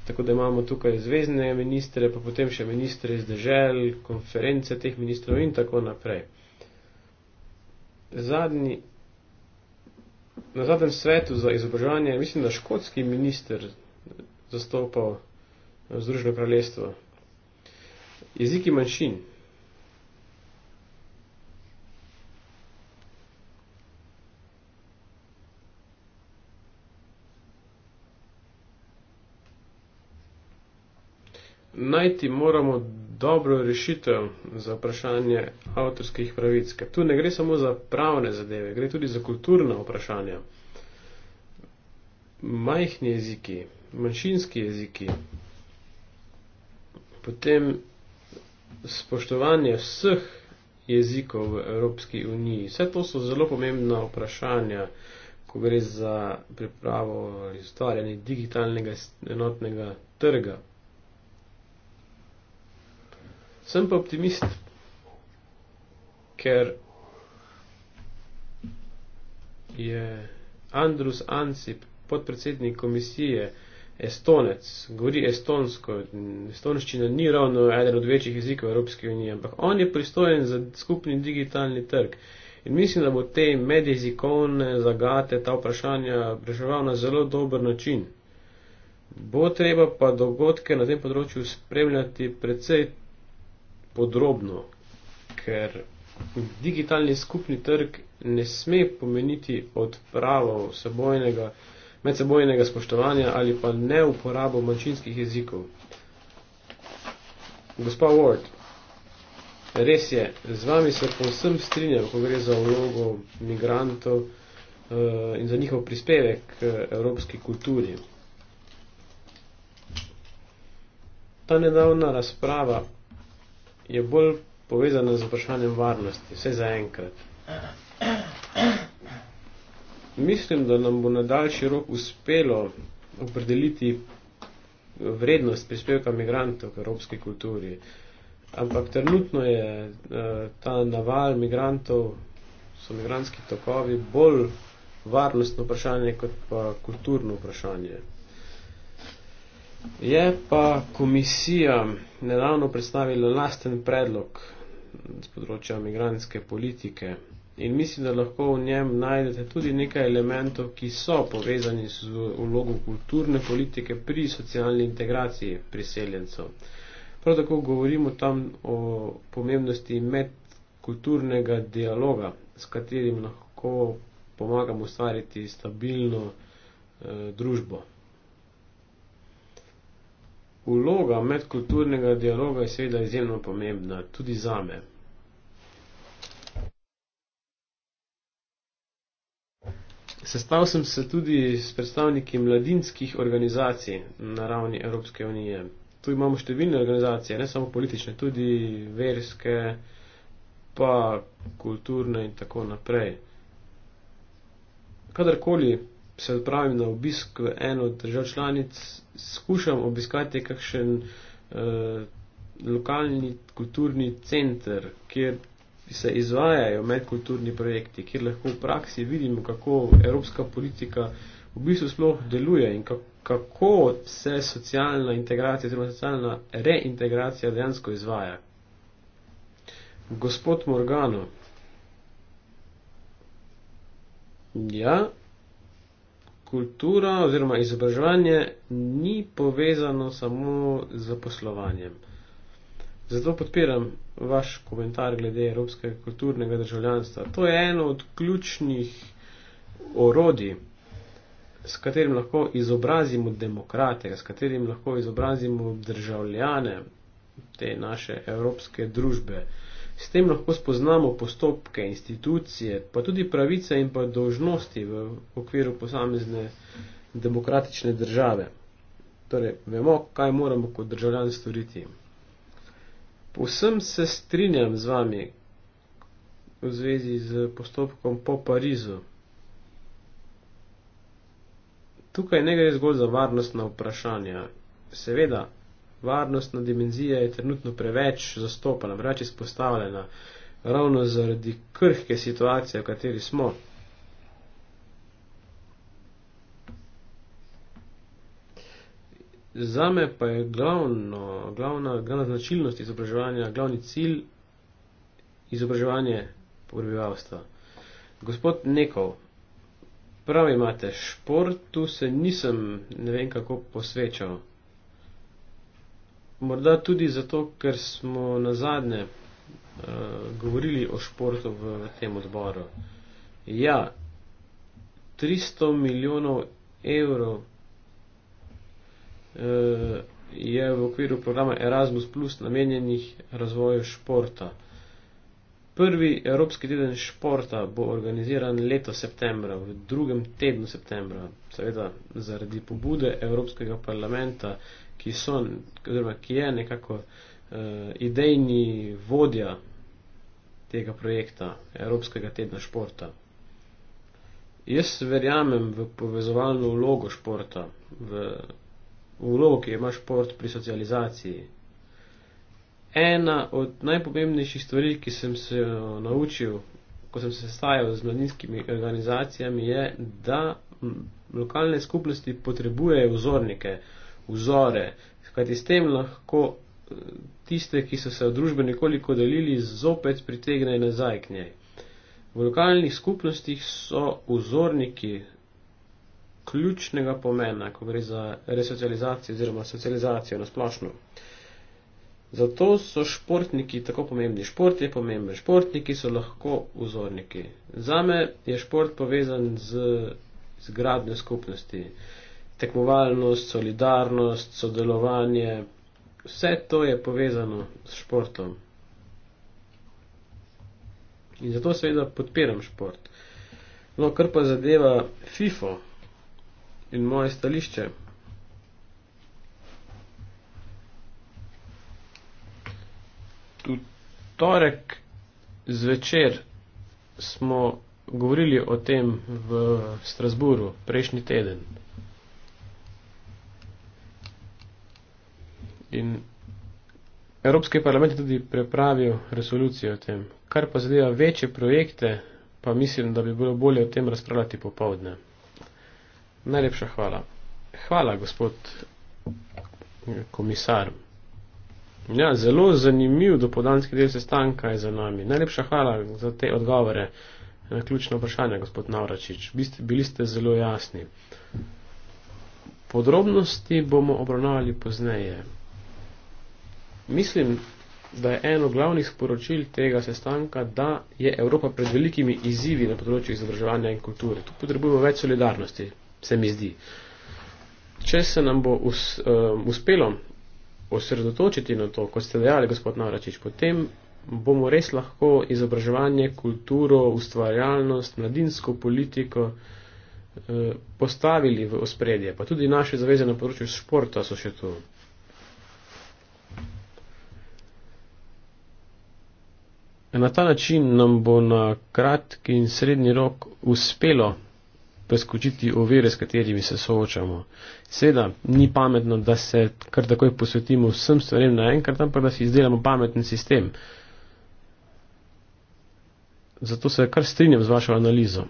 tako da imamo tukaj zvezdne ministre, pa potem še ministre iz držel, konference teh ministrov in tako naprej. Zadnji, na zadnjem svetu za izobraževanje, mislim, da škotski minister zastopal Združeno kraljestvo. Jeziki manjšin. Najti moramo dobro rešitev za vprašanje avtorskih pravic, ker tu ne gre samo za pravne zadeve, gre tudi za kulturna vprašanja. Majhni jeziki, manjšinski jeziki potem spoštovanje vseh jezikov v Evropski uniji. Vse to so zelo pomembna vprašanja, ko gre za pripravo ali ustvarjanje digitalnega enotnega trga. Sem pa optimist, ker je Andrus Ansip, podpredsednik komisije, Estonec, govori estonsko, estonščina ni ravno eden od večjih jezikov Evropske unije, ampak on je pristojen za skupni digitalni trg. In mislim, da bo te medjezikovne zagate, ta vprašanja reševal na zelo dober način. Bo treba pa dogodke na tem področju spremljati precej podrobno, ker digitalni skupni trg ne sme pomeniti odpravo vsebojnega medsebojnega spoštovanja ali pa ne uporabo manjšinskih jezikov. Gospa Ward, res je, z vami se povsem strinjam, ko gre za vlogo migrantov eh, in za njihov prispevek k eh, evropski kulturi. Ta nedavna razprava je bolj povezana z vprašanjem varnosti, vse zaenkrat. Aha mislim, da nam bo na daljši rok uspelo opredeliti vrednost prispevka migrantov k evropski kulturi. Ampak trenutno je eh, ta naval migrantov, so migrantski tokovi, bolj varnostno vprašanje kot pa kulturno vprašanje. Je pa komisija nedavno predstavila lasten predlog z področja migrantske politike. In mislim, da lahko v njem najdete tudi nekaj elementov, ki so povezani z vlogo kulturne politike pri socialni integraciji priseljencev. Prav tako govorimo tam o pomembnosti medkulturnega dialoga, s katerim lahko pomagamo ustvariti stabilno eh, družbo. Vloga medkulturnega dialoga je seveda izjemno pomembna, tudi za me. Sestal sem se tudi s predstavniki mladinskih organizacij na ravni Evropske unije. Tu imamo številne organizacije, ne samo politične, tudi verske, pa kulturne in tako naprej. Kadarkoli se odpravim na obisk v eno od držav članic, skušam obiskati kakšen eh, lokalni kulturni center, kjer se izvajajo medkulturni projekti, kjer lahko v praksi vidimo, kako evropska politika v bistvu sploh deluje in kako se socialna integracija, oziroma socialna reintegracija dejansko izvaja. Gospod Morgano. Ja, kultura oziroma izobraževanje ni povezano samo z poslovanjem. Zato podpiram vaš komentar glede evropskega kulturnega državljanstva. To je eno od ključnih orodij, s katerim lahko izobrazimo demokrate, s katerim lahko izobrazimo državljane te naše evropske družbe. S tem lahko spoznamo postopke, institucije, pa tudi pravice in pa dožnosti v okviru posamezne demokratične države. Torej, vemo, kaj moramo kot državljan storiti. Povsem se strinjam z vami v zvezi z postopkom po Parizu. Tukaj ne gre zgolj za varnostna vprašanja. Seveda, varnostna dimenzija je trenutno preveč zastopana, preveč izpostavljena, ravno zaradi krhke situacije, v kateri smo. Zame pa je glavno, glavna, glavna značilnost izobraževanja, glavni cilj izobraževanje prebivalstva. Gospod Nekov, pravi imate, športu se nisem ne vem kako posvečal. Morda tudi zato, ker smo na zadnje uh, govorili o športu v, v tem odboru. Ja, 300 milijonov evrov Eh, je v okviru programa Erasmus Plus namenjenih razvoju športa. Prvi Evropski teden športa bo organiziran leto septembra, v drugem tednu septembra, seveda zaradi pobude Evropskega parlamenta, ki, so, oziroma, ki je nekako uh, idejni vodja tega projekta Evropskega tedna športa. Jaz verjamem v povezovalno vlogo športa, v vlogo, ki jo ima šport pri socializaciji. Ena od najpomembnejših stvari, ki sem se jo eh, naučil, ko sem se stajal z mladinskimi organizacijami, je, da lokalne skupnosti potrebujejo vzornike, vzore, kajti s tem lahko eh, tiste, ki so se v družbi nekoliko delili, zopet pritegnejo nazaj k njej. V lokalnih skupnostih so vzorniki ključnega pomena, ko gre za resocializacijo oziroma socializacijo na splošno. Zato so športniki tako pomembni. Šport je pomemben, športniki so lahko vzorniki. Zame je šport povezan z zgradnjo skupnosti. Tekmovalnost, solidarnost, sodelovanje, vse to je povezano s športom. In zato seveda podpiram šport. No, kar pa zadeva FIFO, in moje stališče. V torek zvečer smo govorili o tem v Strasburu prejšnji teden. In Evropski parlament je tudi prepravil resolucijo o tem. Kar pa zadeva večje projekte, pa mislim, da bi bilo bolje o tem razpravljati popovdne. Najlepša hvala. Hvala, gospod eh, komisar. Ja, zelo zanimiv dopodanski del sestanka je za nami. Najlepša hvala za te odgovore na ključno vprašanje, gospod Navračič. Biste, bili ste zelo jasni. Podrobnosti bomo obravnavali pozneje. Mislim, da je eno glavnih sporočil tega sestanka, da je Evropa pred velikimi izzivi na področju izobraževanja in kulture. Tu potrebujemo več solidarnosti, se mi zdi. Če se nam bo us, uh, uspelo osredotočiti na to, kot ste dejali, gospod Navračič, potem bomo res lahko izobraževanje, kulturo, ustvarjalnost, mladinsko politiko eh, postavili v ospredje, pa tudi naše zaveze na področju športa so še tu. Na ta način nam bo na kratki in srednji rok uspelo preskočiti ovire, s katerimi se soočamo. Seveda, ni pametno, da se kar takoj posvetimo vsem stvarem naenkrat, ampak da si izdelamo pameten sistem. Zato se kar strinjam z vašo analizo.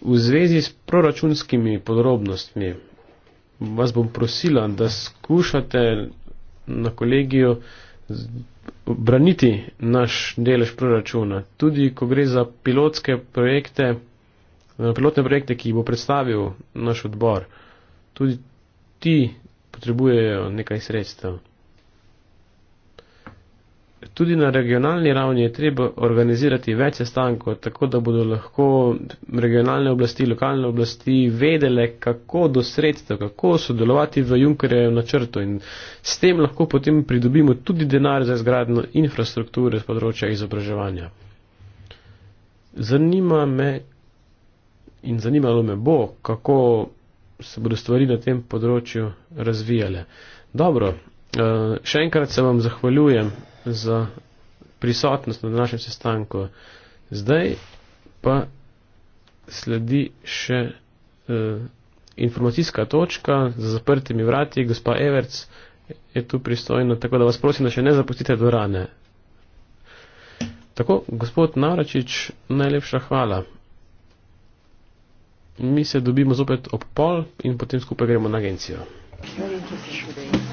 V zvezi s proračunskimi podrobnostmi vas bom prosila, da skušate na kolegijo braniti naš delež proračuna. Tudi, ko gre za pilotske projekte, Eh, pilotne projekte, ki jih bo predstavil naš odbor, tudi ti potrebujejo nekaj sredstev. Tudi na regionalni ravni je treba organizirati več sestankov, tako da bodo lahko regionalne oblasti, lokalne oblasti vedele, kako do sredstev, kako sodelovati v Junkerjevem načrtu in s tem lahko potem pridobimo tudi denar za izgradno infrastrukture z področja izobraževanja. Zanima me, in zanimalo me bo, kako se bodo stvari na tem področju razvijale. Dobro, eh, še enkrat se vam zahvaljujem za prisotnost na našem sestanku. Zdaj pa sledi še eh, informacijska točka za zaprtimi vrati. Gospa Everc je tu pristojna, tako da vas prosim, da še ne zapustite dvorane. Tako, gospod Naročič, najlepša hvala mi se dobimo zopet ob pol in potem skupaj gremo na agencijo. Thank you.